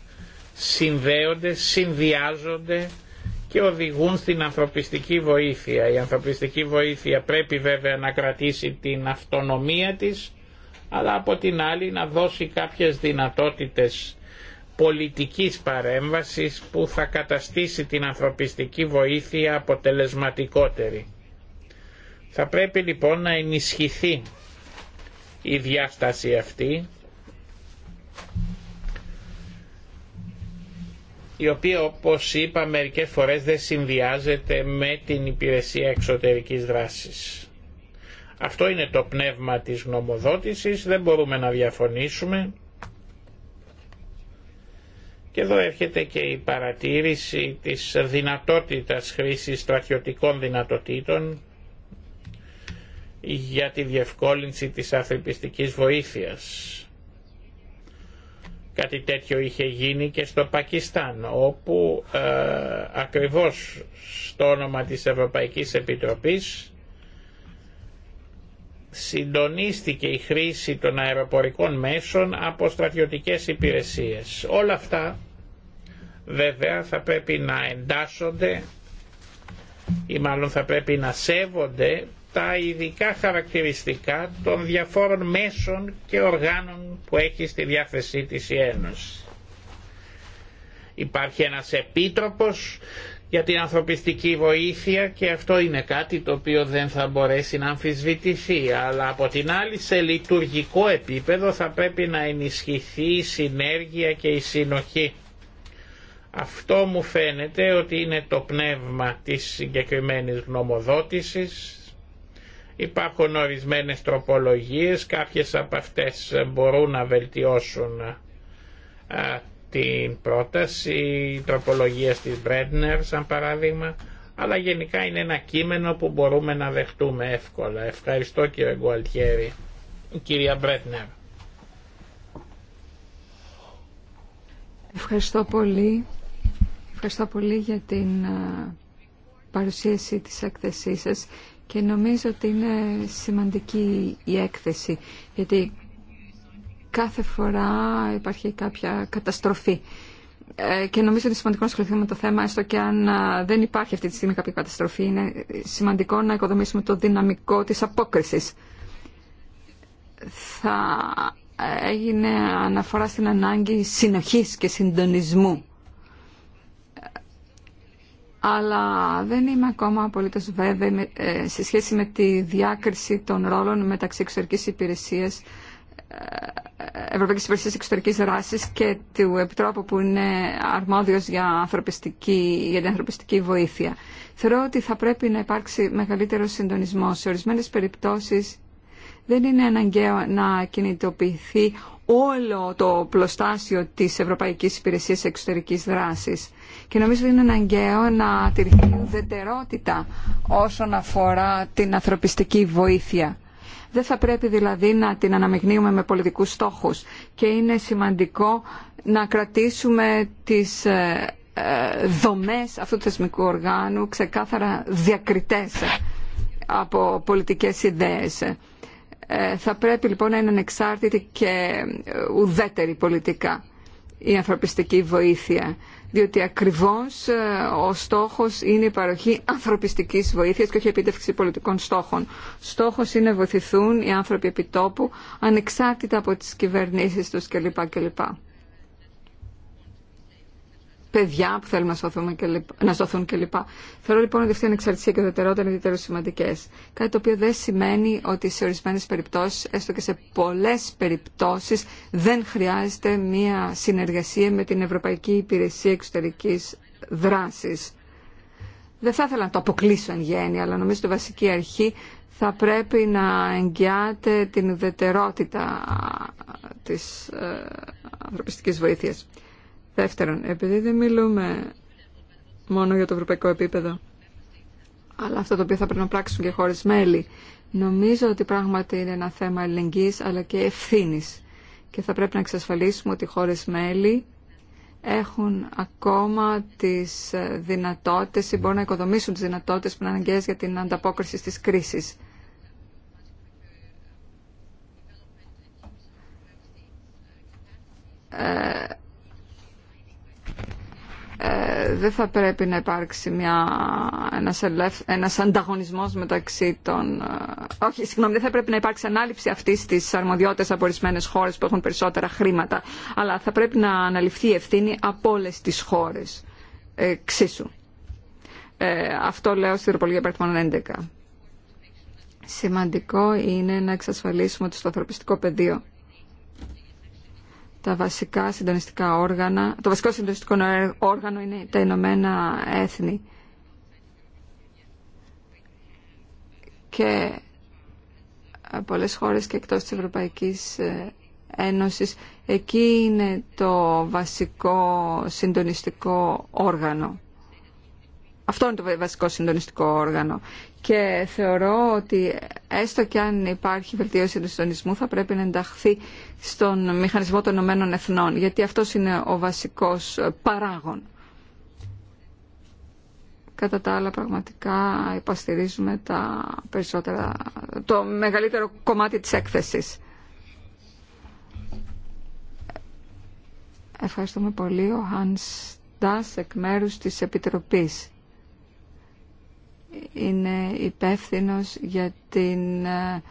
συνδέονται, συνδυάζονται και οδηγούν στην ανθρωπιστική βοήθεια. Η ανθρωπιστική βοήθεια πρέπει βέβαια να κρατήσει την αυτονομία της, αλλά από την άλλη να δώσει κάποιες δυνατότητες πολιτικής παρέμβασης που θα καταστήσει την ανθρωπιστική βοήθεια αποτελεσματικότερη. Θα πρέπει λοιπόν να ενισχυθεί η διάσταση αυτή η οποία όπως είπα μερικές φορές δεν συνδυάζεται με την υπηρεσία εξωτερικής δράσης. Αυτό είναι το πνεύμα της γνωμοδότησης, δεν μπορούμε να διαφωνήσουμε. Και εδώ έρχεται και η παρατήρηση της δυνατότητας χρήσης στρατιωτικών δυνατοτήτων για τη διευκόλυνση της ανθρωπιστικής βοήθειας. Κάτι τέτοιο είχε γίνει και στο Πακιστάν, όπου ε, ακριβώς στο όνομα της Ευρωπαϊκής Επιτροπής συντονίστηκε η χρήση των αεροπορικών μέσων από στρατιωτικές υπηρεσίες. Όλα αυτά βέβαια θα πρέπει να εντάσσονται ή μάλλον θα πρέπει να σέβονται τα ειδικά χαρακτηριστικά των διαφόρων μέσων και οργάνων που έχει στη διάθεσή της η Ένωση. Υπάρχει ένας επίτροπος για την ανθρωπιστική βοήθεια και αυτό είναι κάτι το οποίο δεν θα μπορέσει να αμφισβητηθεί αλλά από την άλλη σε λειτουργικό επίπεδο θα πρέπει να ενισχυθεί η συνέργεια και η συνοχή. Αυτό μου φαίνεται ότι είναι το πνεύμα της συγκεκριμένης γνωμοδότησης Υπάρχουν ορισμένες τροπολογίες, κάποιες από αυτές μπορούν να βελτιώσουν την πρόταση, η τροπολογία της Μπρέντνερ σαν παράδειγμα, αλλά γενικά είναι ένα κείμενο που μπορούμε να δεχτούμε εύκολα. Ευχαριστώ κύριε Γκουαλτιέρη, κυρία Μπρέντνερ. Ευχαριστώ πολύ. Ευχαριστώ πολύ για την παρουσίαση της έκθεσής σας και νομίζω ότι είναι σημαντική η έκθεση γιατί κάθε φορά υπάρχει κάποια καταστροφή ε, και νομίζω ότι είναι σημαντικό να ασχοληθούμε με το θέμα, έστω και αν δεν υπάρχει αυτή τη στιγμή κάποια καταστροφή. Είναι σημαντικό να οικοδομήσουμε το δυναμικό της απόκρισης. Θα ε, έγινε αναφορά στην ανάγκη συνοχής και συντονισμού αλλά δεν είμαι ακόμα απολύτως βέβαιη ε, σε σχέση με τη διάκριση των ρόλων μεταξύ εξωτερικής υπηρεσίας ε, Ευρωπαϊκής Υπηρεσίας Εξωτερικής Δράσης και του Επιτρόπου που είναι αρμόδιος για, για την ανθρωπιστική βοήθεια. Θεωρώ ότι θα πρέπει να υπάρξει μεγαλύτερο συντονισμό. Σε ορισμένες περιπτώσεις δεν είναι αναγκαίο να κινητοποιηθεί όλο το πλωστάσιο της Ευρωπαϊκής Υπηρεσίας Εξωτερικής Δράσης και νομίζω ότι είναι αναγκαίο να τηρηθεί ουδετερότητα όσον αφορά την ανθρωπιστική βοήθεια. Δεν θα πρέπει δηλαδή να την αναμειγνύουμε με πολιτικούς στόχους και είναι σημαντικό να κρατήσουμε τις ε, ε, δομές αυτού του θεσμικού οργάνου ξεκάθαρα διακριτές από πολιτικές ιδέες. Ε, θα πρέπει λοιπόν να είναι ανεξάρτητη και ουδέτερη πολιτικά η ανθρωπιστική βοήθεια διότι ακριβώς ε, ο στόχος είναι η παροχή ανθρωπιστικής βοήθειας και όχι η επίτευξη πολιτικών στόχων. Στόχος είναι να βοηθηθούν οι άνθρωποι επιτόπου ανεξάρτητα από τις κυβερνήσεις τους κλπ. κλπ παιδιά που θέλουν να σωθούν, και λοιπά, να σωθούν κλπ. Θεωρώ λοιπόν ότι αυτή η ανεξαρτησία και η ουδετερότητα είναι ιδιαίτερα σημαντικέ. Κάτι το οποίο δεν σημαίνει ότι σε ορισμένε περιπτώσει, έστω και σε πολλέ περιπτώσει, δεν χρειάζεται μία συνεργασία με την Ευρωπαϊκή Υπηρεσία Εξωτερική Δράση. Δεν θα ήθελα να το αποκλείσω εν γέννη, αλλά νομίζω ότι βασική αρχή θα πρέπει να εγγυάται την ουδετερότητα της ε, ανθρωπιστικής βοήθειας. Δεύτερον, επειδή δεν μιλούμε μόνο για το ευρωπαϊκό επίπεδο, αλλά αυτό το οποίο θα πρέπει να πράξουν και χώρες μέλη, νομίζω ότι πράγματι είναι ένα θέμα ελληνική, αλλά και ευθύνη. Και θα πρέπει να εξασφαλίσουμε ότι οι χώρες μέλη έχουν ακόμα τις δυνατότητες ή μπορούν να οικοδομήσουν τις δυνατότητες που είναι αναγκαίες για την ανταπόκριση στις κρίσεις. Ε, ε, δεν θα πρέπει να υπάρξει μια, ένας, ένας ανταγωνισμός μεταξύ των... Ε, όχι, συγγνώμη, δεν θα πρέπει να υπάρξει ανάληψη αυτής της αρμοδιότητας από ορισμένε χώρες που έχουν περισσότερα χρήματα, αλλά θα πρέπει να αναλυφθεί η ευθύνη από όλε τις χώρες ε, ξίσου. Ε, αυτό λέω στην Ευρωπαϊκή Επιτροπή 11. Σημαντικό είναι να εξασφαλίσουμε ότι στο ανθρωπιστικό πεδίο τα βασικά συντονιστικά όργανα, το βασικό συντονιστικό όργανο είναι τα Ηνωμένα Έθνη. Και ε, πολλές χώρες και εκτός της Ευρωπαϊκής ε, Ένωσης, εκεί είναι το βασικό συντονιστικό όργανο. Αυτό είναι το βασικό συντονιστικό όργανο και θεωρώ ότι έστω και αν υπάρχει βελτίωση του συντονισμού θα πρέπει να ενταχθεί στον μηχανισμό των Ηνωμένων Εθνών γιατί αυτός είναι ο βασικός παράγων. Κατά τα άλλα πραγματικά υποστηρίζουμε τα περισσότερα, το μεγαλύτερο κομμάτι της έκθεσης. Ευχαριστούμε πολύ ο Hans Das εκ μέρους της Επιτροπής είναι υπεύθυνο για την ε,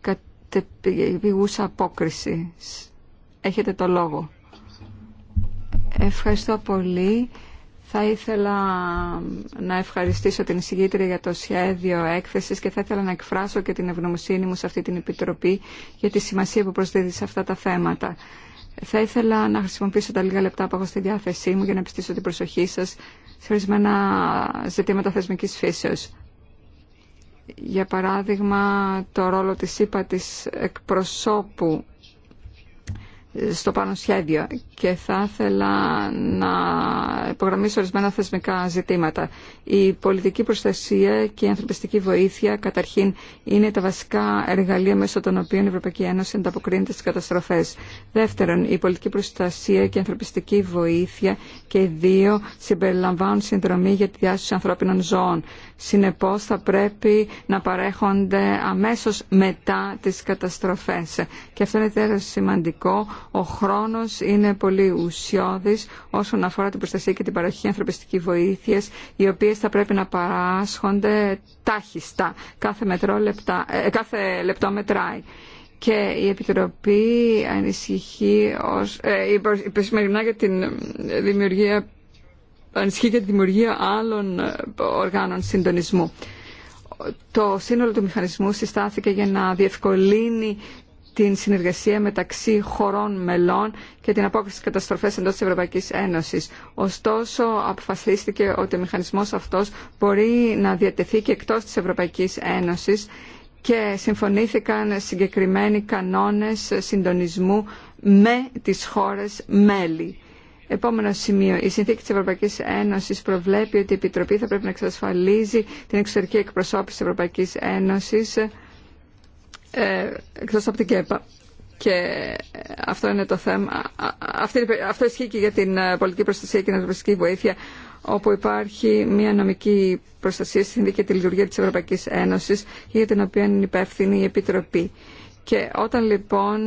κατεπηγούσα απόκριση. Έχετε το λόγο. Ευχαριστώ πολύ. Θα ήθελα να ευχαριστήσω την εισηγήτρια για το σχέδιο έκθεσης και θα ήθελα να εκφράσω και την ευγνωμοσύνη μου σε αυτή την Επιτροπή για τη σημασία που προσδίδει σε αυτά τα θέματα. Θα ήθελα να χρησιμοποιήσω τα λίγα λεπτά που έχω στη διάθεσή μου για να πιστήσω την προσοχή σας σε ορισμένα ζητήματα θεσμικής φύσεως. Για παράδειγμα, το ρόλο της ΥΠΑ της εκπροσώπου στο πάνω σχέδιο και θα ήθελα να υπογραμμίσω ορισμένα θεσμικά ζητήματα. Η πολιτική προστασία και η ανθρωπιστική βοήθεια καταρχήν είναι τα βασικά εργαλεία μέσω των οποίων η Ευρωπαϊκή Ένωση ανταποκρίνεται στις καταστροφές. Δεύτερον, η πολιτική προστασία και η ανθρωπιστική βοήθεια και οι δύο συμπεριλαμβάνουν συνδρομή για τη διάσωση ανθρώπινων ζώων. Συνεπώς θα πρέπει να παρέχονται αμέσως μετά τις καταστροφές. Και αυτό είναι ιδιαίτερα σημαντικό. Ο χρόνος είναι πολύ ουσιώδης όσον αφορά την προστασία και την παροχή ανθρωπιστική βοήθειας, οι οποίες θα πρέπει να παράσχονται τάχιστα. Κάθε, μετρό λεπτά, ε, κάθε λεπτό μετράει και η Επιτροπή ανησυχεί ως, ε, για την δημιουργία ανησυχεί για τη δημιουργία άλλων ε, οργάνων συντονισμού. Το σύνολο του μηχανισμού συστάθηκε για να διευκολύνει την συνεργασία μεταξύ χωρών μελών και την απόκριση της καταστροφές εντός της Ευρωπαϊκής Ένωσης. Ωστόσο, αποφασίστηκε ότι ο μηχανισμός αυτός μπορεί να διατεθεί και εκτός της Ευρωπαϊκής Ένωσης και συμφωνήθηκαν συγκεκριμένοι κανόνες συντονισμού με τις χώρες μέλη. Επόμενο σημείο. Η συνθήκη της Ευρωπαϊκής Ένωσης προβλέπει ότι η Επιτροπή θα πρέπει να εξασφαλίζει την εξωτερική εκπροσώπηση της Ευρωπαϊκής Ένωσης ε, εκτός από την ΚΕΠΑ. Και ε, αυτό είναι το θέμα. Αυτή, αυτό ισχύει και για την ε, πολιτική προστασία και την ευρωπαϊκή βοήθεια όπου υπάρχει μια νομική προστασία στη συνθήκη και τη λειτουργία της Ευρωπαϊκής Ένωσης για την οποία είναι υπεύθυνη η Επιτροπή. Και όταν λοιπόν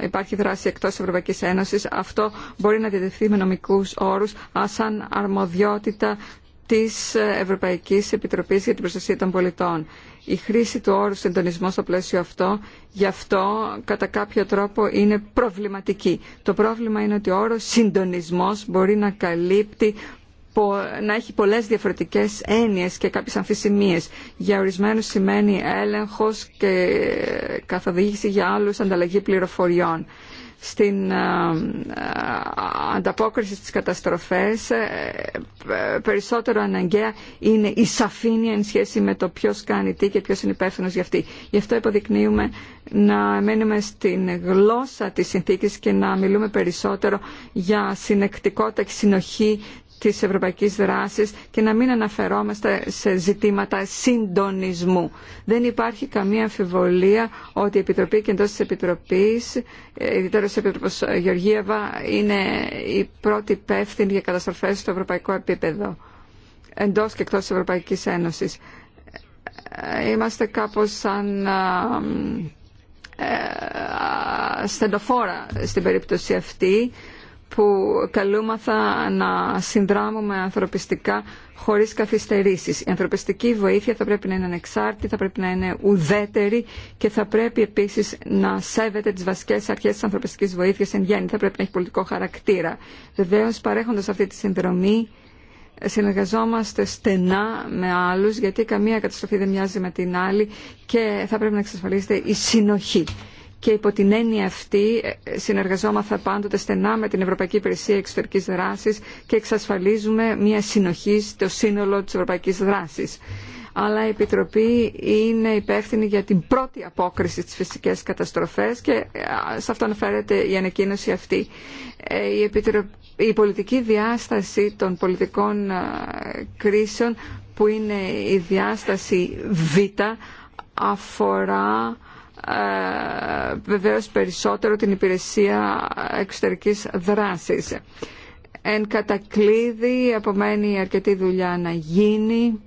υπάρχει δράση εκτός Ευρωπαϊκής Ένωσης, αυτό μπορεί να διδευθεί με νομικούς όρους σαν αρμοδιότητα της Ευρωπαϊκής Επιτροπής για την Προστασία των Πολιτών. Η χρήση του όρου συντονισμό στο πλαίσιο αυτό, γι' αυτό κατά κάποιο τρόπο είναι προβληματική. Το πρόβλημα είναι ότι ο όρος συντονισμός μπορεί να καλύπτει να έχει πολλές διαφορετικές έννοιες και κάποιες αμφισημίες. Για ορισμένους σημαίνει έλεγχος και καθοδήγηση για άλλους ανταλλαγή πληροφοριών. Στην ε, ε, ανταπόκριση στις καταστροφές ε, περισσότερο αναγκαία είναι η σαφήνεια εν σχέση με το ποιος κάνει τι και ποιος είναι υπεύθυνο για αυτή. Γι' αυτό υποδεικνύουμε να μένουμε στην γλώσσα της συνθήκης και να μιλούμε περισσότερο για συνεκτικότητα και συνοχή της ευρωπαϊκής δράσης και να μην αναφερόμαστε σε ζητήματα συντονισμού. Δεν υπάρχει καμία αμφιβολία ότι η Επιτροπή και εντός της Επιτροπής, ε, ιδιαίτερα η Επιτροπής Γεωργίευα, είναι η πρώτη υπεύθυνη για καταστροφές στο ευρωπαϊκό επίπεδο, εντός και εκτός της Ευρωπαϊκής Ένωσης. Ε, είμαστε κάπως σαν ε, στεντοφόρα στην περίπτωση αυτή που καλούμαθα να συνδράμουμε ανθρωπιστικά χωρίς καθυστερήσεις. Η ανθρωπιστική βοήθεια θα πρέπει να είναι ανεξάρτητη, θα πρέπει να είναι ουδέτερη και θα πρέπει επίσης να σέβεται τις βασικές αρχές της ανθρωπιστικής βοήθειας εν γέννη. Θα πρέπει να έχει πολιτικό χαρακτήρα. Βεβαίω, παρέχοντας αυτή τη συνδρομή συνεργαζόμαστε στενά με άλλους γιατί καμία καταστροφή δεν μοιάζει με την άλλη και θα πρέπει να εξασφαλίσετε η συνοχή και υπό την έννοια αυτή ε, συνεργαζόμαθα πάντοτε στενά με την Ευρωπαϊκή Υπηρεσία Εξωτερικής Δράσης και εξασφαλίζουμε μια συνοχή στο σύνολο της Ευρωπαϊκής Δράσης. Αλλά η Επιτροπή είναι υπεύθυνη για την πρώτη απόκριση στις φυσικές καταστροφές και ε, σε αυτό αναφέρεται η ανακοίνωση αυτή. Ε, η, Επιτροπή, η πολιτική διάσταση των πολιτικών κρίσεων που είναι η διάσταση Β αφορά ε, βεβαίως περισσότερο την υπηρεσία εξωτερικής δράσης. Εν κατακλείδη απομένει αρκετή δουλειά να γίνει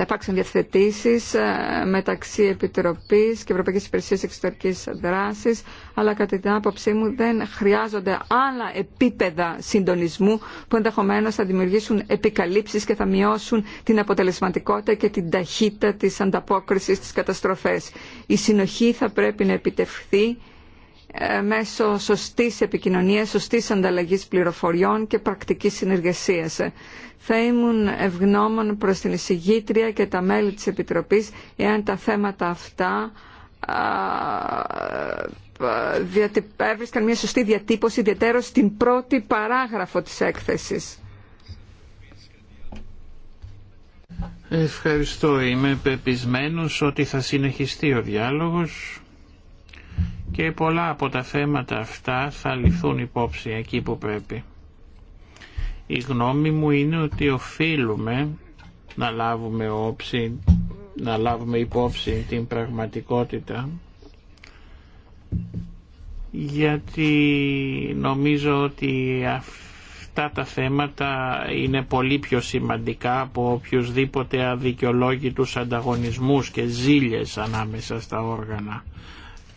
θα υπάρξουν διευθετήσει ε, μεταξύ Επιτροπής και Ευρωπαϊκή Υπηρεσία Εξωτερικής Δράσης, αλλά κατά την άποψή μου δεν χρειάζονται άλλα επίπεδα συντονισμού που ενδεχομένω θα δημιουργήσουν επικαλύψεις και θα μειώσουν την αποτελεσματικότητα και την ταχύτητα της ανταπόκρισης στις καταστροφέ. Η συνοχή θα πρέπει να επιτευχθεί ε, μέσω σωστής επικοινωνίας, σωστής ανταλλαγής πληροφοριών και πρακτικής συνεργασίας. Θα ήμουν ευγνώμων προς την εισηγήτρια και τα μέλη της Επιτροπής εάν τα θέματα αυτά έβρισκαν μια σωστή διατύπωση ιδιαίτερα στην πρώτη παράγραφο της έκθεσης. Ευχαριστώ. Είμαι πεπισμένος ότι θα συνεχιστεί ο διάλογος και πολλά από τα θέματα αυτά θα λυθούν υπόψη εκεί που πρέπει. Η γνώμη μου είναι ότι οφείλουμε να λάβουμε, όψη, να λάβουμε υπόψη την πραγματικότητα γιατί νομίζω ότι αυτά τα θέματα είναι πολύ πιο σημαντικά από οποιουσδήποτε αδικαιολόγητους ανταγωνισμούς και ζήλες ανάμεσα στα όργανα.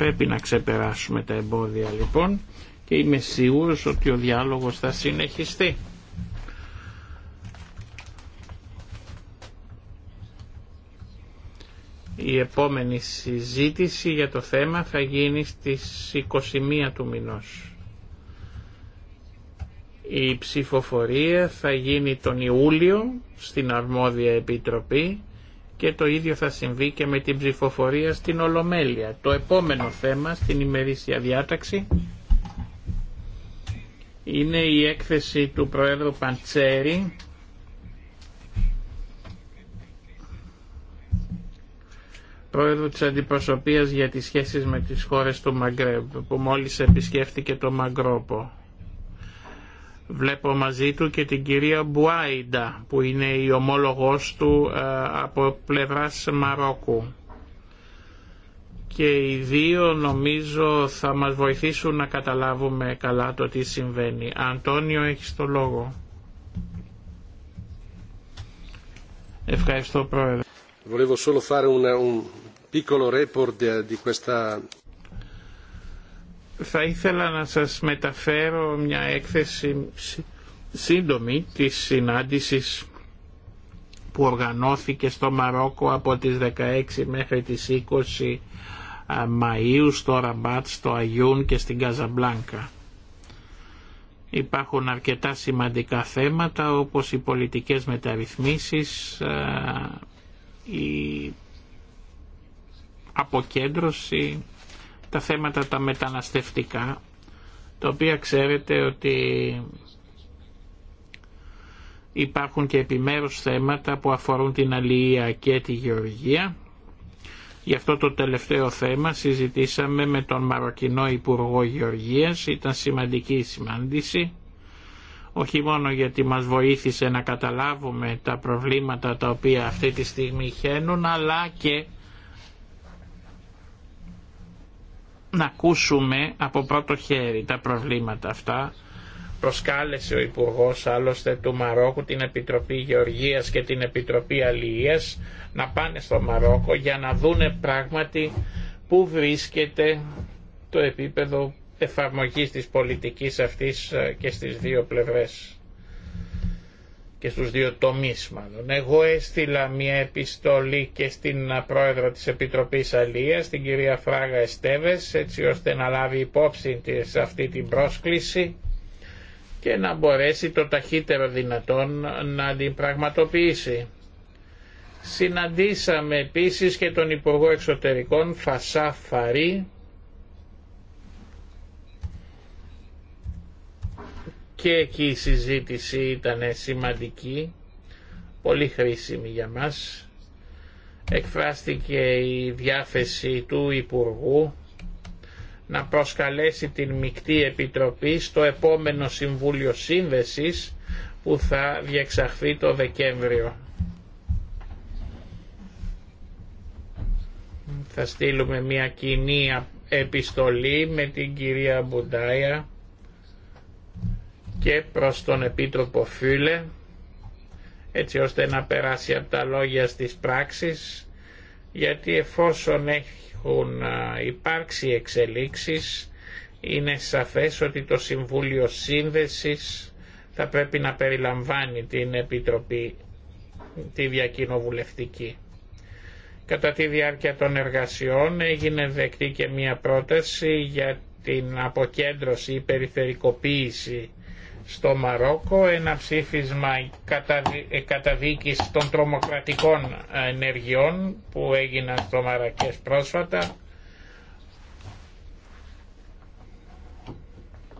Πρέπει να ξεπεράσουμε τα εμπόδια λοιπόν και είμαι σίγουρος ότι ο διάλογος θα συνεχιστεί. Η επόμενη συζήτηση για το θέμα θα γίνει στις 21 του μηνός. Η ψηφοφορία θα γίνει τον Ιούλιο στην αρμόδια επιτροπή και το ίδιο θα συμβεί και με την ψηφοφορία στην Ολομέλεια. Το επόμενο θέμα στην ημερήσια διάταξη είναι η έκθεση του Προέδρου Παντσέρη Πρόεδρου της Αντιπροσωπείας για τις σχέσεις με τις χώρες του Μαγκρέμπ που μόλις επισκέφθηκε το Μαγκρόπο. Βλέπω μαζί του και την κυρία Μπουάιντα που είναι η ομόλογός του ε, από πλευράς Μαρόκου. Και οι δύο νομίζω θα μας βοηθήσουν να καταλάβουμε καλά το τι συμβαίνει. Αντώνιο έχει το λόγο. Ευχαριστώ πρόεδρε. Volevo solo fare un piccolo report di questa θα ήθελα να σας μεταφέρω μια έκθεση σύντομη της συνάντησης που οργανώθηκε στο Μαρόκο από τις 16 μέχρι τις 20 Μαΐου στο Ραμπάτ, στο Αγιούν και στην Καζαμπλάνκα. Υπάρχουν αρκετά σημαντικά θέματα όπως οι πολιτικές μεταρρυθμίσεις, η αποκέντρωση, τα θέματα τα μεταναστευτικά, τα οποία ξέρετε ότι υπάρχουν και επιμέρους θέματα που αφορούν την αλληλεία και τη γεωργία. Γι' αυτό το τελευταίο θέμα συζητήσαμε με τον Μαροκινό Υπουργό Γεωργίας, ήταν σημαντική η συνάντηση, όχι μόνο γιατί μας βοήθησε να καταλάβουμε τα προβλήματα τα οποία αυτή τη στιγμή χαίνουν, αλλά και να ακούσουμε από πρώτο χέρι τα προβλήματα αυτά. Προσκάλεσε ο Υπουργό άλλωστε του Μαρόκου την Επιτροπή Γεωργίας και την Επιτροπή Αλληλείας να πάνε στο Μαρόκο για να δούνε πράγματι πού βρίσκεται το επίπεδο εφαρμογής της πολιτικής αυτής ε, και στις δύο πλευρές και στους δύο τομείς μάλλον. Εγώ έστειλα μια επιστολή και στην πρόεδρο της Επιτροπής Αλίας, την κυρία Φράγα Εστέβες, έτσι ώστε να λάβει υπόψη της αυτή την πρόσκληση και να μπορέσει το ταχύτερο δυνατόν να την πραγματοποιήσει. Συναντήσαμε επίσης και τον Υπουργό Εξωτερικών Φασά Φαρή, Και εκεί η συζήτηση ήταν σημαντική, πολύ χρήσιμη για μας. Εκφράστηκε η διάθεση του Υπουργού να προσκαλέσει την Μικτή Επιτροπή στο επόμενο Συμβούλιο Σύνδεσης που θα διεξαχθεί το Δεκέμβριο. Θα στείλουμε μια κοινή επιστολή με την κυρία Μπουντάια και προς τον Επίτροπο Φίλε έτσι ώστε να περάσει από τα λόγια στις πράξεις γιατί εφόσον έχουν υπάρξει εξελίξεις είναι σαφές ότι το Συμβούλιο Σύνδεσης θα πρέπει να περιλαμβάνει την Επιτροπή τη διακοινοβουλευτική. Κατά τη διάρκεια των εργασιών έγινε δεκτή και μία πρόταση για την αποκέντρωση ή περιφερικοποίηση στο Μαρόκο, ένα ψήφισμα ε, καταδίκης των τρομοκρατικών ε, ενεργειών που έγιναν στο Μαρακές πρόσφατα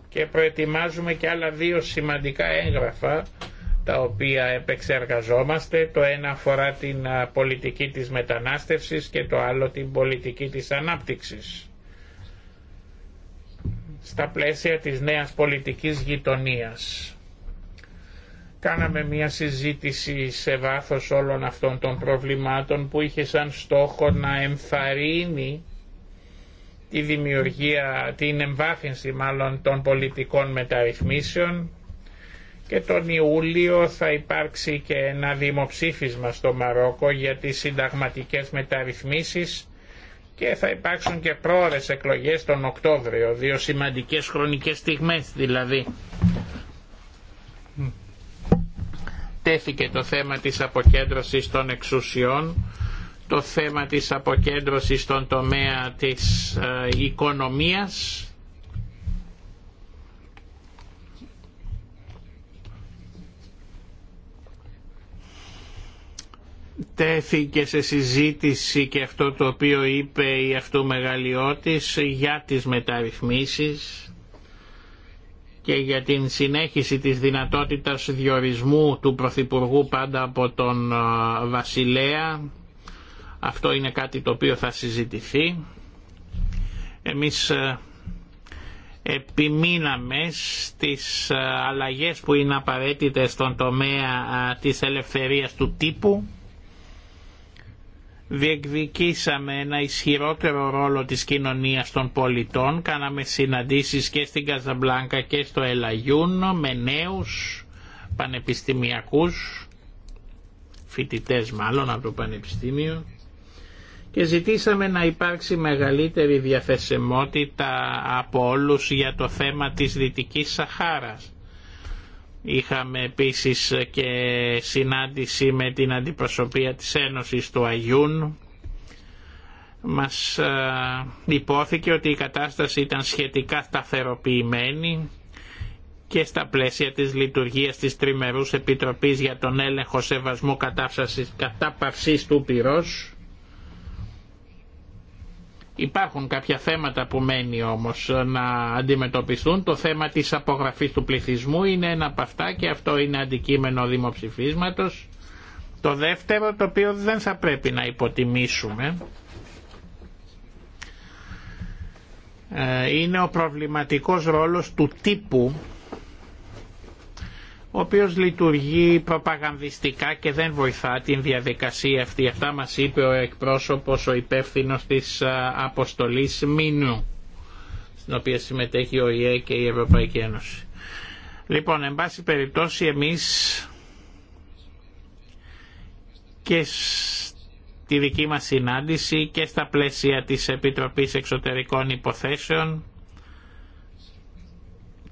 και προετοιμάζουμε και άλλα δύο σημαντικά έγγραφα τα οποία επεξεργαζόμαστε. Το ένα αφορά την ε, πολιτική της μετανάστευσης και το άλλο την πολιτική της ανάπτυξης στα πλαίσια της νέας πολιτικής γειτονίας. Κάναμε μια συζήτηση σε βάθος όλων αυτών των προβλημάτων που είχε σαν στόχο να εμφαρίνει τη δημιουργία, την εμβάθυνση μάλλον των πολιτικών μεταρρυθμίσεων και τον Ιούλιο θα υπάρξει και ένα δημοψήφισμα στο Μαρόκο για τις συνταγματικές μεταρρυθμίσεις και θα υπάρξουν και πρόορες εκλογές τον Οκτώβριο, δύο σημαντικές χρονικές στιγμές δηλαδή. Τέθηκε το θέμα της αποκέντρωσης των εξουσιών, το θέμα της αποκέντρωσης στον τομέα της ε, οικονομίας τέθηκε σε συζήτηση και αυτό το οποίο είπε η αυτομεγαλειώτης για τις μεταρρυθμίσεις και για την συνέχιση της δυνατότητας διορισμού του Πρωθυπουργού πάντα από τον Βασιλέα. Αυτό είναι κάτι το οποίο θα συζητηθεί. Εμείς επιμείναμε στις αλλαγές που είναι απαραίτητες στον τομέα της ελευθερίας του τύπου διεκδικήσαμε ένα ισχυρότερο ρόλο της κοινωνίας των πολιτών, κάναμε συναντήσεις και στην Καζαμπλάνκα και στο Ελαγιούν με νέους πανεπιστημιακούς, φοιτητές μάλλον από το Πανεπιστήμιο και ζητήσαμε να υπάρξει μεγαλύτερη διαθεσιμότητα από όλους για το θέμα της Δυτικής Σαχάρας Είχαμε επίσης και συνάντηση με την αντιπροσωπεία της Ένωσης του Αγιούν. Μας ε, υπόθηκε ότι η κατάσταση ήταν σχετικά σταθεροποιημένη και στα πλαίσια της λειτουργίας της Τριμερούς Επιτροπής για τον έλεγχο σεβασμού κατάψασης, κατάπαυσης του πυρός Υπάρχουν κάποια θέματα που μένει όμως να αντιμετωπιστούν. Το θέμα της απογραφής του πληθυσμού είναι ένα από αυτά και αυτό είναι αντικείμενο δημοψηφίσματος. Το δεύτερο το οποίο δεν θα πρέπει να υποτιμήσουμε ε, είναι ο προβληματικός ρόλος του τύπου ο οποίος λειτουργεί προπαγανδιστικά και δεν βοηθά την διαδικασία αυτή. Αυτά μας είπε ο εκπρόσωπος, ο υπεύθυνο της αποστολής Μίνου, στην οποία συμμετέχει ο ΙΕ και η Ευρωπαϊκή Ένωση. Λοιπόν, εν πάση περιπτώσει εμείς και στη δική μας συνάντηση και στα πλαίσια της Επιτροπής Εξωτερικών Υποθέσεων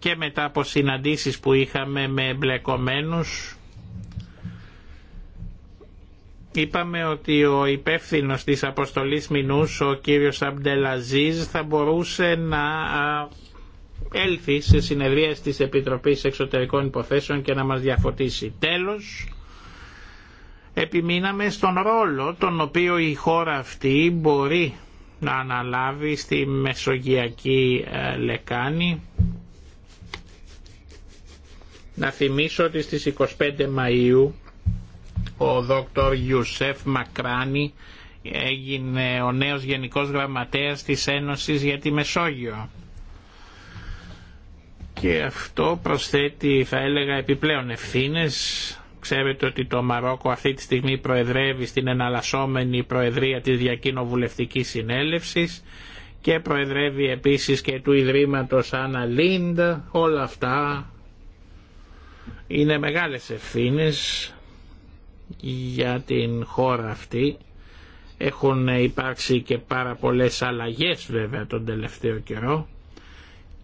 και μετά από συναντήσεις που είχαμε με εμπλεκομένους είπαμε ότι ο υπεύθυνο της αποστολής Μινούς, ο κύριος Αμπτελαζίζ, θα μπορούσε να έλθει σε συνεδρία της Επιτροπής Εξωτερικών Υποθέσεων και να μας διαφωτίσει. Τέλος, επιμείναμε στον ρόλο τον οποίο η χώρα αυτή μπορεί να αναλάβει στη Μεσογειακή ε, Λεκάνη να θυμίσω ότι στις 25 Μαΐου ο δόκτωρ Ιουσέφ Μακράνη έγινε ο νέος Γενικός Γραμματέας της Ένωσης για τη Μεσόγειο. Και αυτό προσθέτει θα έλεγα επιπλέον ευθύνες. Ξέρετε ότι το Μαρόκο αυτή τη στιγμή προεδρεύει στην εναλλασσόμενη Προεδρία της Διακοινοβουλευτικής Συνέλευσης και προεδρεύει επίσης και του Ιδρύματος Αναλίντα Όλα αυτά είναι μεγάλες ευθύνες για την χώρα αυτή. Έχουν υπάρξει και πάρα πολλές αλλαγές βέβαια τον τελευταίο καιρό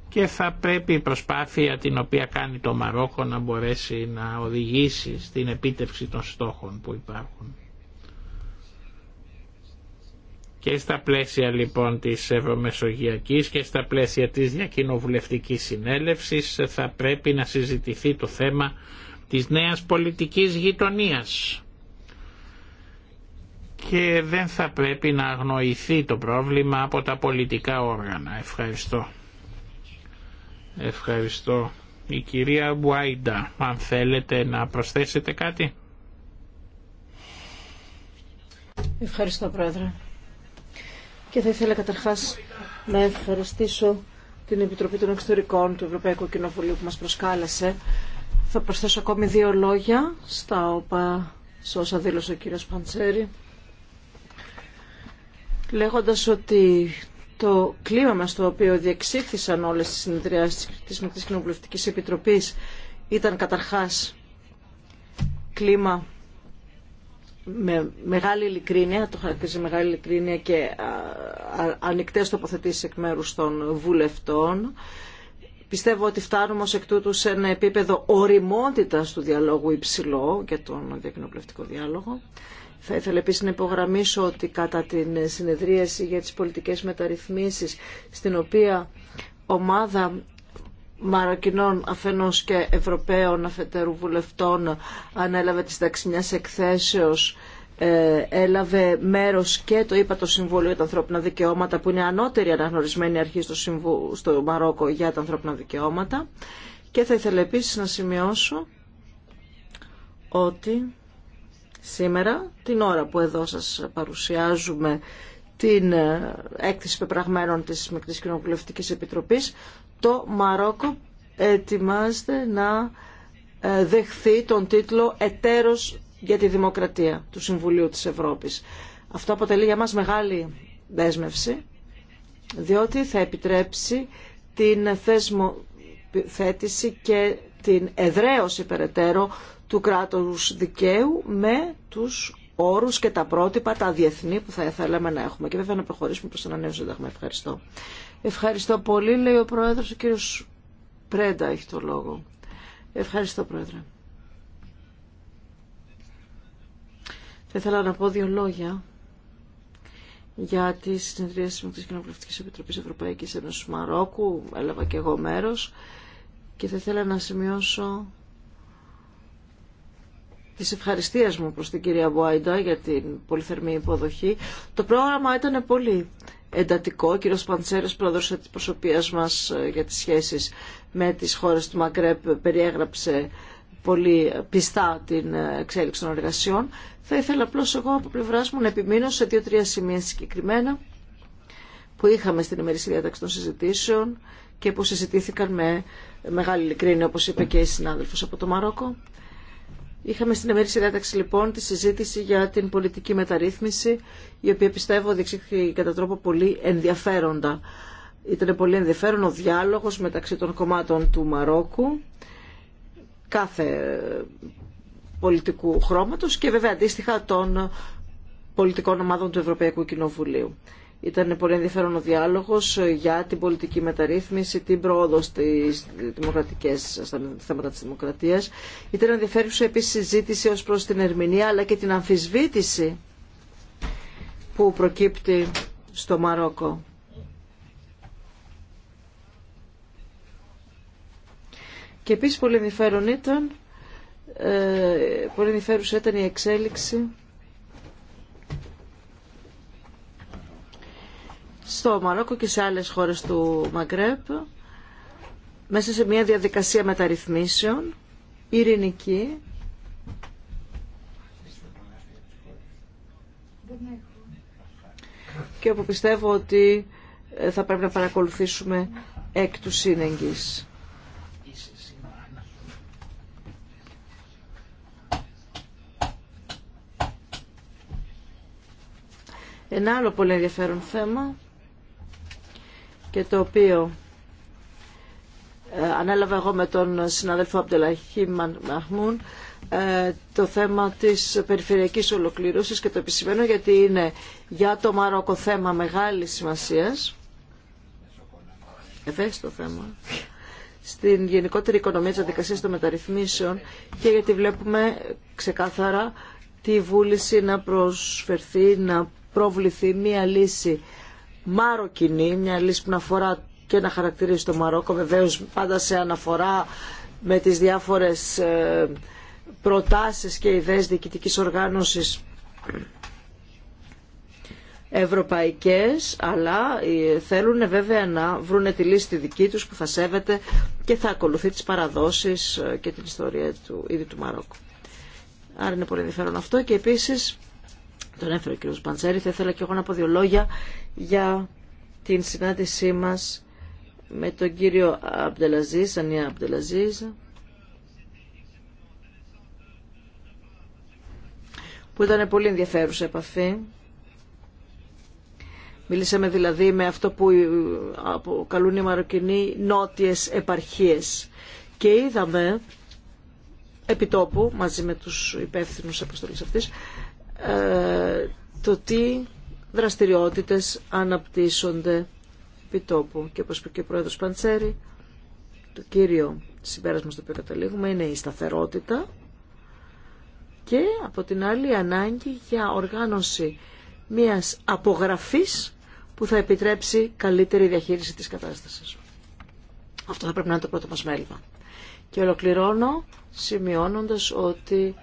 και θα πρέπει η προσπάθεια την οποία κάνει το Μαρόκο να μπορέσει να οδηγήσει στην επίτευξη των στόχων που υπάρχουν. Και στα πλαίσια λοιπόν της Ευρωμεσογειακής και στα πλαίσια της Διακοινοβουλευτικής Συνέλευσης θα πρέπει να συζητηθεί το θέμα της νέας πολιτικής γειτονίας και δεν θα πρέπει να αγνοηθεί το πρόβλημα από τα πολιτικά όργανα. Ευχαριστώ. Ευχαριστώ. Η κυρία Μπουάιντα, αν θέλετε να προσθέσετε κάτι. Ευχαριστώ, Πρόεδρε. Και θα ήθελα καταρχάς να ευχαριστήσω την Επιτροπή των Εξωτερικών του Ευρωπαϊκού Κοινοβουλίου που μας προσκάλεσε. Θα προσθέσω ακόμη δύο λόγια στα όπα, σε όσα δήλωσε ο κύριος Παντσέρη, λέγοντας ότι το κλίμα μας το οποίο διεξήχθησαν όλες τις συνεδριάσεις της Μικτής κοινοβουλευτική Επιτροπής ήταν καταρχάς κλίμα με μεγάλη ειλικρίνεια, το χαρακτηρίζει μεγάλη ειλικρίνεια και ανοιχτές τοποθετήσεις εκ μέρους των βουλευτών. Πιστεύω ότι φτάνουμε ως εκ τούτου σε ένα επίπεδο οριμότητας του διαλόγου υψηλό για τον διακοινοβουλευτικό διάλογο. Θα ήθελα επίσης να υπογραμμίσω ότι κατά την συνεδρίαση για τις πολιτικές μεταρρυθμίσεις, στην οποία ομάδα Μαροκινών αφενός και Ευρωπαίων αφετέρου βουλευτών ανέλαβε τη συντάξη εκθέσεως ε, έλαβε μέρος και το είπα το Συμβούλιο για τα Ανθρώπινα Δικαιώματα που είναι ανώτερη αναγνωρισμένη αρχή στο, Συμβου... στο Μαρόκο για τα ανθρώπινα δικαιώματα και θα ήθελα επίσης να σημειώσω ότι σήμερα την ώρα που εδώ σας παρουσιάζουμε την ε, έκθεση πεπραγμένων της Μικτής Κοινοβουλευτικής Επιτροπής το Μαρόκο ετοιμάζεται να ε, δεχθεί τον τίτλο «Ετέρος για τη Δημοκρατία» του Συμβουλίου της Ευρώπης. Αυτό αποτελεί για μας μεγάλη δέσμευση, διότι θα επιτρέψει την θεσμοθέτηση και την εδραίωση περαιτέρω του κράτους δικαίου με τους όρους και τα πρότυπα, τα διεθνή που θα θέλαμε να έχουμε και βέβαια να προχωρήσουμε προς ένα νέο σύνταγμα. Ευχαριστώ. Ευχαριστώ πολύ, λέει ο Πρόεδρος, ο κύριος Πρέντα έχει το λόγο. Ευχαριστώ, Πρόεδρε. Θα ήθελα να πω δύο λόγια για τη συνεδρία τη Κοινοβουλευτικής Επιτροπής Ευρωπαϊκής Ένωσης Μαρόκου. Έλαβα και εγώ μέρος και θα ήθελα να σημειώσω τη ευχαριστία μου προς την κυρία Μποάιντα για την πολυθερμή υποδοχή. Το πρόγραμμα ήταν πολύ εντατικό. Ο κύριος Παντσέρος, πρόεδρος της προσωπία μας ε, για τις σχέσεις με τις χώρες του Μαγκρέπ, περιέγραψε πολύ πιστά την ε, εξέλιξη των εργασιών. Θα ήθελα απλώ εγώ από πλευρά μου να επιμείνω σε δύο-τρία σημεία συγκεκριμένα που είχαμε στην ημερήσια διάταξη των συζητήσεων και που συζητήθηκαν με μεγάλη ειλικρίνη, όπως είπε και η συνάδελφος από το Μαρόκο. Είχαμε στην εμερή συνέταξη λοιπόν τη συζήτηση για την πολιτική μεταρρύθμιση, η οποία πιστεύω διεξήχθη κατά τρόπο πολύ ενδιαφέροντα. Ήταν πολύ ενδιαφέρον ο διάλογος μεταξύ των κομμάτων του Μαρόκου, κάθε πολιτικού χρώματος και βέβαια αντίστοιχα των πολιτικών ομάδων του Ευρωπαϊκού Κοινοβουλίου. Ήταν πολύ ενδιαφέρον ο διάλογος ε, για την πολιτική μεταρρύθμιση, την πρόοδο στις δημοκρατικές, θέματα της δημοκρατίας. Ήταν ενδιαφέρουσα επίσης συζήτηση ως προς την ερμηνεία αλλά και την αμφισβήτηση που προκύπτει στο Μαρόκο. Και επίσης πολύ ενδιαφέρον ήταν, ε, πολύ ενδιαφέρουσα ήταν η εξέλιξη στο Μαρόκο και σε άλλες χώρες του Μαγκρέπ μέσα σε μια διαδικασία μεταρρυθμίσεων ειρηνική και όπου πιστεύω ότι ε, θα πρέπει να παρακολουθήσουμε εκ του σύνεγγης. Ένα άλλο πολύ ενδιαφέρον θέμα και το οποίο ε, ανέλαβα εγώ με τον συναδελφό Απτελαχή Μαχμούν ε, το θέμα της περιφερειακής ολοκλήρωσης και το επισημαίνω γιατί είναι για το Μαρόκο θέμα μεγάλης σημασίας ευαίσθητο θέμα στην γενικότερη οικονομία της διαδικασίας των μεταρρυθμίσεων και γιατί βλέπουμε ξεκάθαρα τη βούληση να προσφερθεί, να προβληθεί μία λύση μαροκινή, μια λύση που να αφορά και να χαρακτηρίζει το Μαρόκο, βεβαίως πάντα σε αναφορά με τις διάφορες ε, προτάσεις και ιδέες διοικητικής οργάνωσης ευρωπαϊκές, αλλά ε, θέλουν βέβαια να βρουν τη λύση τη δική τους που θα σέβεται και θα ακολουθεί τις παραδόσεις ε, και την ιστορία του ήδη του Μαρόκου. Άρα είναι πολύ ενδιαφέρον αυτό και επίσης τον έφερε ο κ. Παντσέρη, θα ήθελα και εγώ να πω δύο λόγια για την συνάντησή μας με τον κύριο Αμπτελαζή, Ανία Αμπτέλαζή, που ήταν πολύ ενδιαφέρουσα επαφή. Μιλήσαμε δηλαδή με αυτό που αποκαλούν οι Μαροκινοί νότιες επαρχίες και είδαμε επιτόπου μαζί με τους υπεύθυνους αποστολή αυτής ε, το τι δραστηριότητες αναπτύσσονται τόπου. Και όπως είπε και ο Πρόεδρος Παντσέρη, το κύριο συμπέρασμα στο οποίο καταλήγουμε είναι η σταθερότητα και από την άλλη η ανάγκη για οργάνωση μιας απογραφής που θα επιτρέψει καλύτερη διαχείριση της κατάστασης. Αυτό θα πρέπει να είναι το πρώτο μας μέλημα. Και ολοκληρώνω σημειώνοντας ότι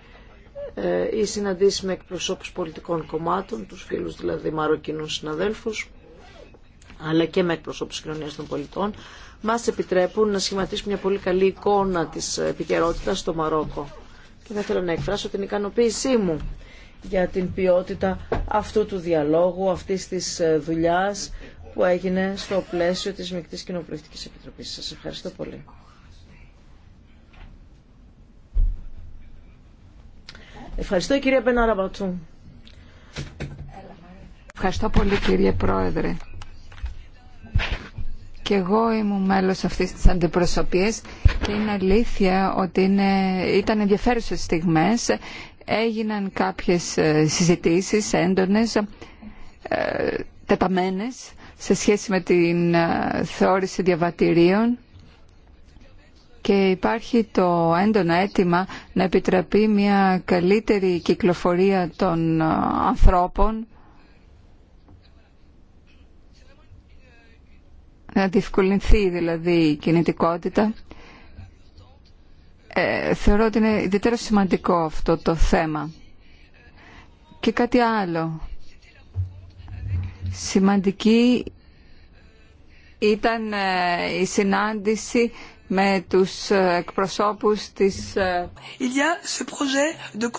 οι ε, συναντήσεις με εκπροσώπους πολιτικών κομμάτων, τους φίλους δηλαδή μαροκινούς συναδέλφους, αλλά και με εκπροσώπους κοινωνία των πολιτών, μας επιτρέπουν να σχηματίσουμε μια πολύ καλή εικόνα της επικαιρότητα στο Μαρόκο. Και θα ήθελα να εκφράσω την ικανοποίησή μου για την ποιότητα αυτού του διαλόγου, αυτής της ε, δουλειάς που έγινε στο πλαίσιο της Μικτής Κοινοβουλευτικής Επιτροπής. Σας ευχαριστώ πολύ. Ευχαριστώ κυρία Μπεναραμπατσού. Ευχαριστώ πολύ κύριε Πρόεδρε. Και εγώ ήμουν μέλος αυτής της αντιπροσωπείας και είναι αλήθεια ότι είναι, ήταν ενδιαφέρουσες στιγμές. Έγιναν κάποιες ε, συζητήσεις έντονες, ε, τεταμένες, σε σχέση με την ε, θεώρηση διαβατηρίων και υπάρχει το έντονο αίτημα να επιτραπεί μια καλύτερη κυκλοφορία των ε, ανθρώπων να διευκολυνθεί δηλαδή η κινητικότητα. Ε, θεωρώ ότι είναι ιδιαίτερα σημαντικό αυτό το θέμα. Και κάτι άλλο. Σημαντική ήταν ε, η συνάντηση με τους ε, εκπροσώπους της ε, Il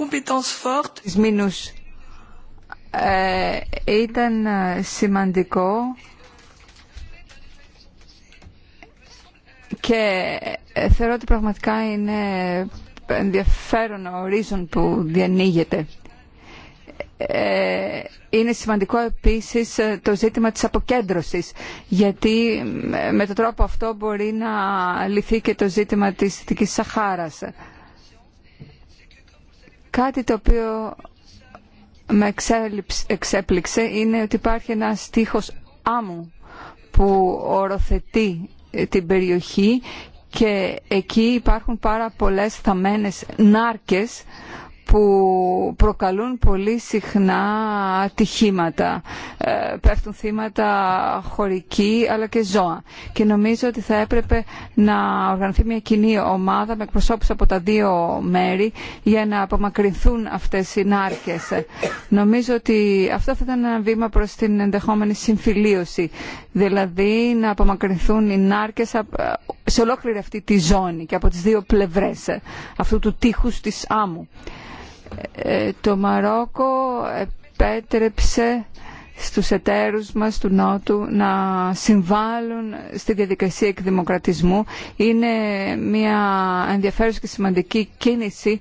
ε, ήταν σημαντικό και θεωρώ ότι πραγματικά είναι ενδιαφέρον ο ορίζον που διανοίγεται. Ε, είναι σημαντικό επίσης ε, το ζήτημα της αποκέντρωσης γιατί ε, με τον τρόπο αυτό μπορεί να λυθεί και το ζήτημα της Δυτικής Σαχάρας. Κάτι το οποίο με εξέπληξε είναι ότι υπάρχει ένα στίχος άμμου που οροθετεί την περιοχή και εκεί υπάρχουν πάρα πολλές θαμένες νάρκες που προκαλούν πολύ συχνά ατυχήματα. Ε, πέφτουν θύματα χωρικοί αλλά και ζώα. Και νομίζω ότι θα έπρεπε να οργανωθεί μια κοινή ομάδα με εκπροσώπους από τα δύο μέρη για να απομακρυνθούν αυτές οι νάρκες. Νομίζω ότι αυτό θα ήταν ένα βήμα προς την ενδεχόμενη συμφιλίωση. Δηλαδή να απομακρυνθούν οι νάρκες σε ολόκληρη αυτή τη ζώνη και από τις δύο πλευρές αυτού του τείχους της άμμου. Ε, το Μαρόκο επέτρεψε στους εταίρους μας του Νότου να συμβάλλουν στη διαδικασία εκδημοκρατισμού. Είναι μια ενδιαφέρουσα και σημαντική κίνηση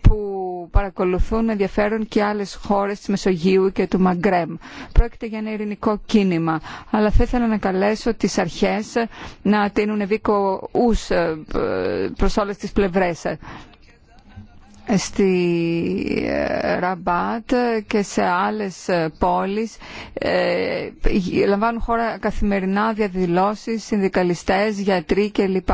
που παρακολουθούν ενδιαφέρον και άλλες χώρες της Μεσογείου και του Μαγκρέμ. Πρόκειται για ένα ειρηνικό κίνημα, αλλά θα ήθελα να καλέσω τις αρχές να τείνουν ευήκο ους ε, προς όλες τις πλευρές στη ε, Ραμπάτ και σε άλλες ε, πόλεις ε, λαμβάνουν χώρα καθημερινά διαδηλώσεις, συνδικαλιστές, γιατροί κλπ.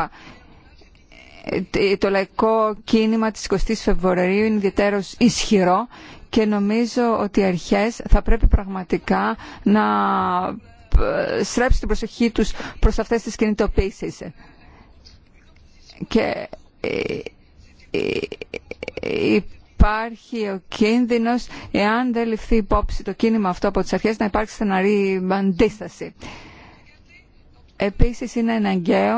Το λαϊκό κίνημα της 20 Φεβρουαρίου είναι ιδιαίτερο ισχυρό και νομίζω ότι οι αρχές θα πρέπει πραγματικά να στρέψει την προσοχή τους προς αυτές τις κινητοποίησεις. Και υπάρχει ο κίνδυνος εάν δεν ληφθεί υπόψη το κίνημα αυτό από τις αρχές να υπάρξει στεναρή αντίσταση. Επίσης είναι αναγκαίο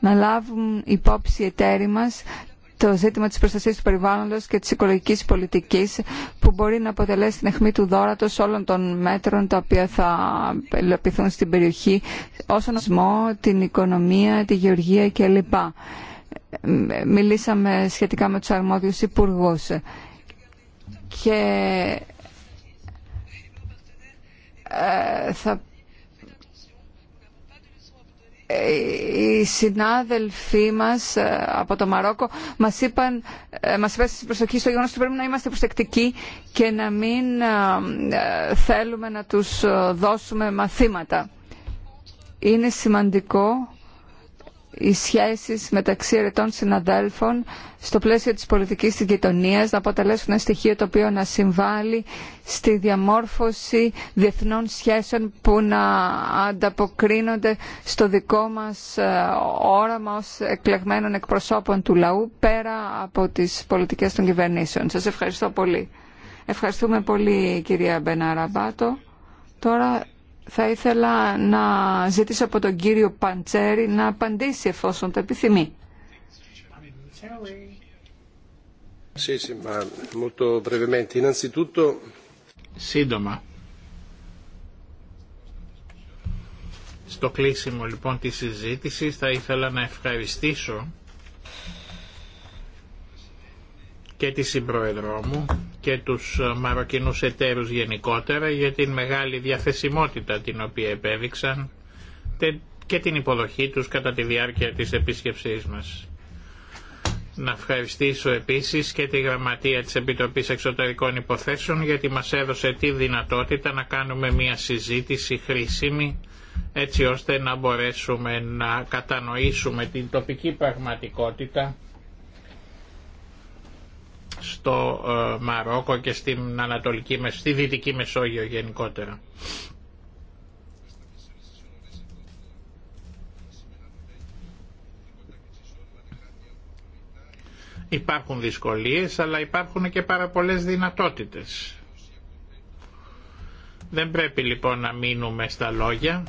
να λάβουν υπόψη οι εταίροι μας το ζήτημα της προστασίας του περιβάλλοντος και της οικολογικής πολιτικής που μπορεί να αποτελέσει την αιχμή του δόρατος όλων των μέτρων τα οποία θα ελοπιθούν στην περιοχή όσον αφορά την οικονομία, τη γεωργία κλπ μιλήσαμε σχετικά με τους αρμόδιους υπουργούς και ε, θα ε, οι συνάδελφοί μας ε, από το Μαρόκο μας είπαν, μας είπαν στην προσοχή στο γεγονός ότι πρέπει να είμαστε προσεκτικοί και να μην θέλουμε να τους δώσουμε μαθήματα. Είναι σημαντικό οι σχέσεις μεταξύ ερετών συναδέλφων στο πλαίσιο της πολιτικής της γειτονίας να αποτελέσουν ένα στοιχείο το οποίο να συμβάλλει στη διαμόρφωση διεθνών σχέσεων που να ανταποκρίνονται στο δικό μας ε, όραμα ως εκλεγμένων εκπροσώπων του λαού πέρα από τις πολιτικές των κυβερνήσεων. Σας ευχαριστώ πολύ. Ευχαριστούμε πολύ κυρία Μπεναραμπάτο. Τώρα θα ήθελα να ζητήσω από τον κύριο Παντσέρη να απαντήσει εφόσον το επιθυμεί. Σύντομα. Στο κλείσιμο λοιπόν της συζήτησης θα ήθελα να ευχαριστήσω και τη συμπροεδρό μου και τους ε, μαροκινούς εταίρους γενικότερα για την μεγάλη διαθεσιμότητα την οποία επέδειξαν και την υποδοχή τους κατά τη διάρκεια της επίσκεψής μας. Να ευχαριστήσω επίσης και τη Γραμματεία της Επιτροπής Εξωτερικών Υποθέσεων γιατί μας έδωσε τη δυνατότητα να κάνουμε μια συζήτηση χρήσιμη έτσι ώστε να μπορέσουμε να κατανοήσουμε την τοπική πραγματικότητα στο ε, Μαρόκο και στην Ανατολική, στη Δυτική Μεσόγειο γενικότερα. Υπάρχουν δυσκολίες, αλλά υπάρχουν και πάρα πολλές δυνατότητες. Δεν πρέπει λοιπόν να μείνουμε στα λόγια.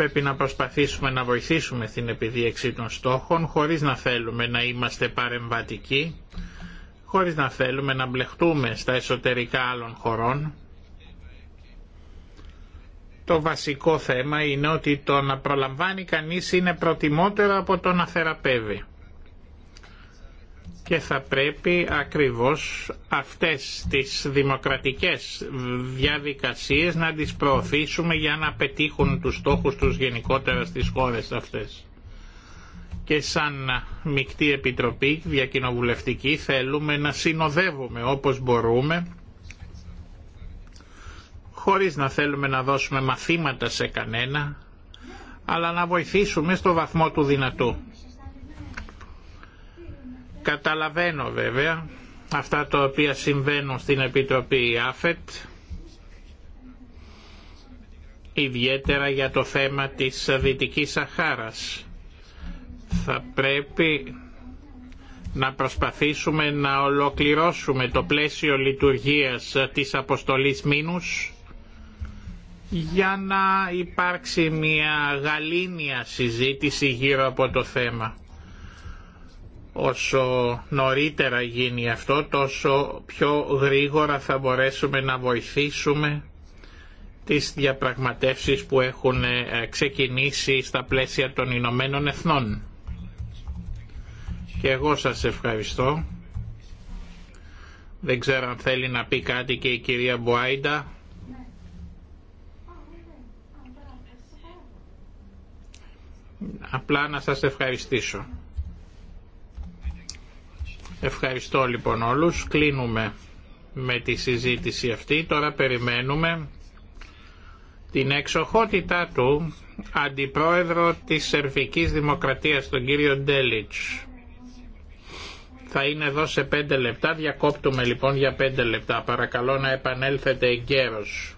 Πρέπει να προσπαθήσουμε να βοηθήσουμε την επιδίεξη των στόχων χωρίς να θέλουμε να είμαστε παρεμβατικοί, χωρίς να θέλουμε να μπλεχτούμε στα εσωτερικά άλλων χωρών. Το βασικό θέμα είναι ότι το να προλαμβάνει κανείς είναι προτιμότερο από το να θεραπεύει και θα πρέπει ακριβώς αυτές τις δημοκρατικές διαδικασίες να τις προωθήσουμε για να πετύχουν τους στόχους τους γενικότερα στις χώρες αυτές. Και σαν μεικτή επιτροπή διακοινοβουλευτική θέλουμε να συνοδεύουμε όπως μπορούμε χωρίς να θέλουμε να δώσουμε μαθήματα σε κανένα αλλά να βοηθήσουμε στο βαθμό του δυνατού. Καταλαβαίνω βέβαια αυτά τα οποία συμβαίνουν στην Επιτροπή ΑΦΕΤ ιδιαίτερα για το θέμα της Δυτικής Σαχάρας. Θα πρέπει να προσπαθήσουμε να ολοκληρώσουμε το πλαίσιο λειτουργίας της αποστολής Μήνους για να υπάρξει μια γαλήνια συζήτηση γύρω από το θέμα. Όσο νωρίτερα γίνει αυτό, τόσο πιο γρήγορα θα μπορέσουμε να βοηθήσουμε τις διαπραγματεύσεις που έχουν ε, ξεκινήσει στα πλαίσια των Ηνωμένων Εθνών. Και εγώ σας ευχαριστώ. Δεν ξέρω αν θέλει να πει κάτι και η κυρία Μποάιντα. Απλά να σας ευχαριστήσω. Ευχαριστώ λοιπόν όλους. Κλείνουμε με τη συζήτηση αυτή. Τώρα περιμένουμε την εξοχότητά του αντιπρόεδρο της Σερβικής Δημοκρατίας, τον κύριο Ντέλιτς. Θα είναι εδώ σε πέντε λεπτά. Διακόπτουμε λοιπόν για πέντε λεπτά. Παρακαλώ να επανέλθετε εγκαίρως.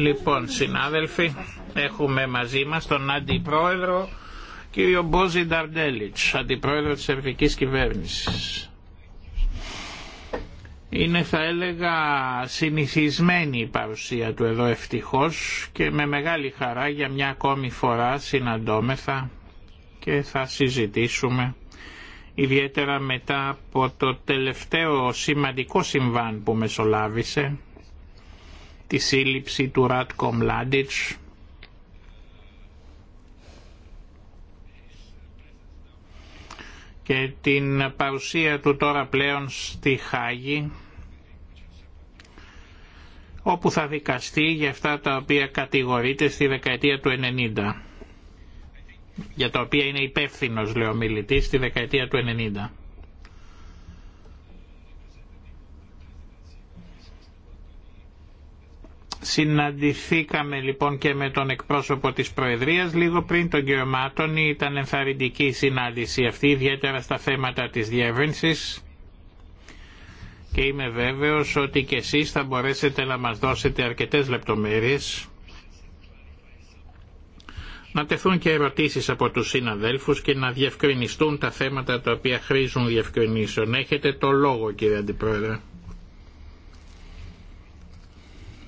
Λοιπόν, συνάδελφοι, έχουμε μαζί μας τον Αντιπρόεδρο κύριο Μπόζι Νταρντέλιτς, Αντιπρόεδρο της Ευρωπαϊκής Κυβέρνησης. Είναι θα έλεγα συνηθισμένη η παρουσία του εδώ ευτυχώς και με μεγάλη χαρά για μια ακόμη φορά συναντώμεθα και θα συζητήσουμε ιδιαίτερα μετά από το τελευταίο σημαντικό συμβάν που μεσολάβησε, τη σύλληψη του Ράτκο Μλάντιτς, και την παρουσία του τώρα πλέον στη Χάγη, όπου θα δικαστεί για αυτά τα οποία κατηγορείται στη δεκαετία του 90 για τα οποία είναι υπεύθυνο λέω μιλητή στη δεκαετία του 90. Συναντηθήκαμε λοιπόν και με τον εκπρόσωπο της Προεδρίας λίγο πριν τον κύριο Μάτωνη. Ήταν ενθαρρυντική η συνάντηση αυτή, ιδιαίτερα στα θέματα της διεύρυνσης. Και είμαι βέβαιος ότι και εσείς θα μπορέσετε να μας δώσετε αρκετές λεπτομέρειες να τεθούν και ερωτήσεις από τους συναδέλφους και να διευκρινιστούν τα θέματα τα οποία χρήζουν διευκρινήσεων. Έχετε το λόγο κύριε Αντιπρόεδρε.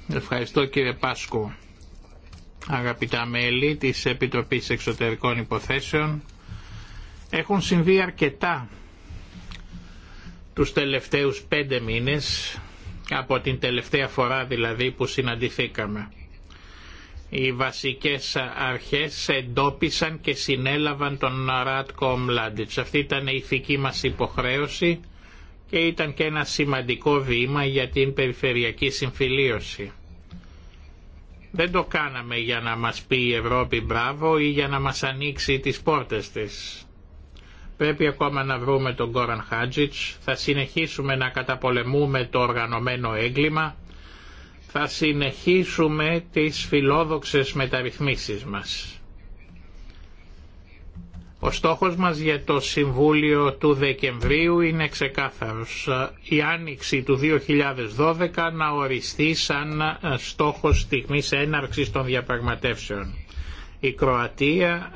Ευχαριστώ κύριε Πάσκου. Αγαπητά μέλη της Επιτροπής Εξωτερικών Υποθέσεων, έχουν συμβεί αρκετά τους τελευταίους πέντε μήνες, από την τελευταία φορά δηλαδή που συναντηθήκαμε οι βασικές αρχές εντόπισαν και συνέλαβαν τον Ράτκο Μλάντιτς. Αυτή ήταν η ηθική μας υποχρέωση και ήταν και ένα σημαντικό βήμα για την περιφερειακή συμφιλίωση. Δεν το κάναμε για να μας πει η Ευρώπη μπράβο ή για να μας ανοίξει τις πόρτες της. Πρέπει ακόμα να βρούμε τον Κόραν Χάτζιτς, θα συνεχίσουμε να καταπολεμούμε το οργανωμένο έγκλημα, θα συνεχίσουμε τις φιλόδοξες μεταρρυθμίσεις μας. Ο στόχος μας για το Συμβούλιο του Δεκεμβρίου είναι ξεκάθαρος. Η άνοιξη του 2012 να οριστεί σαν στόχος στιγμής έναρξης των διαπραγματεύσεων. Η Κροατία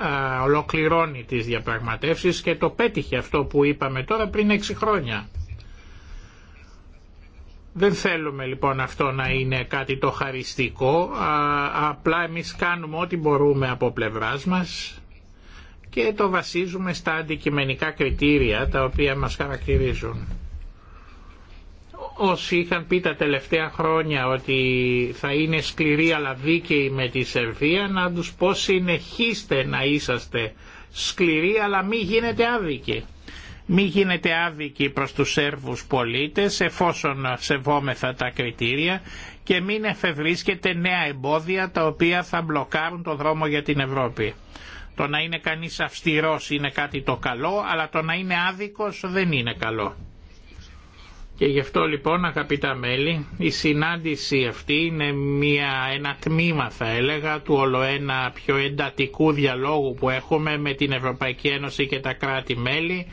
ολοκληρώνει τις διαπραγματεύσεις και το πέτυχε αυτό που είπαμε τώρα πριν 6 χρόνια. Δεν θέλουμε λοιπόν αυτό να είναι κάτι το χαριστικό, απλά εμείς κάνουμε ό,τι μπορούμε από πλευράς μας και το βασίζουμε στα αντικειμενικά κριτήρια τα οποία μας χαρακτηρίζουν. Όσοι είχαν πει τα τελευταία χρόνια ότι θα είναι σκληροί αλλά δίκαιοι με τη Σερβία, να τους πω συνεχίστε να είσαστε σκληροί αλλά μη γίνετε άδικοι. Μη γίνεται άδικη προς τους Σέρβους πολίτες εφόσον σεβόμεθα τα κριτήρια και μην εφευρίσκεται νέα εμπόδια τα οποία θα μπλοκάρουν το δρόμο για την Ευρώπη. Το να είναι κανείς αυστηρός είναι κάτι το καλό, αλλά το να είναι άδικος δεν είναι καλό. Και γι' αυτό λοιπόν αγαπητά μέλη, η συνάντηση αυτή είναι μια, ένα τμήμα θα έλεγα του ολοένα πιο εντατικού διαλόγου που έχουμε με την Ευρωπαϊκή Ένωση και τα κράτη-μέλη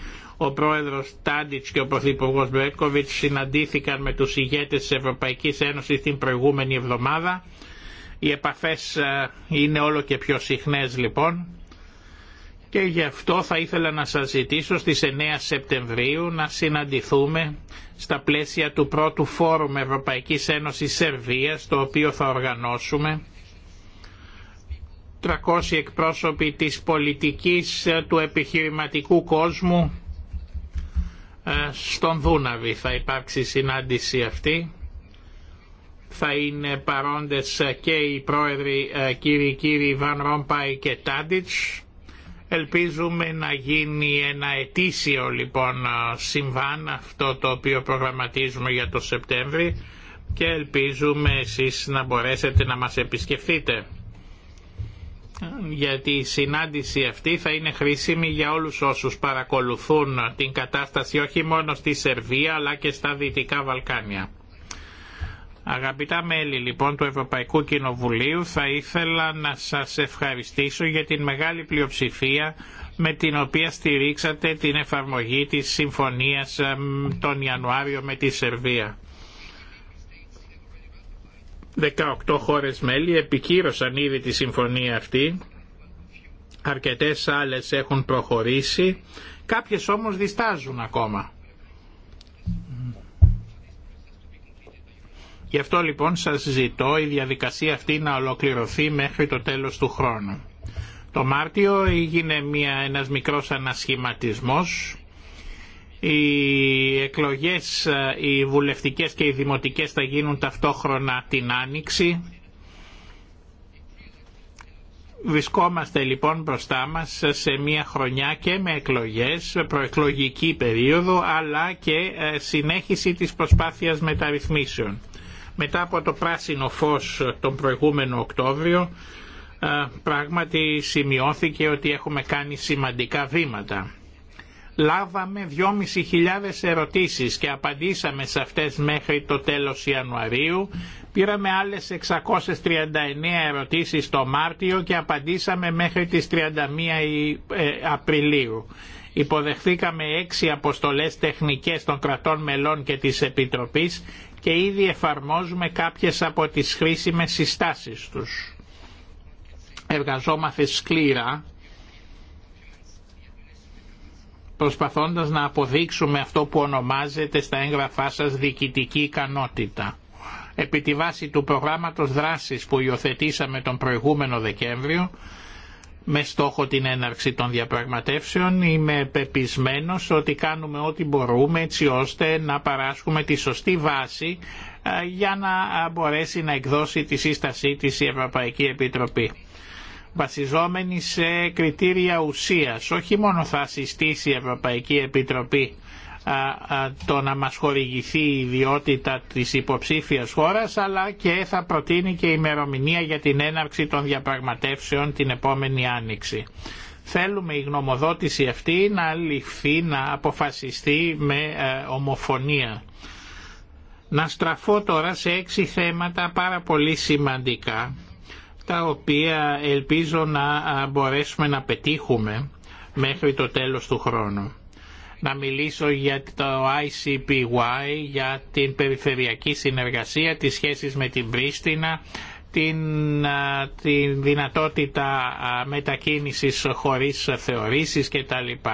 ο πρόεδρος Τάντιτς και ο πρωθυπουργός Μπέρκοβιτς συναντήθηκαν με τους ηγέτες της Ευρωπαϊκής Ένωσης την προηγούμενη εβδομάδα. Οι επαφές ε, είναι όλο και πιο συχνές λοιπόν και γι' αυτό θα ήθελα να σας ζητήσω στις 9 Σεπτεμβρίου να συναντηθούμε στα πλαίσια του πρώτου φόρουμ Ευρωπαϊκής Ένωσης Σερβίας το οποίο θα οργανώσουμε 300 εκπρόσωποι της πολιτικής ε, του επιχειρηματικού κόσμου ε, στον Δούναβη θα υπάρξει συνάντηση αυτή. Θα είναι παρόντες και οι πρόεδροι ε, κύριοι κύριοι Βαν Ρόμπαϊ και Τάντιτς. Ελπίζουμε να γίνει ένα ετήσιο λοιπόν ε, συμβάν αυτό το οποίο προγραμματίζουμε για το Σεπτέμβρη και ελπίζουμε εσείς να μπορέσετε να μας επισκεφτείτε γιατί η συνάντηση αυτή θα είναι χρήσιμη για όλους όσους παρακολουθούν την κατάσταση όχι μόνο στη Σερβία αλλά και στα Δυτικά Βαλκάνια. Αγαπητά μέλη λοιπόν του Ευρωπαϊκού Κοινοβουλίου θα ήθελα να σας ευχαριστήσω για την μεγάλη πλειοψηφία με την οποία στηρίξατε την εφαρμογή της συμφωνίας τον Ιανουάριο με τη Σερβία. 18 χώρες μέλη επικύρωσαν ήδη τη συμφωνία αυτή, αρκετές άλλες έχουν προχωρήσει, κάποιες όμως διστάζουν ακόμα. Γι' αυτό λοιπόν σας ζητώ η διαδικασία αυτή να ολοκληρωθεί μέχρι το τέλος του χρόνου. Το Μάρτιο έγινε μια, ένας μικρός ανασχηματισμός οι εκλογές, ε, οι βουλευτικές και οι δημοτικές θα γίνουν ταυτόχρονα την Άνοιξη. Βρισκόμαστε λοιπόν μπροστά μας σε μια χρονιά και με εκλογές, προεκλογική περίοδο, αλλά και ε, συνέχιση της προσπάθειας μεταρρυθμίσεων. Μετά από το πράσινο φως τον προηγούμενο Οκτώβριο, ε, πράγματι σημειώθηκε ότι έχουμε κάνει σημαντικά βήματα. Λάβαμε 2.500 ερωτήσεις και απαντήσαμε σε αυτές μέχρι το τέλος Ιανουαρίου. Πήραμε άλλες 639 ερωτήσεις το Μάρτιο και απαντήσαμε μέχρι τις 31 ε, Απριλίου. Υποδεχθήκαμε έξι αποστολές τεχνικές των κρατών μελών και της Επιτροπής και ήδη εφαρμόζουμε κάποιες από τις χρήσιμες συστάσεις τους. Εργαζόμαστε σκλήρα προσπαθώντας να αποδείξουμε αυτό που ονομάζεται στα έγγραφά σας διοικητική ικανότητα. Επί τη βάση του προγράμματος δράσης που υιοθετήσαμε τον προηγούμενο Δεκέμβριο, με στόχο την έναρξη των διαπραγματεύσεων είμαι πεπισμένος ότι κάνουμε ό,τι μπορούμε έτσι ώστε να παράσχουμε τη σωστή βάση ε, για να ε, μπορέσει να εκδώσει τη σύστασή της η Ευρωπαϊκή Επιτροπή βασιζόμενη σε κριτήρια ουσίας. Όχι μόνο θα συστήσει η Ευρωπαϊκή Επιτροπή το να μας χορηγηθεί η ιδιότητα της υποψήφιας χώρας αλλά και θα προτείνει και ημερομηνία για την έναρξη των διαπραγματεύσεων την επόμενη άνοιξη. Θέλουμε η γνωμοδότηση αυτή να ληφθεί, να αποφασιστεί με ομοφωνία. Να στραφώ τώρα σε έξι θέματα πάρα πολύ σημαντικά τα οποία ελπίζω να μπορέσουμε να πετύχουμε μέχρι το τέλος του χρόνου. Να μιλήσω για το ICPY, για την περιφερειακή συνεργασία, τις σχέσεις με την Πρίστινα, την, την δυνατότητα μετακίνησης χωρίς θεωρήσεις κτλ.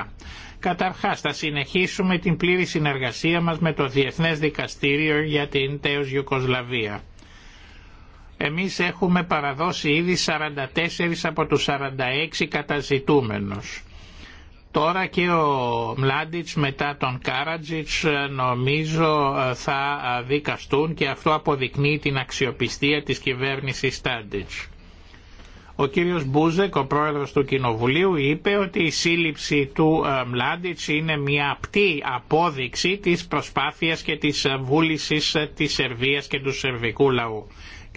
Καταρχάς θα συνεχίσουμε την πλήρη συνεργασία μας με το Διεθνές Δικαστήριο για την Τέος Ιουκοσλαβία εμείς έχουμε παραδώσει ήδη 44 από τους 46 καταζητούμενους. Τώρα και ο Μλάντιτς μετά τον Κάρατζιτς ε, νομίζω ε, θα δικαστούν και αυτό αποδεικνύει την αξιοπιστία της κυβέρνησης Στάντιτς. Ο κύριος Μπούζεκ, ο πρόεδρος του Κοινοβουλίου, είπε ότι η σύλληψη του ε, Μλάντιτς είναι μια απτή απόδειξη της προσπάθειας και της βούλησης της Σερβίας και του σερβικού λαού.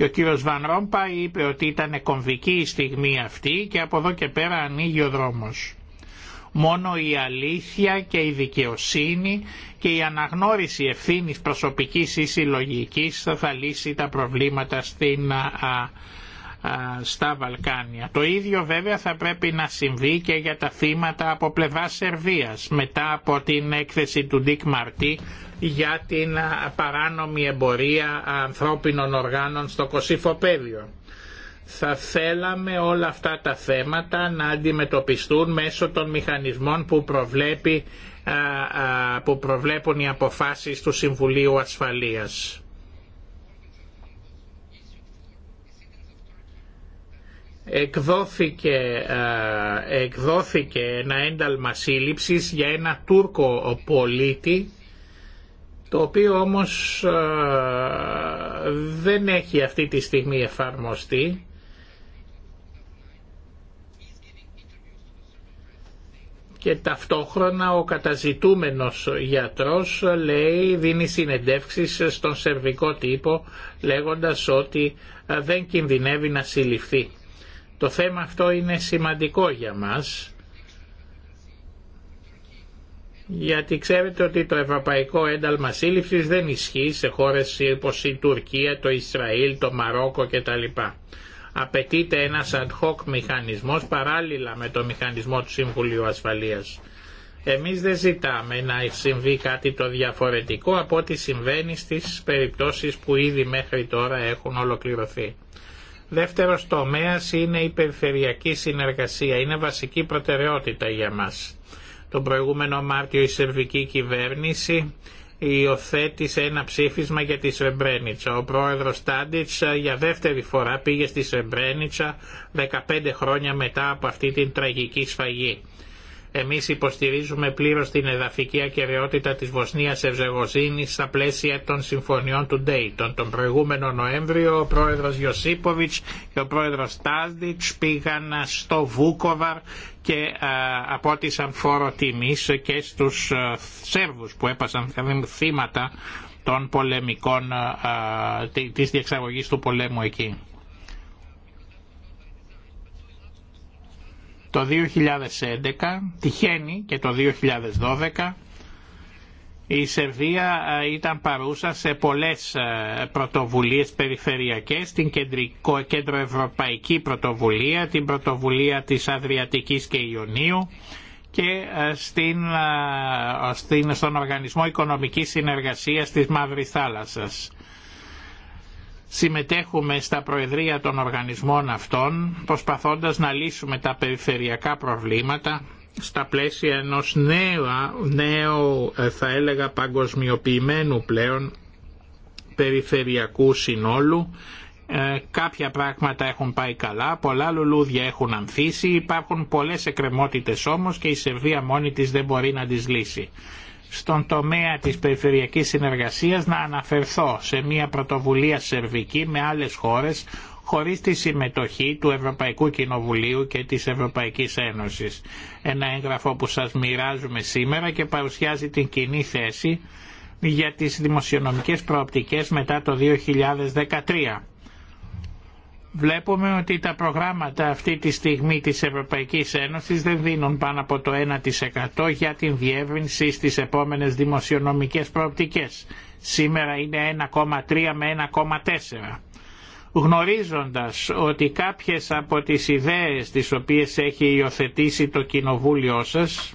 Και ο κύριος Βαν Ρόμπα είπε ότι ήταν κομβική η στιγμή αυτή και από εδώ και πέρα ανοίγει ο δρόμος. Μόνο η αλήθεια και η δικαιοσύνη και η αναγνώριση ευθύνης προσωπικής ή συλλογικής θα λύσει τα προβλήματα στην στα Βαλκάνια. Το ίδιο βέβαια θα πρέπει να συμβεί και για τα θύματα από πλευρά Σερβίας μετά από την έκθεση του Ντίκ Μαρτί για την παράνομη εμπορία ανθρώπινων οργάνων στο Πέδιο. Θα θέλαμε όλα αυτά τα θέματα να αντιμετωπιστούν μέσω των μηχανισμών που, προβλέπει, που προβλέπουν οι αποφάσεις του Συμβουλίου Ασφαλείας. εκδόθηκε, εκδόθηκε ένα ένταλμα σύλληψης για ένα Τούρκο πολίτη το οποίο όμως δεν έχει αυτή τη στιγμή εφαρμοστεί και ταυτόχρονα ο καταζητούμενος γιατρός λέει, δίνει συνεντεύξεις στον σερβικό τύπο λέγοντας ότι δεν κινδυνεύει να συλληφθεί. Το θέμα αυτό είναι σημαντικό για μας, γιατί ξέρετε ότι το ευρωπαϊκό ένταλμα σύλληψης δεν ισχύει σε χώρες όπως η Τουρκία, το Ισραήλ, το Μαρόκο κτλ. Απαιτείται ένας ad hoc μηχανισμός παράλληλα με το μηχανισμό του Συμβουλίου Ασφαλείας. Εμείς δεν ζητάμε να συμβεί κάτι το διαφορετικό από ό,τι συμβαίνει στις περιπτώσεις που ήδη μέχρι τώρα έχουν ολοκληρωθεί. Δεύτερος τομέας είναι η περιφερειακή συνεργασία. Είναι βασική προτεραιότητα για μας. Το προηγούμενο Μάρτιο η Σερβική κυβέρνηση υιοθέτησε ένα ψήφισμα για τη Σρεμπρένιτσα. Ο πρόεδρος Τάντιτς ε, για δεύτερη φορά πήγε στη Σρεμπρένιτσα 15 χρόνια μετά από αυτή την τραγική σφαγή. Εμείς υποστηρίζουμε πλήρως την εδαφική ακεραιότητα της Βοσνίας Ευζεγοζίνης στα πλαίσια των συμφωνιών του Ντέιτον. Τον προηγούμενο Νοέμβριο ο πρόεδρος Ιωσίποβιτς και ο πρόεδρος Τάσδιτς πήγαν στο Βούκοβαρ και απότισαν φόρο τιμής και στους Σέρβους που έπασαν θύματα των πολεμικών, της διεξαγωγής του πολέμου εκεί. Το 2011 τυχαίνει και το 2012 η Σερβία ε, ήταν παρούσα σε πολλές ε, πρωτοβουλίες περιφερειακές, την κεντρικό, κεντροευρωπαϊκή πρωτοβουλία, την πρωτοβουλία της Αδριατικής και Ιωνίου και ε, στην, στην, στον Οργανισμό Οικονομικής Συνεργασίας της Μαύρης Θάλασσας. Συμμετέχουμε στα προεδρία των οργανισμών αυτών, προσπαθώντας να λύσουμε τα περιφερειακά προβλήματα στα πλαίσια ενός νέου, ε, θα έλεγα παγκοσμιοποιημένου πλέον περιφερειακού συνόλου. Ε, κάποια πράγματα έχουν πάει καλά, πολλά λουλούδια έχουν ανθίσει, υπάρχουν πολλές εκκρεμότητες όμως και η Σερβία μόνη της δεν μπορεί να τις λύσει στον τομέα της περιφερειακής συνεργασίας να αναφερθώ σε μια πρωτοβουλία σερβική με άλλες χώρες χωρίς τη συμμετοχή του Ευρωπαϊκού Κοινοβουλίου και της Ευρωπαϊκής Ένωσης. Ένα έγγραφο που σας μοιράζουμε σήμερα και παρουσιάζει την κοινή θέση για τις δημοσιονομικές προοπτικές μετά το 2013. Βλέπουμε ότι τα προγράμματα αυτή τη στιγμή της Ευρωπαϊκής Ένωσης δεν δίνουν πάνω από το 1% για την διεύρυνση στις επόμενες δημοσιονομικές προοπτικές. Σήμερα είναι 1,3 με 1,4. Γνωρίζοντας ότι κάποιες από τις ιδέες τις οποίες έχει υιοθετήσει το κοινοβούλιο σας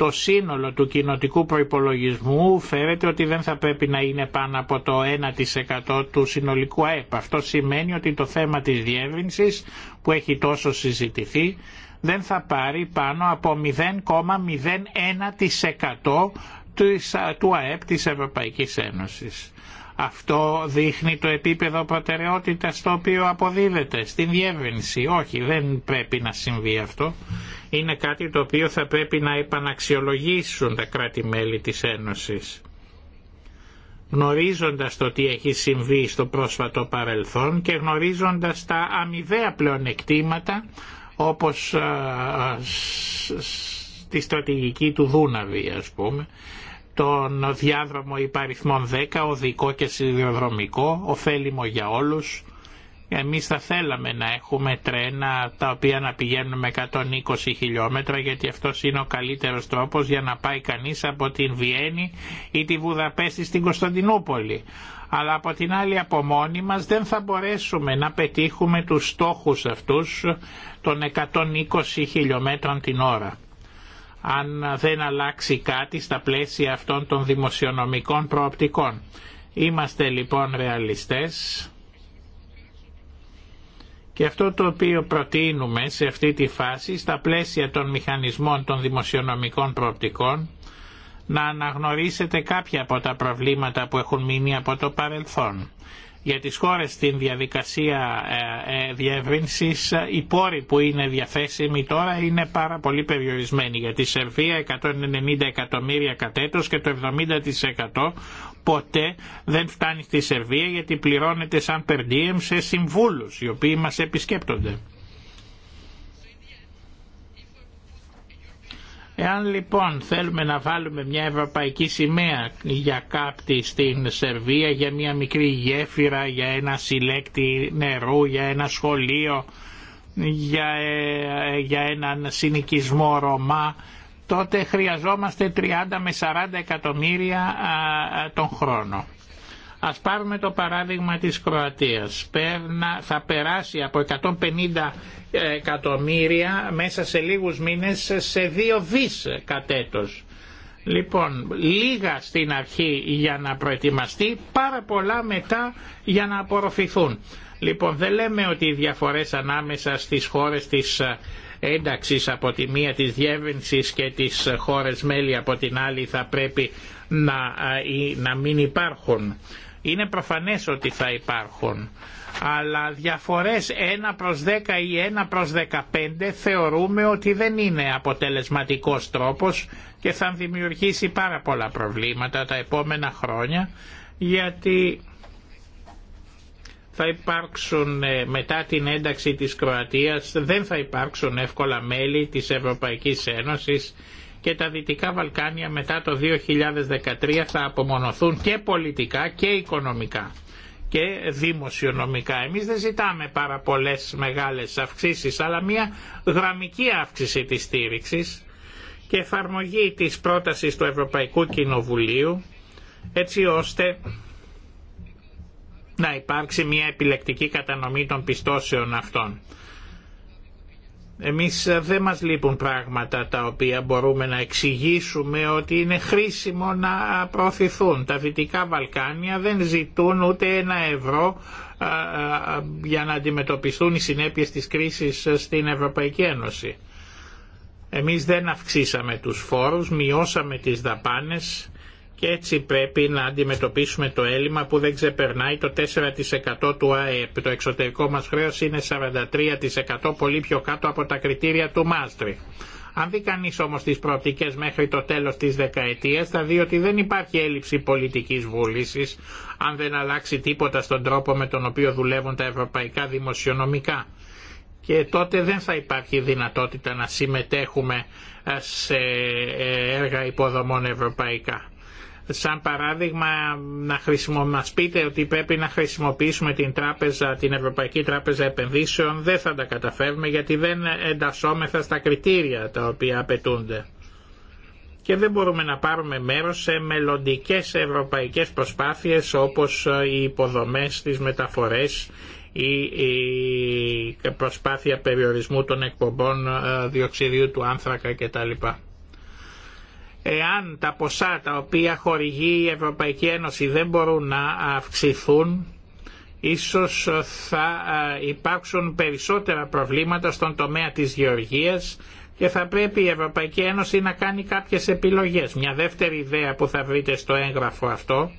το σύνολο του κοινοτικού προϋπολογισμού φέρεται ότι δεν θα πρέπει να είναι πάνω από το 1% του συνολικού ΑΕΠ. Αυτό σημαίνει ότι το θέμα της διεύρυνσης που έχει τόσο συζητηθεί δεν θα πάρει πάνω από 0,01% του ΑΕΠ της Ευρωπαϊκής Ένωσης. Αυτό δείχνει το επίπεδο προτεραιότητας το οποίο αποδίδεται στην διεύρυνση. Όχι, δεν πρέπει να συμβεί αυτό. Είναι κάτι το οποίο θα πρέπει να επαναξιολογήσουν τα κράτη-μέλη της Ένωσης. Γνωρίζοντας το τι έχει συμβεί στο πρόσφατο παρελθόν και γνωρίζοντας τα αμοιβαία πλεονεκτήματα όπως α, στρατηγική του Δούναβη ας πούμε τον διάδρομο υπαριθμών 10, οδικό και σιδηροδρομικό, ωφέλιμο για όλους. Εμείς θα θέλαμε να έχουμε τρένα τα οποία να πηγαίνουν με 120 χιλιόμετρα γιατί αυτό είναι ο καλύτερος τρόπος για να πάει κανείς από την Βιέννη ή τη Βουδαπέστη στην Κωνσταντινούπολη. Αλλά από την άλλη από μόνοι μας δεν θα μπορέσουμε να πετύχουμε τους στόχους αυτούς των 120 χιλιόμετρων την ώρα αν δεν αλλάξει κάτι στα πλαίσια αυτών των δημοσιονομικών προοπτικών. Είμαστε λοιπόν ρεαλιστές και αυτό το οποίο προτείνουμε σε αυτή τη φάση στα πλαίσια των μηχανισμών των δημοσιονομικών προοπτικών να αναγνωρίσετε κάποια από τα προβλήματα που έχουν μείνει από το παρελθόν για τις χώρες στην διαδικασία ε, ε, διεύρυνσης ε, οι πόροι που είναι διαθέσιμοι τώρα είναι πάρα πολύ περιορισμένοι. Για τη Σερβία 190 εκατομμύρια κατέτος και το 70% ποτέ δεν φτάνει στη Σερβία γιατί πληρώνεται σαν περντίεμ σε συμβούλους οι οποίοι μας επισκέπτονται. Εάν λοιπόν θέλουμε να βάλουμε μια ευρωπαϊκή σημαία για κάπτη στην Σερβία, για μια μικρή γέφυρα, για ένα συλλέκτη νερού, για ένα σχολείο, για, ε, για έναν συνοικισμό Ρωμά, τότε χρειαζόμαστε 30 με 40 εκατομμύρια τον χρόνο. Ας πάρουμε το παράδειγμα της Κροατίας. Πέρνα, θα περάσει από 150 εκατομμύρια μέσα σε λίγους μήνες σε δύο δις κατ' Λοιπόν, λίγα στην αρχή για να προετοιμαστεί, πάρα πολλά μετά για να απορροφηθούν. Λοιπόν, δεν λέμε ότι οι διαφορές ανάμεσα στις χώρες της ε, ένταξης από τη μία της διεύρυνσης και τις χώρες μέλη από την άλλη θα πρέπει να, ε, να μην υπάρχουν. Είναι προφανές ότι θα υπάρχουν, αλλά διαφορές 1 προς 10 ή 1 προς 15 θεωρούμε ότι δεν είναι αποτελεσματικός τρόπος και θα δημιουργήσει πάρα πολλά προβλήματα τα επόμενα χρόνια γιατί θα υπάρξουν ε, μετά την ένταξη της Κροατίας δεν θα υπάρξουν εύκολα μέλη της Ευρωπαϊκής Ένωσης και τα Δυτικά Βαλκάνια μετά το 2013 θα απομονωθούν και πολιτικά και οικονομικά και δημοσιονομικά. Εμείς δεν ζητάμε πάρα πολλές μεγάλες αυξήσεις, αλλά μια γραμμική αύξηση της στήριξης και εφαρμογή της πρότασης του Ευρωπαϊκού Κοινοβουλίου, έτσι ώστε να υπάρξει μια επιλεκτική κατανομή των πιστώσεων αυτών. Εμείς ε, δεν μας λείπουν πράγματα τα οποία μπορούμε να εξηγήσουμε ότι είναι χρήσιμο να προωθηθούν. Τα Δυτικά Βαλκάνια δεν ζητούν ούτε ένα ευρώ ε, ε, για να αντιμετωπιστούν οι συνέπειες της κρίσης στην Ευρωπαϊκή Ένωση. Εμείς δεν αυξήσαμε τους φόρους, μειώσαμε τις δαπάνες, και έτσι πρέπει να αντιμετωπίσουμε το έλλειμμα που δεν ξεπερνάει το 4% του ΑΕΠ. Το εξωτερικό μας χρέος είναι 43% πολύ πιο κάτω από τα κριτήρια του Μάστρι. Αν δει κανείς όμως τις προοπτικές μέχρι το τέλος της δεκαετίας θα δει ότι δεν υπάρχει έλλειψη πολιτικής βούλησης αν δεν αλλάξει τίποτα στον τρόπο με τον οποίο δουλεύουν τα ευρωπαϊκά δημοσιονομικά και τότε δεν θα υπάρχει δυνατότητα να συμμετέχουμε ε, σε ε, έργα υποδομών ευρωπαϊκά σαν παράδειγμα να χρησιμο... πείτε ότι πρέπει να χρησιμοποιήσουμε την, τράπεζα, την Ευρωπαϊκή Τράπεζα Επενδύσεων δεν θα τα καταφέρουμε γιατί δεν εντασσόμεθα στα κριτήρια τα οποία απαιτούνται και δεν μπορούμε να πάρουμε μέρος σε μελλοντικές ευρωπαϊκές προσπάθειες όπως οι υποδομές, τις μεταφορές ή η προσπάθεια περιορισμού των εκπομπών ε, διοξιδίου του άνθρακα κτλ. Εάν τα ποσά τα οποία χορηγεί η Ευρωπαϊκή Ένωση δεν μπορούν να αυξηθούν, ίσως θα υπάρξουν περισσότερα προβλήματα στον τομέα της γεωργίας και θα πρέπει η Ευρωπαϊκή Ένωση να κάνει κάποιες επιλογές. Μια δεύτερη ιδέα που θα βρείτε στο έγγραφο αυτό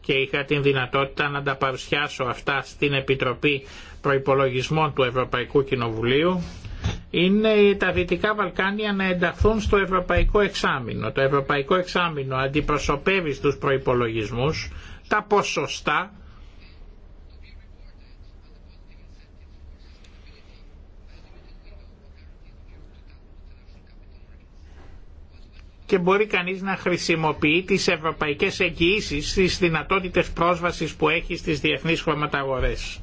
και είχα την δυνατότητα να τα παρουσιάσω αυτά στην Επιτροπή Προϋπολογισμών του Ευρωπαϊκού Κοινοβουλίου είναι τα Δυτικά Βαλκάνια να ενταχθούν στο Ευρωπαϊκό Εξάμεινο. Το Ευρωπαϊκό Εξάμεινο αντιπροσωπεύει στους προϋπολογισμούς τα ποσοστά και μπορεί κανείς να χρησιμοποιεί τις ευρωπαϊκές εγγυήσεις στις δυνατότητες πρόσβασης που έχει στις διεθνείς χρωματαγορές.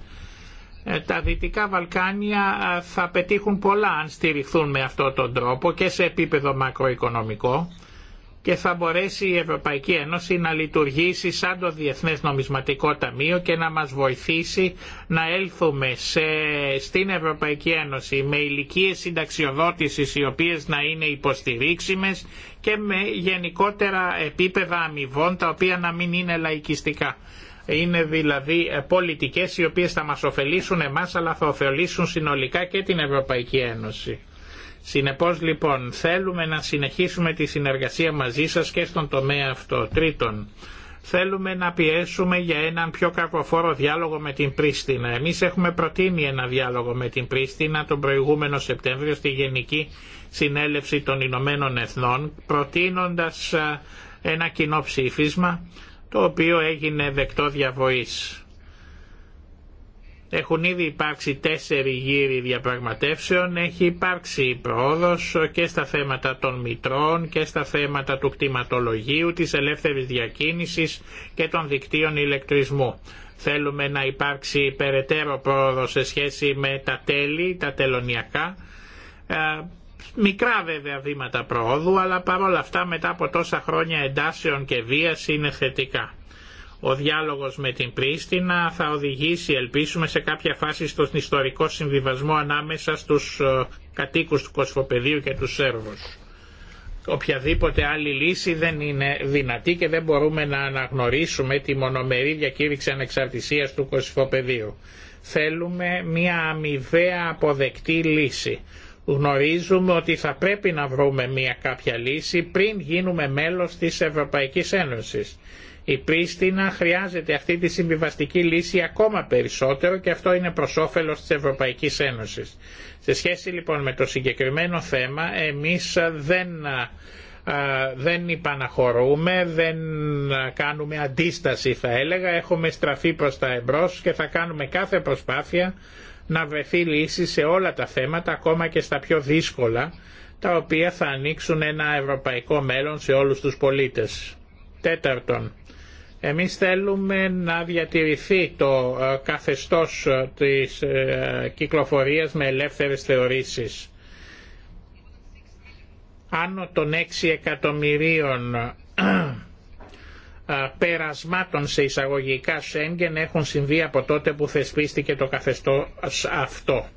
Ε, τα Δυτικά Βαλκάνια ε, θα πετύχουν πολλά αν στηριχθούν με αυτόν τον τρόπο και σε επίπεδο μακροοικονομικό και θα μπορέσει η Ευρωπαϊκή Ένωση να λειτουργήσει σαν το Διεθνές Νομισματικό Ταμείο και να μας βοηθήσει να έλθουμε σε, στην Ευρωπαϊκή Ένωση με ηλικίε συνταξιοδότησης οι οποίες να είναι υποστηρίξιμες και με γενικότερα επίπεδα αμοιβών τα οποία να μην είναι λαϊκιστικά. Είναι δηλαδή ε, πολιτικές οι οποίες θα μας ωφελήσουν εμάς αλλά θα ωφελήσουν συνολικά και την Ευρωπαϊκή Ένωση. Συνεπώς λοιπόν θέλουμε να συνεχίσουμε τη συνεργασία μαζί σας και στον τομέα αυτό. Τρίτον, θέλουμε να πιέσουμε για έναν πιο κακοφόρο διάλογο με την Πρίστινα. Εμείς έχουμε προτείνει ένα διάλογο με την Πρίστινα τον προηγούμενο Σεπτέμβριο στη Γενική Συνέλευση των Ηνωμένων Εθνών, προτείνοντας ε, ένα κοινό ψήφισμα το οποίο έγινε δεκτό διαβοής. Έχουν ήδη υπάρξει τέσσερι γύροι διαπραγματεύσεων, έχει υπάρξει πρόοδος και στα θέματα των μητρών και στα θέματα του κτηματολογίου, της ελεύθερης διακίνησης και των δικτύων ηλεκτρισμού. Θέλουμε να υπάρξει περαιτέρω πρόοδο σε σχέση με τα τέλη, τα τελωνιακά, Μικρά βέβαια βήματα προόδου, αλλά παρόλα αυτά μετά από τόσα χρόνια εντάσεων και βίας είναι θετικά. Ο διάλογος με την Πρίστινα θα οδηγήσει, ελπίσουμε, σε κάποια φάση στον ιστορικό συμβιβασμό ανάμεσα στους ε, κατοίκους του Κοσφοπεδίου και τους Σέρβους. Οποιαδήποτε άλλη λύση δεν είναι δυνατή και δεν μπορούμε να αναγνωρίσουμε τη μονομερή διακήρυξη ανεξαρτησίας του Κοσφοπεδίου. Θέλουμε μια αμοιβαία αποδεκτή λύση γνωρίζουμε ότι θα πρέπει να βρούμε μια κάποια λύση πριν γίνουμε μέλος της Ευρωπαϊκής Ένωσης. Η Πρίστινα χρειάζεται αυτή τη συμβιβαστική λύση ακόμα περισσότερο και αυτό είναι προς όφελος της Ευρωπαϊκής Ένωσης. Σε σχέση λοιπόν με το συγκεκριμένο θέμα εμείς δεν, δεν υπαναχωρούμε, δεν κάνουμε αντίσταση θα έλεγα, έχουμε στραφεί προς τα εμπρός και θα κάνουμε κάθε προσπάθεια να βρεθεί λύση σε όλα τα θέματα, ακόμα και στα πιο δύσκολα, τα οποία θα ανοίξουν ένα ευρωπαϊκό μέλλον σε όλους τους πολίτες. Τέταρτον, εμείς θέλουμε να διατηρηθεί το ε, καθεστώς ε, της ε, κυκλοφορίας με ελεύθερες θεωρήσεις. Άνω των 6 εκατομμυρίων ε, περασμάτων σε εισαγωγικά Σέγγεν έχουν συμβεί από τότε που θεσπίστηκε το καθεστώς αυτό.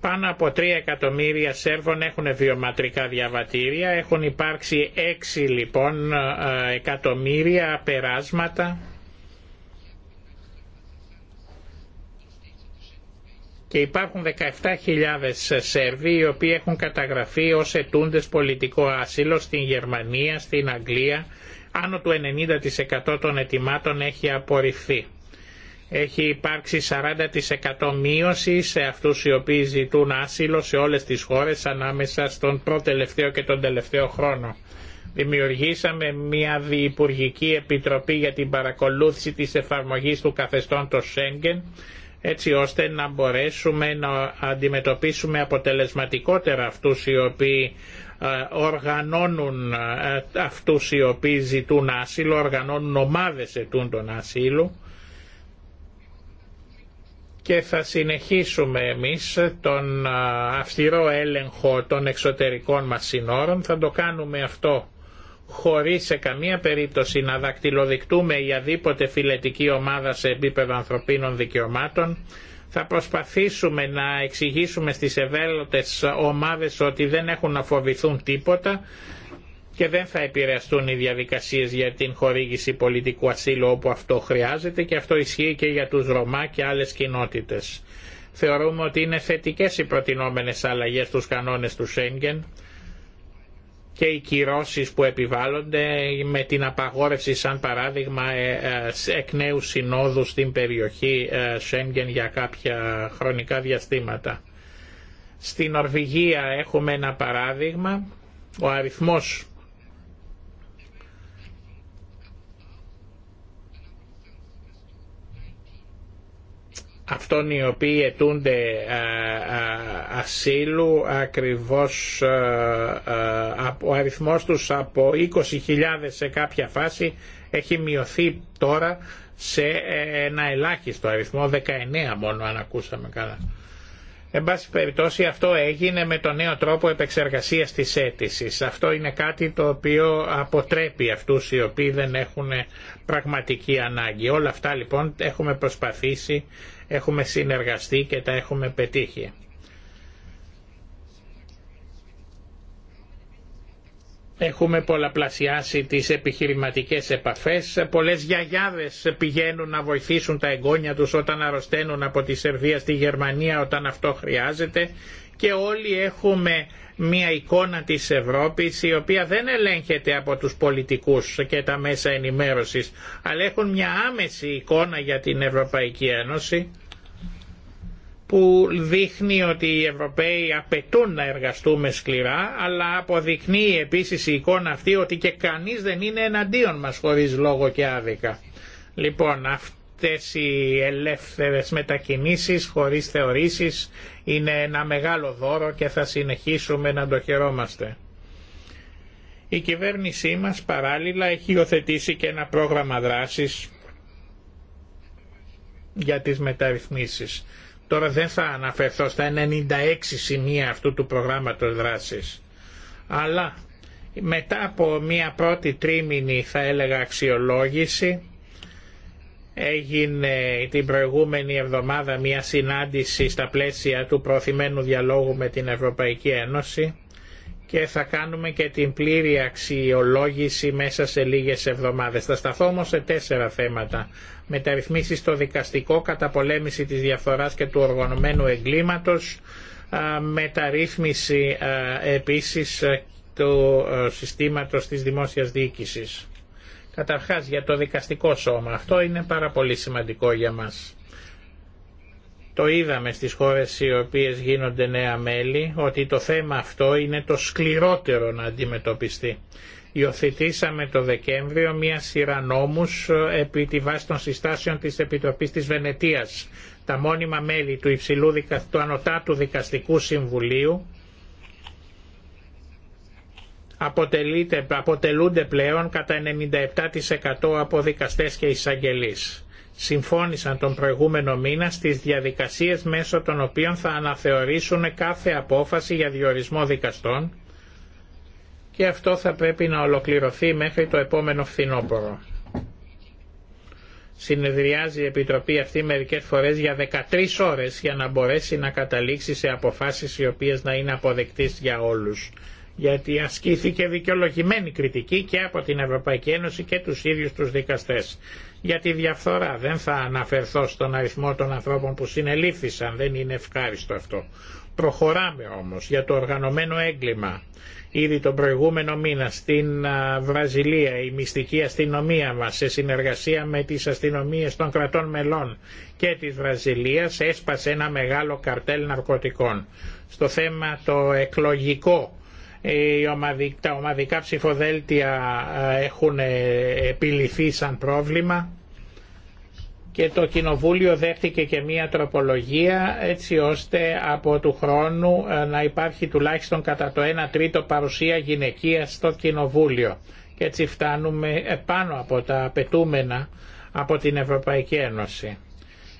Πάνω από 3 εκατομμύρια Σέρβων έχουν βιοματρικά διαβατήρια, έχουν υπάρξει 6 λοιπόν ε, εκατομμύρια περάσματα και υπάρχουν 17.000 Σέρβοι οι οποίοι έχουν καταγραφεί ως ετούντες πολιτικό άσυλο στην Γερμανία, στην Αγγλία. Άνω του 90% των ετοιμάτων έχει απορριφθεί. Έχει υπάρξει 40% μείωση σε αυτούς οι οποίοι ζητούν άσυλο σε όλες τις χώρες ανάμεσα στον προτελευταίο και τον τελευταίο χρόνο. Δημιουργήσαμε μια διυπουργική επιτροπή για την παρακολούθηση της εφαρμογής του καθεστώντος Σέγγεν έτσι ώστε να μπορέσουμε να αντιμετωπίσουμε αποτελεσματικότερα αυτούς οι οποίοι ε, οργανώνουν ε, αυτούς οι οποίοι ζητούν άσυλο, οργανώνουν ομάδες τον άσυλο και θα συνεχίσουμε εμείς τον ε, αυστηρό έλεγχο των εξωτερικών μας συνόρων, θα το κάνουμε αυτό χωρίς σε καμία περίπτωση να δακτυλοδεικτούμε η αδίποτε φιλετική ομάδα σε επίπεδο ανθρωπίνων δικαιωμάτων, θα προσπαθήσουμε να εξηγήσουμε στις ευέλωτες ομάδες ότι δεν έχουν να φοβηθούν τίποτα και δεν θα επηρεαστούν οι διαδικασίες για την χορήγηση πολιτικού ασύλου όπου αυτό χρειάζεται και αυτό ισχύει και για τους Ρωμά και άλλες κοινότητες. Θεωρούμε ότι είναι θετικές οι προτινόμενες αλλαγές στους κανόνες του Σέγγεν, και οι κυρώσεις που επιβάλλονται με την απαγόρευση σαν παράδειγμα ε, ε, εκ νέου συνόδου στην περιοχή ε, Σέγγεν για κάποια χρονικά διαστήματα. Στην Νορβηγία έχουμε ένα παράδειγμα, ο αριθμός αυτών οι οποίοι αιτούνται ασύλου ακριβώς ο αριθμός τους από 20.000 σε κάποια φάση έχει μειωθεί τώρα σε ε, ένα ελάχιστο αριθμό, 19 μόνο αν ακούσαμε καλά. Εν πάση περιπτώσει αυτό έγινε με το νέο τρόπο επεξεργασίας της αίτηση. Αυτό είναι κάτι το οποίο αποτρέπει αυτούς οι οποίοι δεν έχουν πραγματική ανάγκη. Όλα αυτά λοιπόν έχουμε προσπαθήσει έχουμε συνεργαστεί και τα έχουμε πετύχει. Έχουμε πολλαπλασιάσει τις επιχειρηματικές επαφές. Πολλές γιαγιάδες πηγαίνουν να βοηθήσουν τα εγγόνια τους όταν αρρωσταίνουν από τη Σερβία στη Γερμανία όταν αυτό χρειάζεται και όλοι έχουμε μια εικόνα της Ευρώπης η οποία δεν ελέγχεται από τους πολιτικούς και τα μέσα ενημέρωσης αλλά έχουν μια άμεση εικόνα για την Ευρωπαϊκή Ένωση που δείχνει ότι οι Ευρωπαίοι απαιτούν να εργαστούμε σκληρά αλλά αποδεικνύει επίσης η εικόνα αυτή ότι και κανείς δεν είναι εναντίον μας χωρίς λόγο και άδικα. Λοιπόν, αυτό αυτές οι ελεύθερες μετακινήσεις χωρίς θεωρήσεις είναι ένα μεγάλο δώρο και θα συνεχίσουμε να το χαιρόμαστε. Η κυβέρνησή μας παράλληλα έχει υιοθετήσει και ένα πρόγραμμα δράσης για τις μεταρρυθμίσεις. Τώρα δεν θα αναφερθώ στα 96 σημεία αυτού του προγράμματος δράσης. Αλλά μετά από μια πρώτη τρίμηνη θα έλεγα αξιολόγηση Έγινε την προηγούμενη εβδομάδα μια συνάντηση στα πλαίσια του προωθημένου διαλόγου με την Ευρωπαϊκή Ένωση και θα κάνουμε και την πλήρη αξιολόγηση μέσα σε λίγες εβδομάδες. Θα σταθώ όμως σε τέσσερα θέματα. Μεταρρυθμίσεις στο δικαστικό, καταπολέμηση της διαφθοράς και του οργανωμένου εγκλήματος, μεταρρύθμιση επίσης ε, του ε, συστήματος της δημόσιας διοίκησης. Καταρχάς για το δικαστικό σώμα. Αυτό είναι πάρα πολύ σημαντικό για μας. Το είδαμε στις χώρες οι οποίες γίνονται νέα μέλη ότι το θέμα αυτό είναι το σκληρότερο να αντιμετωπιστεί. Υιοθετήσαμε το Δεκέμβριο μία σειρά νόμους ε, επί τη βάση των συστάσεων της Επιτροπής της Βενετίας. Τα μόνιμα μέλη του υψηλού του Ανωτάτου Δικαστικού Συμβουλίου αποτελούνται πλέον κατά 97% από δικαστές και εισαγγελείς. Συμφώνησαν τον προηγούμενο μήνα στις διαδικασίες μέσω των οποίων θα αναθεωρήσουν κάθε απόφαση για διορισμό δικαστών και αυτό θα πρέπει να ολοκληρωθεί μέχρι το επόμενο φθινόπωρο. Συνεδριάζει η Επιτροπή αυτή μερικές φορές για 13 ώρες για να μπορέσει να καταλήξει σε αποφάσεις οι οποίες να είναι αποδεκτής για όλους γιατί ασκήθηκε δικαιολογημένη κριτική και από την Ευρωπαϊκή Ένωση και τους ίδιους τους δικαστές. Για τη διαφθορά δεν θα αναφερθώ στον αριθμό των ανθρώπων που συνελήφθησαν, δεν είναι ευχάριστο αυτό. Προχωράμε όμως για το οργανωμένο έγκλημα. Ήδη τον προηγούμενο μήνα στην Βραζιλία η μυστική αστυνομία μας σε συνεργασία με τις αστυνομίες των κρατών μελών και της Βραζιλίας έσπασε ένα μεγάλο καρτέλ ναρκωτικών. Στο θέμα το εκλογικό ε, τα ομαδικά ψηφοδέλτια ε, έχουν ε, επιληθεί σαν πρόβλημα και το Κοινοβούλιο δέχτηκε και μία τροπολογία έτσι ώστε από του χρόνου να υπάρχει τουλάχιστον κατά το 1 τρίτο παρουσία γυναικεία στο Κοινοβούλιο. Και έτσι φτάνουμε πάνω από τα απαιτούμενα από την Ευρωπαϊκή Ένωση.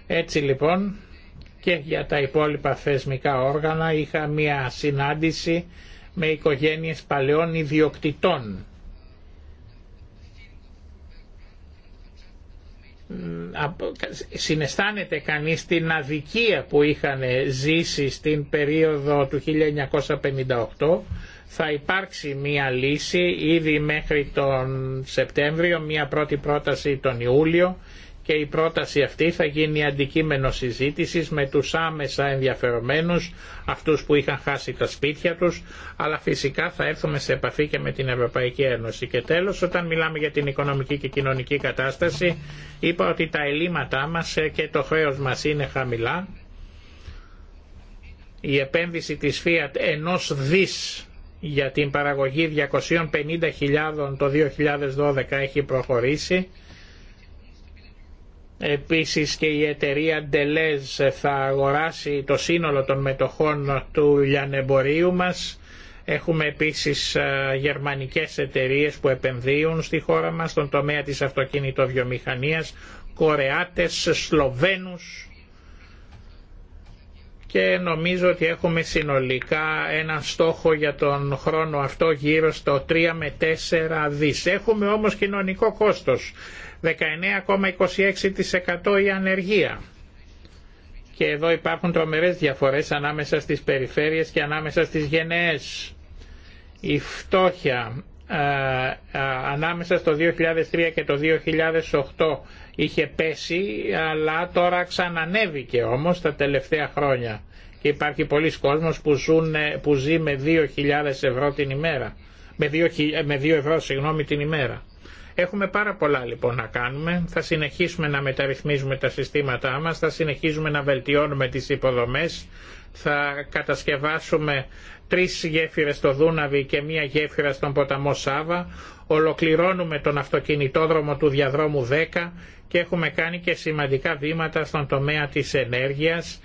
Έτσι λοιπόν και για τα υπόλοιπα θεσμικά όργανα είχα μία συνάντηση με οικογένειες παλαιών ιδιοκτητών. Συναισθάνεται κανείς την αδικία που είχαν ζήσει στην περίοδο του 1958 θα υπάρξει μία λύση ήδη μέχρι τον Σεπτέμβριο, μία πρώτη πρόταση τον Ιούλιο και η πρόταση αυτή θα γίνει αντικείμενο συζήτησης με τους άμεσα ενδιαφερομένους, αυτούς που είχαν χάσει τα σπίτια τους, αλλά φυσικά θα έρθουμε σε επαφή και με την Ευρωπαϊκή Ένωση. Και τέλος, όταν μιλάμε για την οικονομική και κοινωνική κατάσταση, είπα ότι τα ελλείμματά μας και το χρέος μας είναι χαμηλά. Η επένδυση της Fiat ενός δις για την παραγωγή 250.000 το 2012 έχει προχωρήσει Επίσης και η εταιρεία Deleuze θα αγοράσει το σύνολο των μετοχών του λιανεμπορίου μας. Έχουμε επίσης ε, γερμανικές εταιρείες που επενδύουν στη χώρα μας, στον τομέα της αυτοκινητοβιομηχανίας, Κορεάτες, Σλοβαίνους και νομίζω ότι έχουμε συνολικά έναν στόχο για τον χρόνο αυτό γύρω στο 3 με 4 δις. Έχουμε όμως κοινωνικό κόστος. 19,26% η ανεργία. Και εδώ υπάρχουν τρομερές διαφορές ανάμεσα στις περιφέρειες και ανάμεσα στις γενναίες. Η φτώχεια ε, ε, ανάμεσα στο 2003 και το 2008 είχε πέσει αλλά τώρα ξανανέβηκε όμως τα τελευταία χρόνια και υπάρχει πολλοί κόσμος που, ζουν, ε, που ζει με 2.000 ευρώ την ημέρα με 2, με 2 ευρώ συγγνώμη την ημέρα Έχουμε πάρα πολλά λοιπόν να κάνουμε. Θα συνεχίσουμε να μεταρρυθμίζουμε τα συστήματά μας, θα συνεχίζουμε να βελτιώνουμε τις υποδομές, θα κατασκευάσουμε τρεις γέφυρες στο Δούναβι και μία γέφυρα στον ποταμό Σάβα, ολοκληρώνουμε τον αυτοκινητόδρομο του διαδρόμου 10 και έχουμε κάνει και σημαντικά βήματα στον τομέα της ενέργειας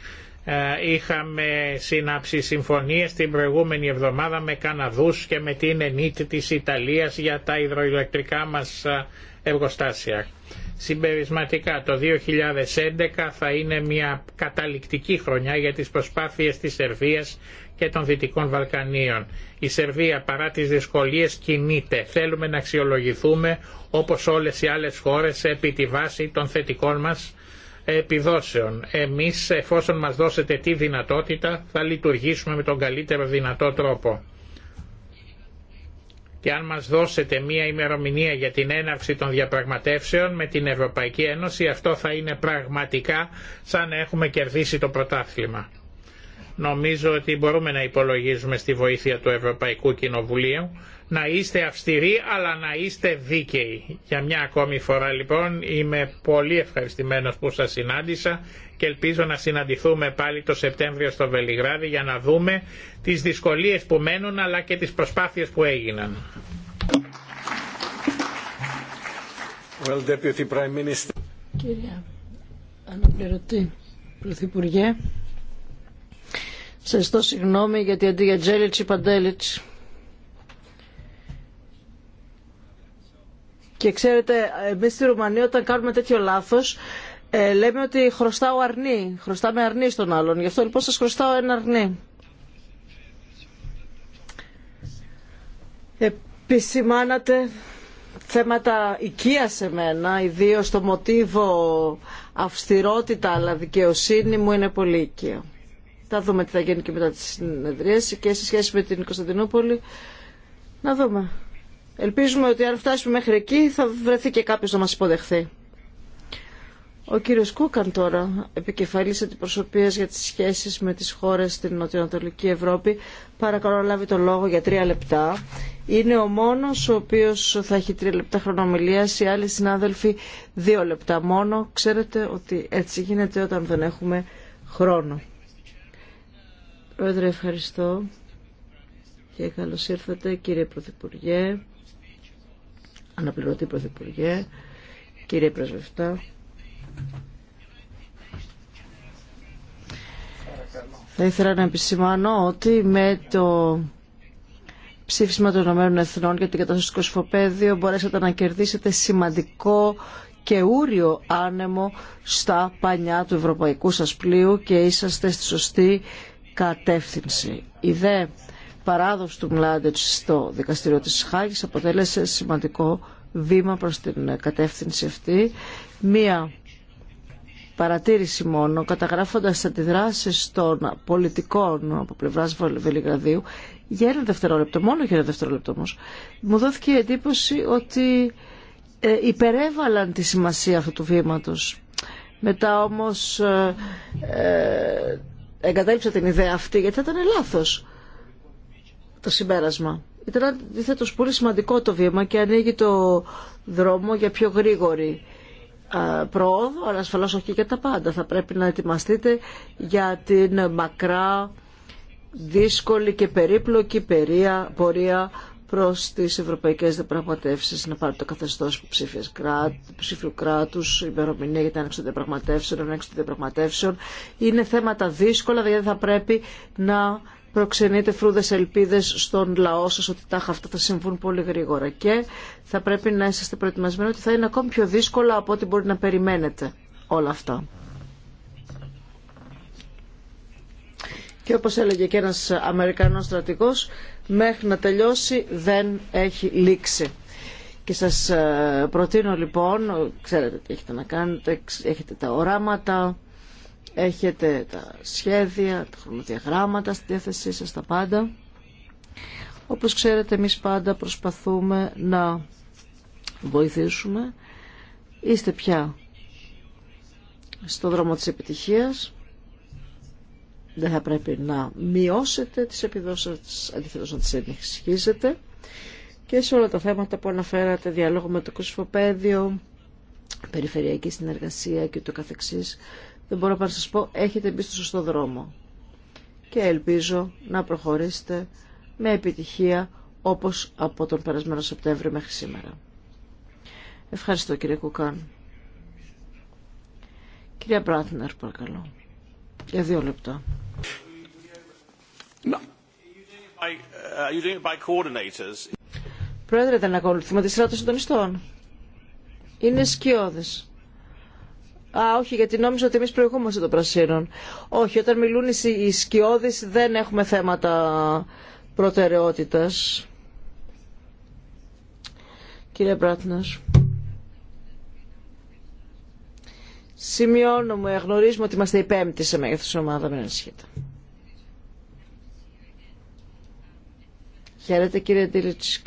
ε, είχαμε συνάψει συμφωνίες την προηγούμενη εβδομάδα με Καναδούς και με την ΕΝΙΤ της Ιταλίας για τα υδροηλεκτρικά μας ε, εργοστάσια. Συμπερισματικά το 2011 θα είναι μια καταληκτική χρονιά για τις προσπάθειες της Σερβίας και των Δυτικών Βαλκανίων. Η Σερβία παρά τις δυσκολίες κινείται. Θέλουμε να αξιολογηθούμε όπως όλες οι άλλες χώρες επί τη βάση των θετικών μας επιδόσεων. Εμείς εφόσον μας δώσετε τη δυνατότητα θα λειτουργήσουμε με τον καλύτερο δυνατό τρόπο. Και αν μας δώσετε μία ημερομηνία για την έναρξη των διαπραγματεύσεων με την Ευρωπαϊκή Ένωση αυτό θα είναι πραγματικά σαν να έχουμε κερδίσει το πρωτάθλημα. Νομίζω ότι μπορούμε να υπολογίζουμε στη βοήθεια του Ευρωπαϊκού Κοινοβουλίου να είστε αυστηροί αλλά να είστε δίκαιοι. Για μια ακόμη φορά λοιπόν είμαι πολύ ευχαριστημένος που σας συνάντησα και ελπίζω να συναντηθούμε πάλι το Σεπτέμβριο στο Βελιγράδι για να δούμε τις δυσκολίες που μένουν αλλά και τις προσπάθειες που έγιναν. Well, Deputy Prime Minister. Κύριε Αναπληρωτή Πρωθυπουργέ, σε συγγνώμη γιατί αντί για Τζέλιτς είπα Και ξέρετε, εμεί στη Ρουμανία όταν κάνουμε τέτοιο λάθος, ε, λέμε ότι χρωστάω αρνή, χρωστάμε αρνή στον άλλον. Γι' αυτό λοιπόν σας χρωστάω ένα αρνή. Επισημάνατε θέματα οικία σε μένα, ιδίως το μοτίβο αυστηρότητα αλλά δικαιοσύνη μου είναι πολύ οικείο. Θα δούμε τι θα γίνει και μετά τι συνεδρίαση και σε σχέση με την Κωνσταντινούπολη. Να δούμε. Ελπίζουμε ότι αν φτάσουμε μέχρι εκεί θα βρεθεί και κάποιος να μας υποδεχθεί. Ο κύριος Κούκαν τώρα, επικεφαλής αντιπροσωπείας για τις σχέσεις με τις χώρες στην Νοτιοανατολική Ευρώπη, παρακαλώ να λάβει το λόγο για τρία λεπτά. Είναι ο μόνος ο οποίος θα έχει τρία λεπτά χρονομιλίας, οι άλλοι συνάδελφοι δύο λεπτά μόνο. Ξέρετε ότι έτσι γίνεται όταν δεν έχουμε χρόνο. Πρόεδρε, ευχαριστώ και καλώς ήρθατε κύριε Πρωθυπουργέ αναπληρωτή Πρωθυπουργέ, κύριε Πρεσβευτά. Θα ήθελα να επισημάνω ότι με το ψήφισμα των ΗΕ για την κατάσταση του Κοσφοπέδιου μπορέσατε να κερδίσετε σημαντικό και ούριο άνεμο στα πανιά του ευρωπαϊκού σας πλοίου και είσαστε στη σωστή κατεύθυνση. Η παράδοση του Μλάντετς στο δικαστήριο της Χάγης αποτέλεσε σημαντικό βήμα προς την κατεύθυνση αυτή. Μία παρατήρηση μόνο, καταγράφοντας τις αντιδράσεις των πολιτικών από πλευράς Βελιγραδίου, για ένα δευτερόλεπτο, μόνο για ένα δευτερόλεπτο όμως, μου δόθηκε η εντύπωση ότι ε, υπερέβαλαν τη σημασία αυτού του βήματος. Μετά όμως ε, ε εγκατέλειψα την ιδέα αυτή γιατί θα ήταν λάθος το συμπέρασμα. Ήταν αντίθετο πολύ σημαντικό το βήμα και ανοίγει το δρόμο για πιο γρήγορη πρόοδο, αλλά ασφαλώ όχι για τα πάντα. Θα πρέπει να ετοιμαστείτε για την μακρά, δύσκολη και περίπλοκη περία, πορεία προ τι ευρωπαϊκέ διαπραγματεύσει. Να πάρει το καθεστώ ψήφιου κράτου, ημερομηνία για την άνοιξη των διαπραγματεύσεων, των διαπραγματεύσεων. Είναι θέματα δύσκολα, δηλαδή θα πρέπει να προξενείτε φρούδες ελπίδες στον λαό σας ότι τα αυτά θα συμβούν πολύ γρήγορα και θα πρέπει να είσαστε προετοιμασμένοι ότι θα είναι ακόμη πιο δύσκολα από ό,τι μπορεί να περιμένετε όλα αυτά. Και όπως έλεγε και ένας Αμερικανός στρατηγός, μέχρι να τελειώσει δεν έχει λήξει. Και σας ε, προτείνω λοιπόν, ξέρετε τι έχετε να κάνετε, έχετε τα οράματα, έχετε τα σχέδια, τα χρονοδιαγράμματα στη διάθεσή σας, τα πάντα. Όπως ξέρετε, εμείς πάντα προσπαθούμε να βοηθήσουμε. Είστε πια στο δρόμο της επιτυχίας. Δεν θα πρέπει να μειώσετε τις επιδόσεις, αντιθέτως να τις ενισχύσετε. Και σε όλα τα θέματα που αναφέρατε, διάλογο με το κοσφοπέδιο, περιφερειακή συνεργασία και το καθεξής, δεν μπορώ να σας πω, έχετε μπει στο σωστό δρόμο. Και ελπίζω να προχωρήσετε με επιτυχία όπως από τον περασμένο Σεπτέμβριο μέχρι σήμερα. Ευχαριστώ κύριε Κουκάν. Κυρία Μπράθνερ, παρακαλώ. Για δύο λεπτά. Uh, Πρόεδρε, δεν ακολουθούμε τη σειρά των συντονιστών. Είναι σκιώδες. Α, όχι, γιατί νόμιζα ότι εμεί προηγούμαστε των πρασίνων. Όχι, όταν μιλούν οι σκιώδει δεν έχουμε θέματα προτεραιότητα. Κύριε Μπράτνα. Σημειώνουμε, γνωρίζουμε ότι είμαστε η πέμπτη σε μέγεθο ομάδα, μην ανησυχείτε. Χαίρετε κύριε Τίλιτς,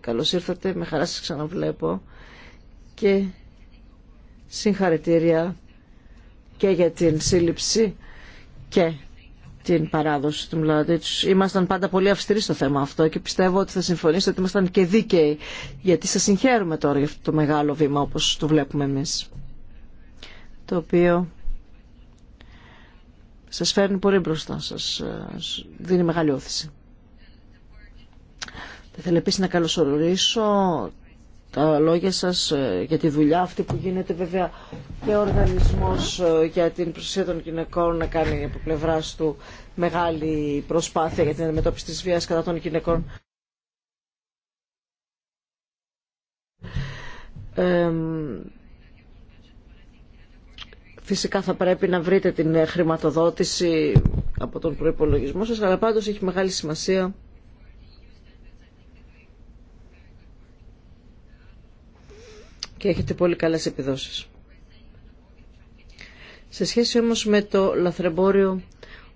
καλώς ήρθατε, με χαρά σας ξαναβλέπω και Συγχαρητήρια και για την σύλληψη και την παράδοση του Μλάντιτς. Ήμασταν πάντα πολύ αυστηροί στο θέμα αυτό και πιστεύω ότι θα συμφωνήσετε ότι ήμασταν και δίκαιοι γιατί σας συγχαίρουμε τώρα για αυτό το μεγάλο βήμα όπως το βλέπουμε εμείς το οποίο σας φέρνει πολύ μπροστά σας, δίνει μεγάλη όθηση. Θα ήθελα επίσης να καλωσορίσω τα λόγια σας ε, για τη δουλειά αυτή που γίνεται βέβαια και ο οργανισμός ε, για την προστασία των γυναικών να κάνει από πλευρά του μεγάλη προσπάθεια για την αντιμετώπιση της βίας κατά των γυναικών. φυσικά θα πρέπει να βρείτε την χρηματοδότηση από τον προϋπολογισμό σας, αλλά πάντως έχει μεγάλη σημασία και έχετε πολύ καλές επιδόσεις. Σε σχέση όμως με το λαθρεμπόριο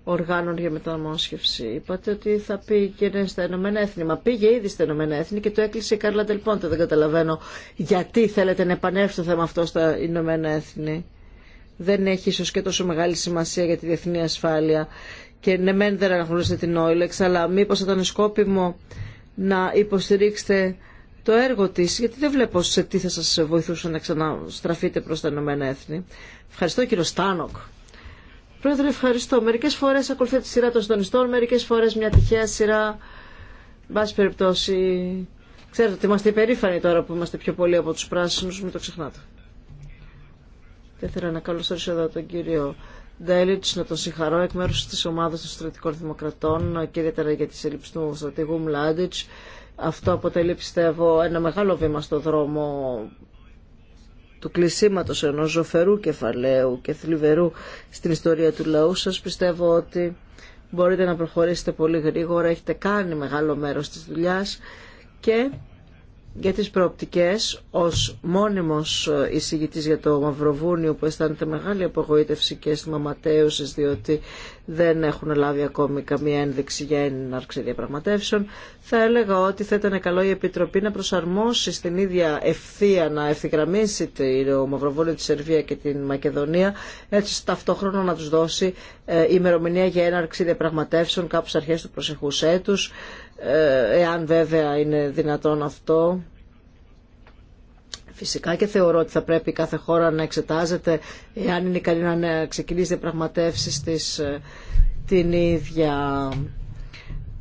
οργάνων για μεταμόσχευση. Είπατε ότι θα πήγαινε στα Ηνωμένα Έθνη. Μα πήγε ήδη στα Ηνωμένα Έθνη και το έκλεισε η Κάρλα Τελπόντε. Δεν καταλαβαίνω γιατί θέλετε να επανέλθει το θέμα αυτό στα Ηνωμένα Έθνη. Δεν έχει ίσω και τόσο μεγάλη σημασία για τη διεθνή ασφάλεια. Και ναι, μεν δεν αναγνωρίζετε την Όιλεξ, αλλά μήπως ήταν σκόπιμο να υποστηρίξετε το έργο της, γιατί δεν βλέπω σε τι θα σα βοηθούσε να ξαναστραφείτε προς τα Ηνωμένα Έθνη. Ευχαριστώ κύριο Στάνοκ. Πρόεδρε, ευχαριστώ. Μερικές φορές ακολουθεί τη σειρά των συντονιστών, μερικές φορές μια τυχαία σειρά. Εν περιπτώσει, ξέρετε ότι είμαστε υπερήφανοι τώρα που είμαστε πιο πολύ από τους πράσινους, μην το ξεχνάτε. Θα ήθελα να καλωσορίσω εδώ τον κύριο Ντέλιτ, να τον συγχαρώ εκ μέρου τη ομάδα των στρατικών δημοκρατών, και ιδιαίτερα για τη σύλληψη του στρατηγού Μλάντιτ. Αυτό αποτελεί πιστεύω ένα μεγάλο βήμα στο δρόμο του κλεισίματος ενός ζωφερού κεφαλαίου και θλιβερού στην ιστορία του λαού σας. Πιστεύω ότι μπορείτε να προχωρήσετε πολύ γρήγορα, έχετε κάνει μεγάλο μέρος της δουλειάς και για τις προοπτικές ως μόνιμος ε, εισηγητής για το Μαυροβούνιο που αισθάνεται μεγάλη απογοήτευση και αίσθημα ματέωσης διότι δεν έχουν λάβει ακόμη καμία ένδειξη για έναρξη διαπραγματεύσεων θα έλεγα ότι θα ήταν καλό η Επιτροπή να προσαρμόσει στην ίδια ευθεία να ευθυγραμμίσει το Μαυροβούνιο τη Σερβία και την Μακεδονία έτσι ταυτόχρονα να τους δώσει ε, ημερομηνία για έναρξη διαπραγματεύσεων κάπως αρχές του προσεχούς έτους ε, εάν βέβαια είναι δυνατόν αυτό. Φυσικά και θεωρώ ότι θα πρέπει κάθε χώρα να εξετάζεται εάν είναι καλή να ξεκινήσει διαπραγματεύσει τη ε, την ίδια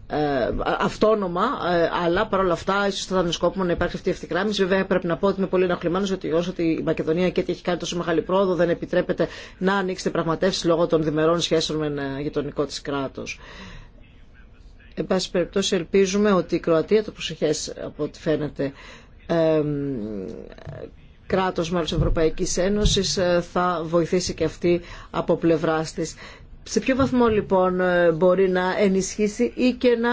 ε, αυτόνομα, ε, αλλά παρόλα αυτά ίσω θα ήταν σκόπιμο να υπάρξει αυτή η ευθυγράμμιση. Βέβαια, πρέπει να πω ότι είμαι πολύ ενοχλημένο ότι όσο ότι η Μακεδονία και τι έχει κάνει τόσο μεγάλη πρόοδο, δεν επιτρέπεται να ανοίξει διαπραγματεύσει λόγω των διμερών σχέσεων με γειτονικό τη κράτο. Εν πάση περιπτώσει ελπίζουμε ότι η Κροατία, το προσεχές από ό,τι φαίνεται, κράτος της Ευρωπαϊκής Ένωσης ε, θα βοηθήσει και αυτή από πλευρά της. Σε ποιο βαθμό λοιπόν ε, μπορεί να ενισχύσει ή και να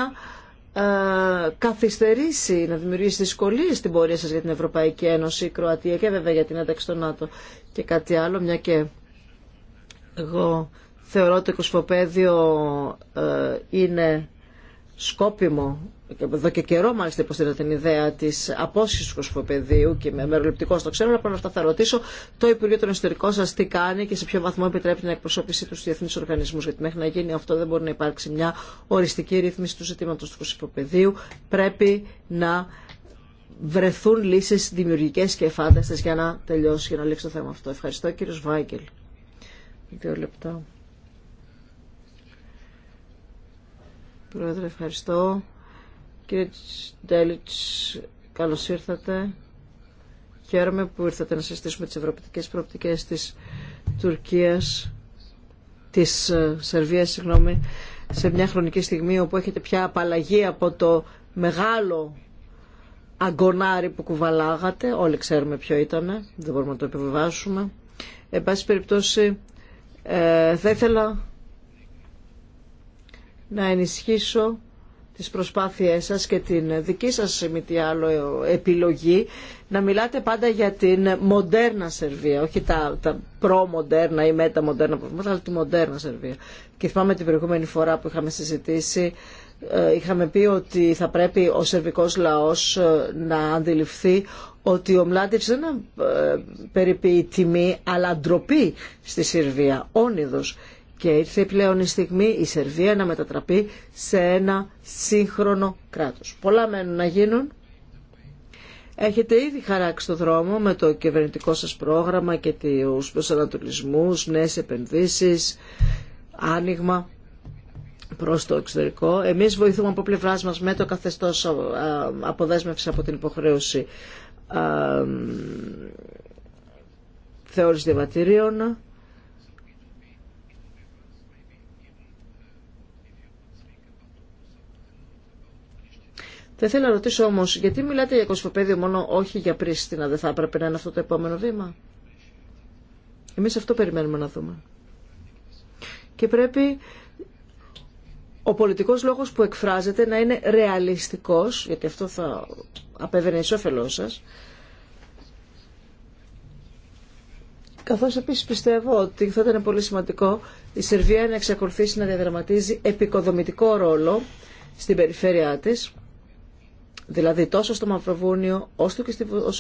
ε, καθυστερήσει, να δημιουργήσει δυσκολίες στην πορεία σας για την Ευρωπαϊκή Ένωση, η Κροατία και βέβαια για την ένταξη στο ΝΑΤΟ και κάτι άλλο, μια και εγώ θεωρώ το κοσφοπέδιο είναι σκόπιμο εδώ και καιρό μάλιστα υποστηρίζω την ιδέα τη απόσχηση του κοσμοπεδίου και με μεροληπτικό στο ξέρω, αλλά αυτά θα ρωτήσω το Υπουργείο των Εσωτερικών σα τι κάνει και σε ποιο βαθμό επιτρέπει την εκπροσώπησή του στου διεθνεί οργανισμού. Γιατί μέχρι να γίνει αυτό δεν μπορεί να υπάρξει μια οριστική ρύθμιση του ζητήματο του κοσμοπεδίου. Πρέπει να βρεθούν λύσει δημιουργικέ και εφάνταστε για να τελειώσει, για να λήξει το θέμα αυτό. Ευχαριστώ, κύριο Βάγκελ. Δύο λεπτά. Πρόεδρε, ευχαριστώ. Κύριε Ντέλιτς, καλώς ήρθατε. Χαίρομαι που ήρθατε να συζητήσουμε τις ευρωπαϊκές προοπτικές της Τουρκίας, της ε, Σερβίας, συγγνώμη, σε μια χρονική στιγμή όπου έχετε πια απαλλαγή από το μεγάλο αγκονάρι που κουβαλάγατε. Όλοι ξέρουμε ποιο ήταν, δεν μπορούμε να το επιβεβάσουμε. Εν πάση περιπτώσει, ε, θα ήθελα να ενισχύσω τις προσπάθειές σας και την δική σας μη άλλο επιλογή να μιλάτε πάντα για την μοντέρνα Σερβία, όχι τα, τα προ-μοντέρνα ή μετα-μοντέρνα αλλά τη μοντέρνα Σερβία. Και θυμάμαι την προηγούμενη φορά που είχαμε συζητήσει, ε, είχαμε πει ότι θα πρέπει ο σερβικός λαός ε, να αντιληφθεί ότι ο Μλάντιτς δεν ε, περιποιεί τιμή, αλλά ντροπή στη Σερβία, όνειδος και ήρθε πλέον η στιγμή η Σερβία να μετατραπεί σε ένα σύγχρονο κράτος. Πολλά μένουν να γίνουν. Έχετε ήδη χαράξει το δρόμο με το κυβερνητικό σας πρόγραμμα και τους προσανατολισμούς, νέες επενδύσεις, άνοιγμα προς το εξωτερικό. Εμείς βοηθούμε από πλευράς μας με το καθεστώς ε, αποδέσμευση από την υποχρέωση ε, θεώρηση διαβατήριων. Θα ήθελα να ρωτήσω όμως, γιατί μιλάτε για κοσμοπέδιο μόνο, όχι για Πρίστινα, δεν θα έπρεπε να είναι αυτό το επόμενο βήμα. Εμείς αυτό περιμένουμε να δούμε. Και πρέπει ο πολιτικός λόγος που εκφράζεται να είναι ρεαλιστικός, γιατί αυτό θα απέβαινε εις όφελός σας, καθώς επίσης πιστεύω ότι θα ήταν πολύ σημαντικό η Σερβία να εξακολουθήσει να διαδραματίζει επικοδομητικό ρόλο στην περιφέρειά της, Δηλαδή τόσο στο Μαυροβούνιο όσο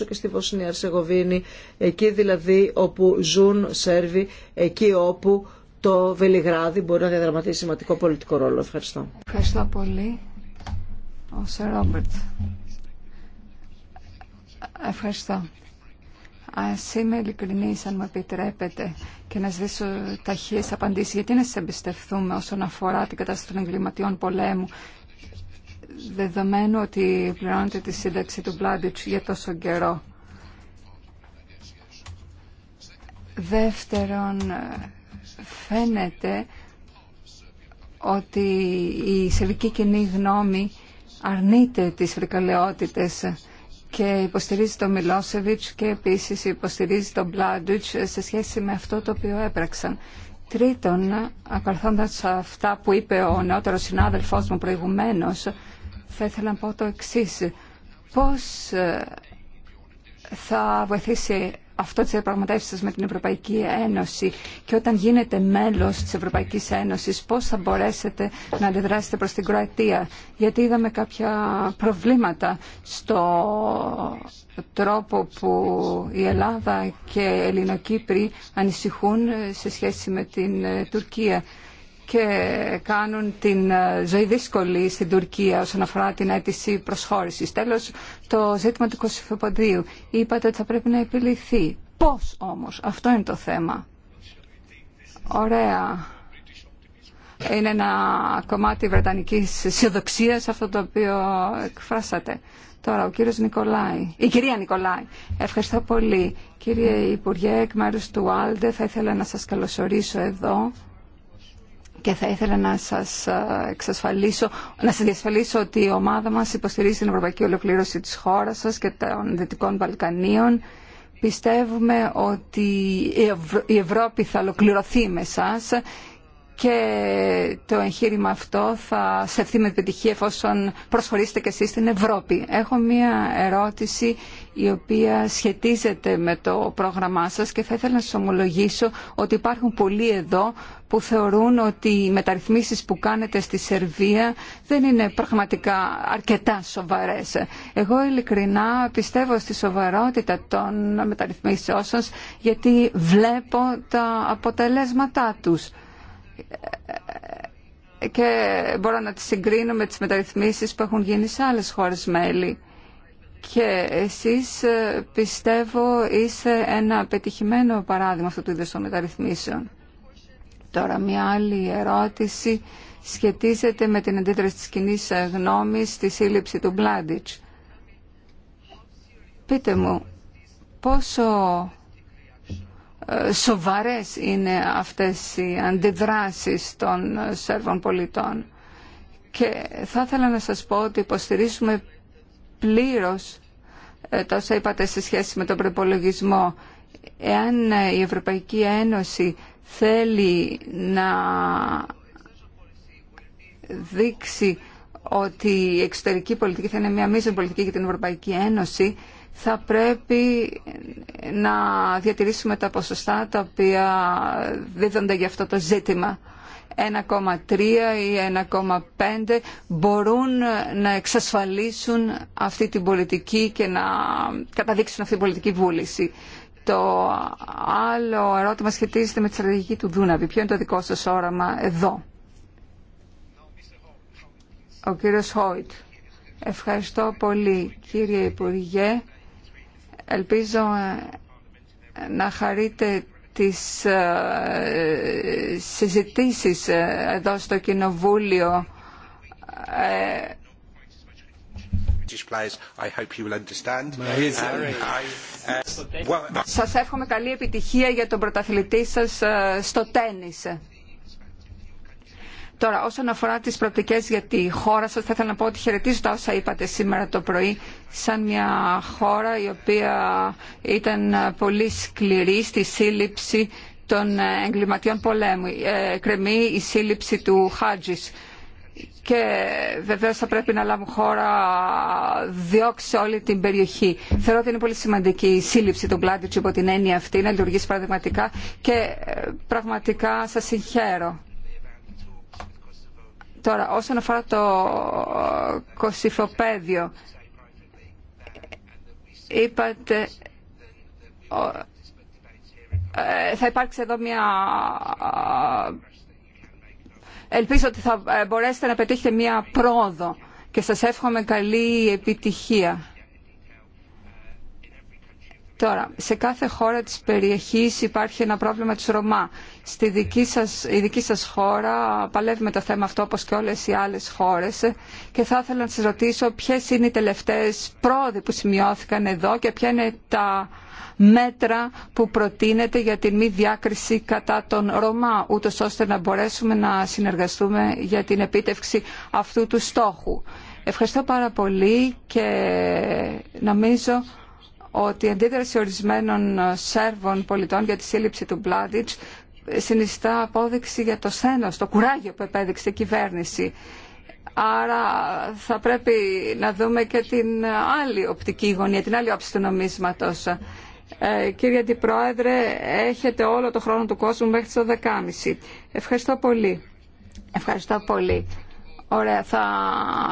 και στη Βοσνία Αρσεγοβίνη, εκεί δηλαδή όπου ζουν Σέρβοι, εκεί όπου το Βελιγράδι μπορεί να διαδραματίσει σημαντικό πολιτικό ρόλο. Ευχαριστώ. Ευχαριστώ πολύ. Ο Σερ Ρόμπερτ. Ευχαριστώ. Α είμαι ειλικρινή, αν μου επιτρέπετε, και να ζητήσω ταχύε απαντήσει, γιατί να σα εμπιστευτούμε όσον αφορά την κατάσταση των εγκληματιών πολέμου δεδομένου ότι πληρώνεται τη σύνταξη του Μπλάντιτς για τόσο καιρό. Δεύτερον, φαίνεται ότι η σερβική κοινή γνώμη αρνείται τις φρικαλαιότητες και υποστηρίζει τον Μιλόσεβιτς και επίσης υποστηρίζει τον Μπλάντουτς σε σχέση με αυτό το οποίο έπραξαν. Τρίτον, ακολουθώντας αυτά που είπε ο νεότερος συνάδελφός μου προηγουμένως, θα ήθελα να πω το εξή. Πώς ε, θα βοηθήσει αυτό τις σα με την Ευρωπαϊκή Ένωση και όταν γίνετε μέλος της Ευρωπαϊκής Ένωσης πώς θα μπορέσετε να αντιδράσετε προς την Κροατία γιατί είδαμε κάποια προβλήματα στο τρόπο που η Ελλάδα και οι Ελληνοκύπροι ανησυχούν ε, σε σχέση με την ε, Τουρκία και κάνουν την ε, ζωή δύσκολη στην Τουρκία όσον αφορά την αίτηση προσχώρησης. Τέλος, το ζήτημα του Κωσυφοποδίου. Είπατε ότι θα πρέπει να επιληθεί. Πώς όμως, αυτό είναι το θέμα. Ωραία. Είναι ένα κομμάτι βρετανικής αισιοδοξία αυτό το οποίο εκφράσατε. Τώρα ο κύριος Νικολάη, η κυρία Νικολάη. Ευχαριστώ πολύ. Κύριε Υπουργέ, εκ μέρους του Άλντε θα ήθελα να σας καλωσορίσω εδώ και θα ήθελα να σας ε, εξασφαλίσω, να σας διασφαλίσω ότι η ομάδα μας υποστηρίζει την ευρωπαϊκή ολοκλήρωση της χώρας σας και των Δυτικών Βαλκανίων. Πιστεύουμε ότι η Ευρώπη θα ολοκληρωθεί με σας και το εγχείρημα αυτό θα σευθεί με επιτυχία εφόσον προσχωρήσετε και εσείς στην Ευρώπη. Έχω μία ερώτηση η οποία σχετίζεται με το πρόγραμμά σας και θα ήθελα να σας ομολογήσω ότι υπάρχουν πολλοί εδώ που θεωρούν ότι οι μεταρρυθμίσεις που κάνετε στη Σερβία δεν είναι πραγματικά αρκετά σοβαρές. Εγώ ειλικρινά πιστεύω στη σοβαρότητα των μεταρρυθμίσεών σας γιατί βλέπω τα αποτελέσματά τους και μπορώ να τις συγκρίνω με τις μεταρρυθμίσεις που έχουν γίνει σε άλλες χώρες μέλη. Και εσείς ε, πιστεύω είστε ένα πετυχημένο παράδειγμα αυτού του είδους των μεταρρυθμίσεων. Τώρα μια άλλη ερώτηση σχετίζεται με την αντίδραση της κοινή γνώμης στη σύλληψη του Μπλάντιτς. Πείτε μου, πόσο ε, σοβαρές είναι αυτές οι αντιδράσεις των ε, Σέρβων πολιτών. Και θα ήθελα να σας πω ότι υποστηρίζουμε πλήρως ε, τα όσα είπατε σε σχέση με τον προπολογισμό. Εάν η Ευρωπαϊκή Ένωση θέλει να δείξει ότι η εξωτερική πολιτική θα είναι μια μείζον πολιτική για την Ευρωπαϊκή Ένωση, θα πρέπει να διατηρήσουμε τα ποσοστά τα οποία δίδονται για αυτό το ζήτημα. 1,3 ή 1,5 μπορούν να εξασφαλίσουν αυτή την πολιτική και να καταδείξουν αυτή την πολιτική βούληση. Το άλλο ερώτημα σχετίζεται με τη στρατηγική του Δούναβη. Ποιο είναι το δικό σας όραμα εδώ. Ο κύριος Χόιτ. Ευχαριστώ πολύ κύριε Υπουργέ Ελπίζω ε, να χαρείτε τις ε, συζητήσεις ε, εδώ στο Κοινοβούλιο Σας εύχομαι καλή επιτυχία για τον πρωταθλητή σας στο τένις. Τώρα, όσον αφορά τι προοπτικέ για τη χώρα σα θα ήθελα να πω ότι χαιρετίζω τα όσα είπατε σήμερα το πρωί, σαν μια χώρα η οποία ήταν πολύ σκληρή στη σύλληψη των εγκληματιών πολέμου. Ε, κρεμεί η σύλληψη του χάτζη. και βεβαίως θα πρέπει να λάβουν χώρα διώξει όλη την περιοχή. Θεωρώ ότι είναι πολύ σημαντική η σύλληψη των Πλάντιτς υπό την έννοια αυτή, να λειτουργήσει πραγματικά και ε, πραγματικά σας συγχαίρω. Τώρα, όσον αφορά το κοσυφοπαίδιο, είπατε ε, θα υπάρξει εδώ μια ελπίζω ότι θα ε, μπορέσετε να πετύχετε μια πρόοδο και σας εύχομαι καλή επιτυχία. Τώρα, σε κάθε χώρα της περιοχής υπάρχει ένα πρόβλημα της Ρωμά. Στη δική σας, δική σας χώρα παλεύουμε το θέμα αυτό όπως και όλες οι άλλες χώρες και θα ήθελα να σας ρωτήσω ποιες είναι οι τελευταίες πρόοδοι που σημειώθηκαν εδώ και ποια είναι τα μέτρα που προτείνεται για την μη διάκριση κατά τον Ρωμά ούτως ώστε να μπορέσουμε να συνεργαστούμε για την επίτευξη αυτού του στόχου. Ευχαριστώ πάρα πολύ και νομίζω ότι η αντίδραση ορισμένων ε, Σέρβων πολιτών για τη σύλληψη του Μπλάντιτ ε, συνιστά απόδειξη για το σένος, το κουράγιο που επέδειξε η κυβέρνηση. Άρα θα πρέπει να δούμε και την άλλη οπτική γωνία, την άλλη όψη του νομίσματος. Ε, κύριε Αντιπρόεδρε, έχετε όλο το χρόνο του κόσμου μέχρι το 12.30. Ευχαριστώ πολύ. Ευχαριστώ πολύ. Ωραία, θα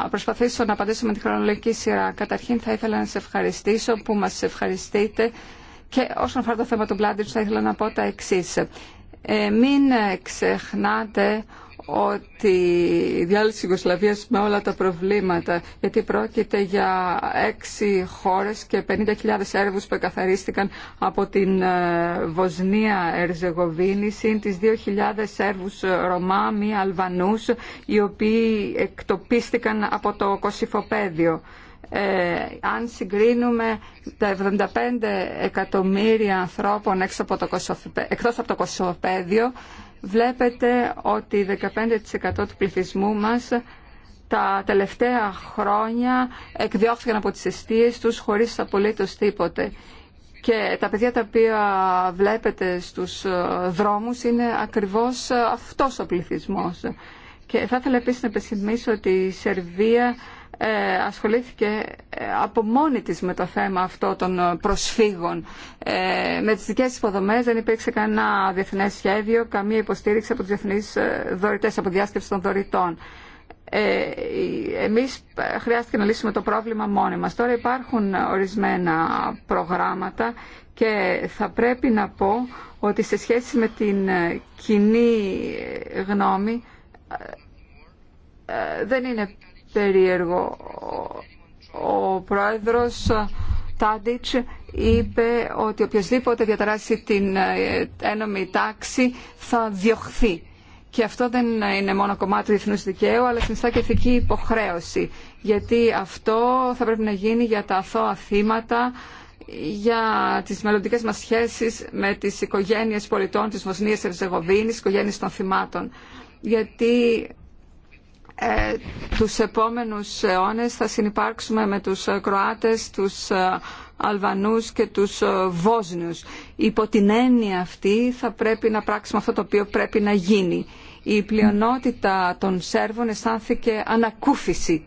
προσπαθήσω να απαντήσω με τη χρονολογική σειρά. Καταρχήν θα ήθελα να σε ευχαριστήσω που μας ευχαριστείτε και όσον αφορά το θέμα του Μπλάντιτ, θα ήθελα να πω τα εξής. Ε, μην ξεχνάτε ότι η διάλυση της Ιγκοσλαβίας με όλα τα προβλήματα, γιατί πρόκειται για έξι χώρες και 50.000 Σέρβους που εκαθαρίστηκαν από την ε, Βοσνία Ερζεγοβίνη, συν τις 2.000 Σέρβους ε, Ρωμά, μη Αλβανούς, οι οποίοι εκτοπίστηκαν από το Κωσυφοπαίδιο. Ε, αν συγκρίνουμε τα 75 εκατομμύρια ανθρώπων έξω από το εκτός από το βλέπετε ότι 15% του πληθυσμού μας τα τελευταία χρόνια εκδιώχθηκαν από τις αιστείες τους χωρίς απολύτως τίποτε. Και τα παιδιά τα οποία βλέπετε στους ε, δρόμους είναι ακριβώς ε, αυτός ο πληθυσμός. Και θα ήθελα επίσης να επισημίσω ότι η Σερβία ε, ασχολήθηκε ε, από μόνη της με το θέμα αυτό των προσφύγων. Ε, με τις δικές της υποδομές δεν υπήρξε κανένα διεθνές σχέδιο, καμία υποστήριξη από τους διεθνείς δωρητές, από διάσκεψη των δωρητών. Ε, εμείς χρειάστηκε να λύσουμε το πρόβλημα μόνοι μας. Τώρα υπάρχουν ορισμένα προγράμματα και θα πρέπει να πω ότι σε σχέση με την κοινή γνώμη δεν είναι περίεργο. Ο πρόεδρος Τάντιτς είπε ότι οποιοδήποτε διαταράσει την ε, ένομη τάξη θα διωχθεί. Και αυτό δεν είναι μόνο κομμάτι του διεθνού δικαίου, αλλά συνιστά και ηθική υποχρέωση. Γιατί αυτό θα πρέπει να γίνει για τα αθώα θύματα, για τις μελλοντικέ μας σχέσεις με τις οικογένειες πολιτών της Βοσνίας Ερζεγοβίνης, οικογένειες των θυμάτων. Γιατί ε, τους επόμενους αιώνες θα συνεπάρξουμε με τους Κροάτες, τους ε, Αλβανούς και τους ε, Βόσνιους. Υπό την έννοια αυτή θα πρέπει να πράξουμε αυτό το οποίο πρέπει να γίνει. Η πλειονότητα των Σέρβων αισθάνθηκε ανακούφιση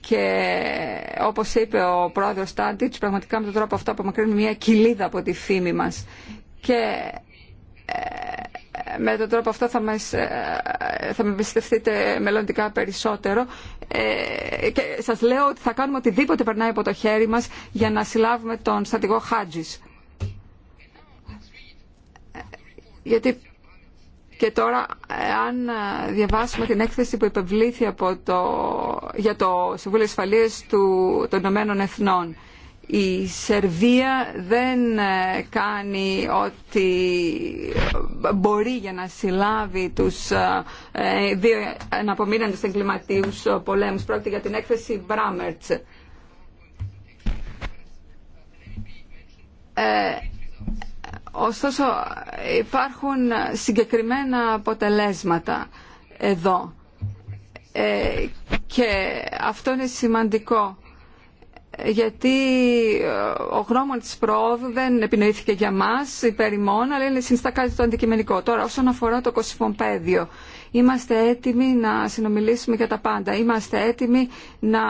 και όπως είπε ο πρόεδρος Τάντιτς, πραγματικά με τον τρόπο αυτό απομακρύνουμε μια κοιλίδα από τη φήμη μας. Και ε, με τον τρόπο αυτό θα, μας, ε, θα με εμπιστευτείτε μελλοντικά περισσότερο ε, και σας λέω ότι θα κάνουμε οτιδήποτε περνάει από το χέρι μας για να συλλάβουμε τον στρατηγό Χάτζης. Ε, γιατί και τώρα, αν διαβάσουμε την έκθεση που υπευλήθη από το, για το Συμβούλιο Ασφαλείας του, των Ηνωμένων Εθνών, η Σερβία δεν ε, κάνει ό,τι μπορεί για να συλλάβει τους ε, ε, δύο αναπομείνοντες εγκληματίους πολέμους. Πρόκειται για την έκθεση Μπράμερτς. ωστόσο υπάρχουν συγκεκριμένα αποτελέσματα εδώ και αυτό είναι σημαντικό γιατί ε, ο γνώμων τη προόδου δεν επινοήθηκε για μα, υπέρ ημών, αλλά είναι συνιστά το αντικειμενικό. Τώρα, όσον αφορά το κοσυφομπέδιο, είμαστε έτοιμοι να συνομιλήσουμε για τα πάντα. Είμαστε έτοιμοι να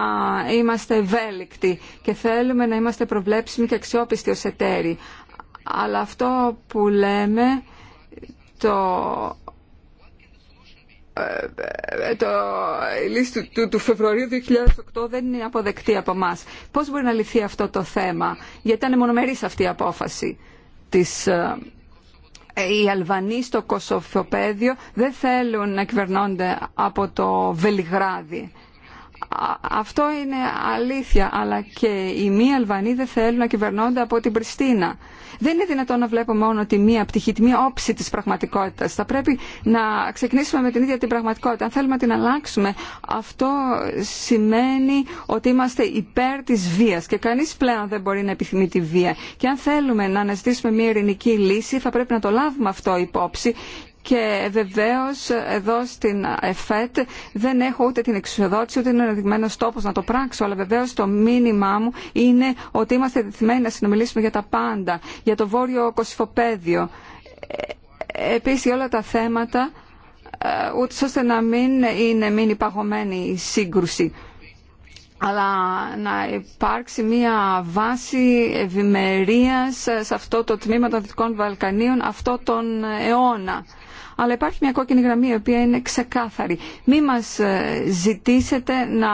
είμαστε ευέλικτοι και θέλουμε να είμαστε προβλέψιμοι και αξιόπιστοι ως εταίροι. Αλλά αυτό που λέμε το το, η λύση του, του, Φεβρουαρίου 2008 δεν είναι αποδεκτή από εμά. Πώς μπορεί να λυθεί αυτό το θέμα, γιατί ήταν μονομερής αυτή η απόφαση της... Ε, ε, οι Αλβανοί στο Κωσοφιοπέδιο δεν θέλουν να κυβερνώνται από το Βελιγράδι. Αυτό είναι αλήθεια, αλλά και οι μη Αλβανοί δεν θέλουν να κυβερνώνται από την Πριστίνα. Δεν είναι δυνατόν να βλέπω μόνο τη μία πτυχή, τη μία όψη της πραγματικότητας. Θα πρέπει να ξεκινήσουμε με την ίδια την πραγματικότητα. Αν θέλουμε να την αλλάξουμε, αυτό σημαίνει ότι είμαστε υπέρ τη βίας και κανείς πλέον δεν μπορεί να επιθυμεί τη βία. Και αν θέλουμε να αναζητήσουμε μια ειρηνική λύση, θα πρέπει να το λάβουμε αυτό υπόψη και βεβαίως εδώ στην ΕΦΕΤ δεν έχω ούτε την εξουσιοδότηση ούτε είναι ενδειγμένος τόπος να το πράξω αλλά βεβαίως το μήνυμά μου είναι ότι είμαστε δεθειμένοι να συνομιλήσουμε για τα πάντα, για το βόρειο κοσυφοπαίδιο. Ε, επίσης όλα τα θέματα ε, ούτως ώστε να μην είναι μην υπαγωμένη η σύγκρουση αλλά να υπάρξει μια βάση ευημερίας σε αυτό το τμήμα των Δυτικών Βαλκανίων αυτό τον αιώνα αλλά υπάρχει μια κόκκινη γραμμή η οποία είναι ξεκάθαρη. Μη μας ε, ζητήσετε να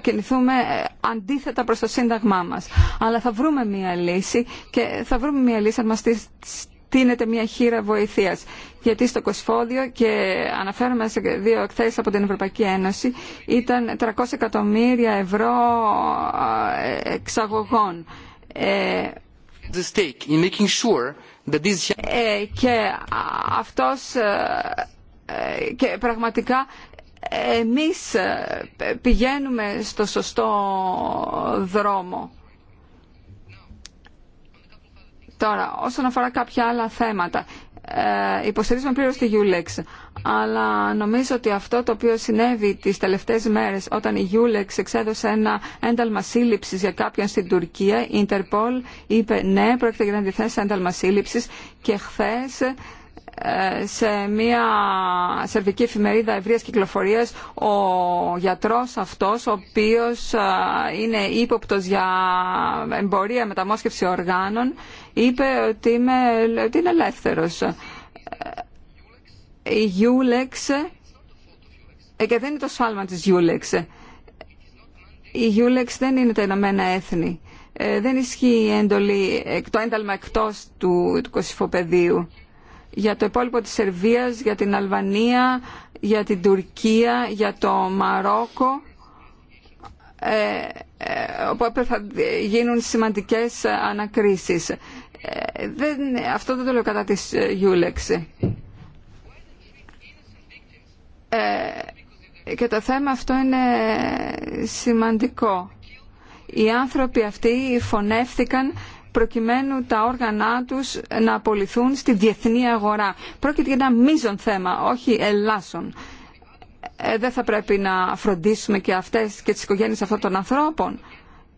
κινηθούμε ε, αντίθετα προς το σύνταγμά μας. Αλλά θα βρούμε μια λύση και θα βρούμε μια λύση αν μας τίνεται μια χείρα βοηθείας. Γιατί στο Κοσφόδιο και αναφέρομαι σε δύο εκθέσεις από την Ευρωπαϊκή Ένωση ήταν 300 εκατομμύρια ευρώ ε, εξαγωγών. The stake in making sure ε, και αυτός ε, ε, και πραγματικά εμείς πηγαίνουμε στο σωστό δρόμο. Τώρα, όσον αφορά κάποια άλλα θέματα, ε, υποστηρίζουμε πλήρως τη Γιούλεξ Αλλά νομίζω ότι αυτό το οποίο συνέβη τις τελευταίες μέρες όταν η Γιούλεξ εξέδωσε ένα ένταλμα σύλληψης για κάποιον στην Τουρκία, η Ιντερπολ είπε ναι, πρόκειται για ένα αντιθέσει ένταλμα και χθες σε μια σερβική εφημερίδα ευρείας κυκλοφορίας ο γιατρός αυτός ο οποίος είναι ύποπτος για εμπορία μεταμόσχευση οργάνων είπε ότι, είμαι, ότι είναι ελεύθερος. Ε, η Γιούλεξ ε, και δεν είναι το σφάλμα της Γιούλεξ. Η Γιούλεξ δεν είναι τα Ηνωμένα Έθνη. Ε, δεν ισχύει έντολη, το ένταλμα εκτός του, του κοσυφοπεδίου για το υπόλοιπο της Σερβίας, για την Αλβανία, για την Τουρκία, για το Μαρόκο ε, ε, όπου θα γίνουν σημαντικές ανακρίσεις. Ε, δεν, αυτό δεν το λέω κατά της Ε, και το θέμα αυτό είναι σημαντικό. Οι άνθρωποι αυτοί φωνεύτηκαν προκειμένου τα όργανα τους να απολυθούν στη διεθνή αγορά. Πρόκειται για ένα μείζον θέμα, όχι ελάσσον. Ε, δεν θα πρέπει να φροντίσουμε και αυτές και τις οικογένειες αυτών των ανθρώπων.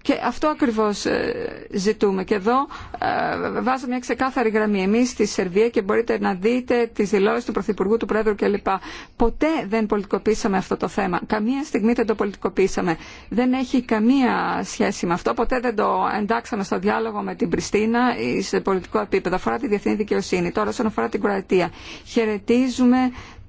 Και αυτό ακριβώς ε, ζητούμε. Και εδώ ε, βάζω μια ξεκάθαρη γραμμή. Εμεί στη Σερβία και μπορείτε να δείτε τι δηλώσει του Πρωθυπουργού, του Πρόεδρου κλπ. Ποτέ δεν πολιτικοποίησαμε αυτό το θέμα. Καμία στιγμή δεν το πολιτικοποίησαμε. Δεν έχει καμία σχέση με αυτό. Ποτέ δεν το εντάξαμε στο διάλογο με την Πριστίνα ή σε πολιτικό επίπεδο. Αφορά τη διεθνή δικαιοσύνη. Τώρα, όσον αφορά την Κροατία, χαιρετίζουμε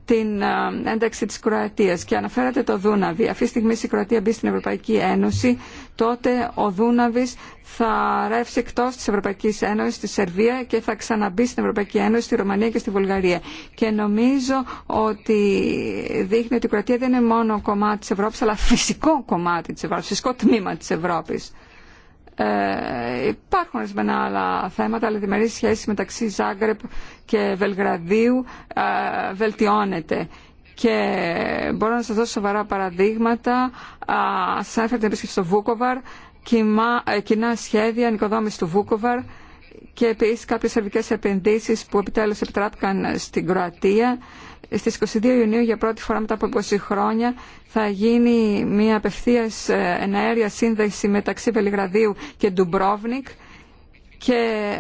την ε, ένταξη της Κροατίας και αναφέρατε το Δούναβι. Αυτή τη στιγμή η Κροατία μπει στην Ευρωπαϊκή Ένωση, τότε ο Δούναβης θα ρεύσει εκτός της Ευρωπαϊκής Ένωσης στη Σερβία και θα ξαναμπεί στην Ευρωπαϊκή Ένωση, στη Ρωμανία και στη Βουλγαρία. Και νομίζω ότι δείχνει ότι η Κροατία δεν είναι μόνο κομμάτι της Ευρώπης, αλλά φυσικό κομμάτι της Ευρώπης, φυσικό τμήμα της Ευρώπης. Ε, υπάρχουν ορισμένα άλλα θέματα, αλλά η διμερή σχέση μεταξύ Ζάγκρεπ και Βελγραδίου ε, βελτιώνεται. Και μπορώ να σας δώσω σοβαρά παραδείγματα. Ε, σας έφερε την επίσκεψη στο Βούκοβαρ, κοινά, ε, κοινά σχέδια νοικοδόμηση του Βούκοβαρ και επίσης κάποιες σερβικές επενδύσεις που επιτέλους επιτράπηκαν στην Κροατία στις 22 Ιουνίου για πρώτη φορά μετά από 20 χρόνια θα γίνει μια απευθείας ε, εναέρια σύνδεση μεταξύ Βελιγραδίου και Ντουμπρόβνικ και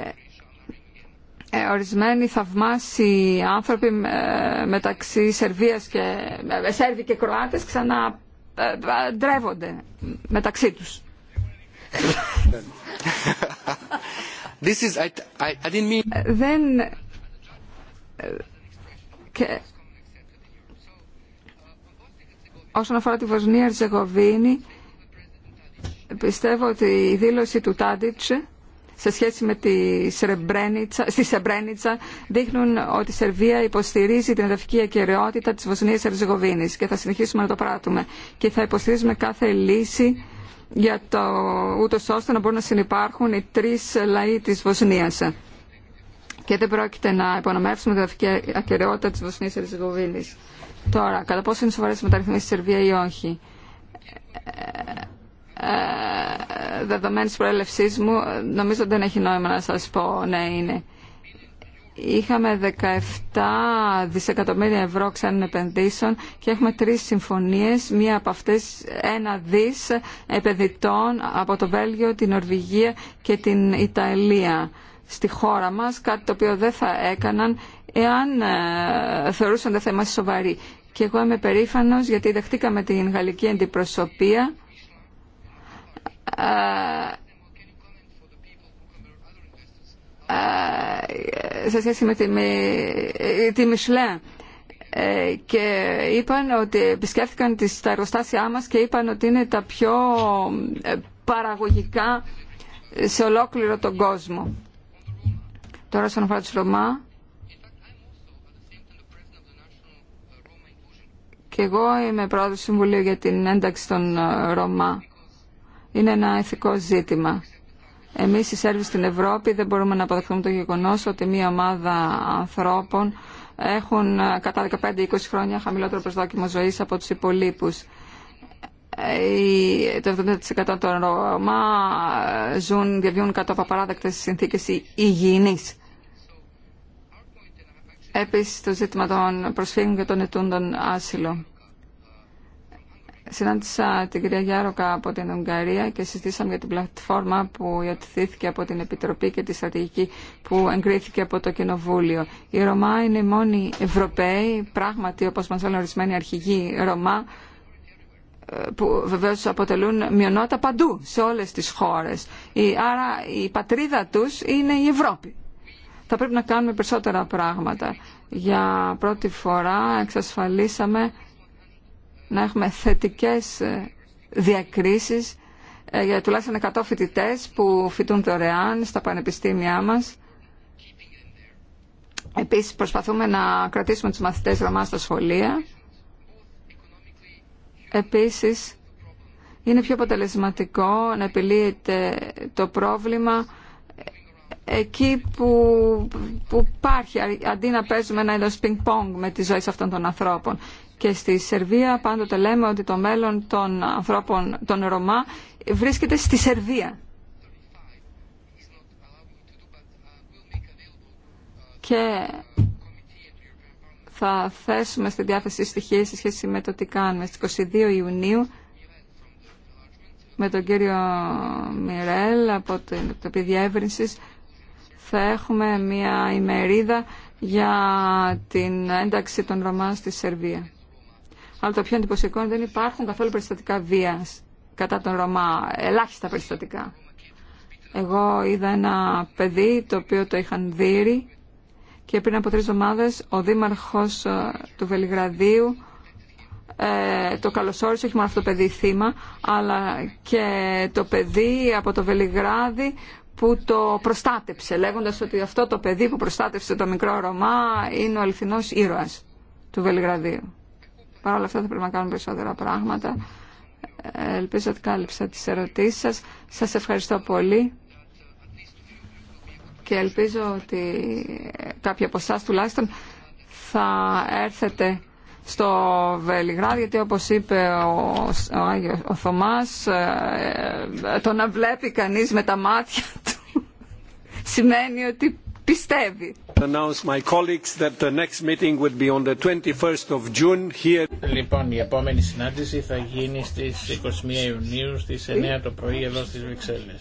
ε, ορισμένοι θαυμάσιοι άνθρωποι ε, μεταξύ Σερβίας και Σέρβοι και Κροάτες ξανά ντρεύονται μεταξύ τους. This is, I, didn't mean... Δεν και όσον αφορά τη Βοσνία ριζεγοβινη πιστεύω ότι η δήλωση του Τάντιτς σε σχέση με τη Σεμπρένιτσα, στη Σεμπρένιτσα δείχνουν ότι η Σερβία υποστηρίζει την εδαφική ακαιρεότητα της Βοσνίας Ερζεγοβίνης και θα συνεχίσουμε να το πράττουμε και θα υποστηρίζουμε κάθε λύση για το ούτως ώστε να μπορούν να συνεπάρχουν οι τρεις λαοί της Βοσνίας και δεν πρόκειται να υπονομεύσουμε την γραφική ακαιρεότητα τη Βοσνία Ερζεγοβίνη. Τώρα, κατά πόσο είναι σοβαρέ μεταρρυθμίσει στη Σερβία ή όχι. Ε, ε δεδομένη προέλευσή μου, νομίζω δεν έχει νόημα να σα πω ναι είναι. Είχαμε 17 δισεκατομμύρια ευρώ ξένων επενδύσεων και έχουμε τρεις συμφωνίες, μία από αυτές ένα δις επενδυτών από το Βέλγιο, την Ορβηγία και την Ιταλία στη χώρα μας, κάτι το οποίο δεν θα έκαναν εάν ε, θεωρούσαν το θα είμαστε σοβαροί. Και εγώ είμαι περήφανος γιατί δεχτήκαμε την γαλλική αντιπροσωπεία ε, ε, σε σχέση με τη, με, Μισλέ και είπαν ότι επισκέφθηκαν τις, τα εργοστάσια μας και είπαν ότι είναι τα πιο παραγωγικά σε ολόκληρο τον κόσμο. Τώρα, σαν αφορά τους Ρωμά, και εγώ είμαι πρόεδρος του Συμβουλίου για την ένταξη των ε, Ρωμά. Είναι ένα ηθικό ζήτημα. Εμείς οι Σέρβοι στην Ευρώπη δεν μπορούμε να αποδεχθούμε το γεγονός ότι μια ομάδα ανθρώπων έχουν ε, κατά 15-20 χρόνια χαμηλότερο προσδόκιμο ζωής από τους υπολείπους. Ε, το 70% των Ρωμά ζουν, διαβιούν κάτω από απαράδεκτες συνθήκες υγιεινής. Επίσης το ζήτημα των προσφύγων και των ετούντων άσυλο. Συνάντησα την κυρία Γιάροκα από την Ουγγαρία και συζητήσαμε για την πλατφόρμα που υιοθετήθηκε από την Επιτροπή και τη στρατηγική που εγκρίθηκε από το Κοινοβούλιο. Η Ρωμά είναι οι μόνοι Ευρωπαίοι, πράγματι όπως μας λένε ορισμένοι αρχηγοί Ρωμά, που βεβαίως αποτελούν μειονότητα παντού, σε όλες τις χώρες. Άρα η πατρίδα τους είναι η Ευρώπη. Θα πρέπει να κάνουμε περισσότερα πράγματα. Για πρώτη φορά εξασφαλίσαμε να έχουμε θετικές ε, διακρίσεις ε, για τουλάχιστον 100 φοιτητέ που φοιτούν δωρεάν στα πανεπιστήμια μας. Επίσης προσπαθούμε να κρατήσουμε τους μαθητές γραμμά στα σχολεία Επίσης, είναι πιο αποτελεσματικό να επιλύεται το πρόβλημα εκεί που, που υπάρχει, αντί να παίζουμε ένα είδος πινκ-πονγκ με τη ζωή αυτών των ανθρώπων. Και στη Σερβία πάντοτε λέμε ότι το μέλλον των ανθρώπων, των Ρωμά, βρίσκεται στη Σερβία. Και θα θέσουμε στη διάθεση στοιχεία σε σχέση με το τι κάνουμε. Στις 22 Ιουνίου με τον κύριο Μιρέλ από την Επιτροπή Διεύρυνση. θα έχουμε μια ημερίδα για την ένταξη των Ρωμά στη Σερβία. Αλλά το πιο εντυπωσιακό είναι δεν υπάρχουν καθόλου περιστατικά βίας κατά τον Ρωμά, ελάχιστα περιστατικά. Εγώ είδα ένα παιδί το οποίο το είχαν δύρει και πριν από τρεις εβδομάδες ο δήμαρχος ε, του Βελιγραδίου ε, το καλωσόρισε όχι μόνο αυτό το παιδί θύμα αλλά και το παιδί από το Βελιγράδι που το προστάτεψε λέγοντας ότι αυτό το παιδί που προστάτευσε το μικρό Ρωμά είναι ο αληθινός ήρωας του Βελιγραδίου. Παρ' όλα αυτά θα πρέπει να κάνουμε περισσότερα πράγματα. Ε, ελπίζω ότι κάλυψα τις ερωτήσεις σας. Σας ευχαριστώ πολύ και ελπίζω ότι κάποια από εσά τουλάχιστον θα έρθετε στο Βελιγράδι, γιατί όπως είπε ο, ο Άγιος ε, ε, το να βλέπει κανείς με τα μάτια του σημαίνει ότι πιστεύει. Λοιπόν, η επόμενη συνάντηση θα γίνει στις 21 Ιουνίου στις 9 το πρωί εδώ στις Βρυξέλλες.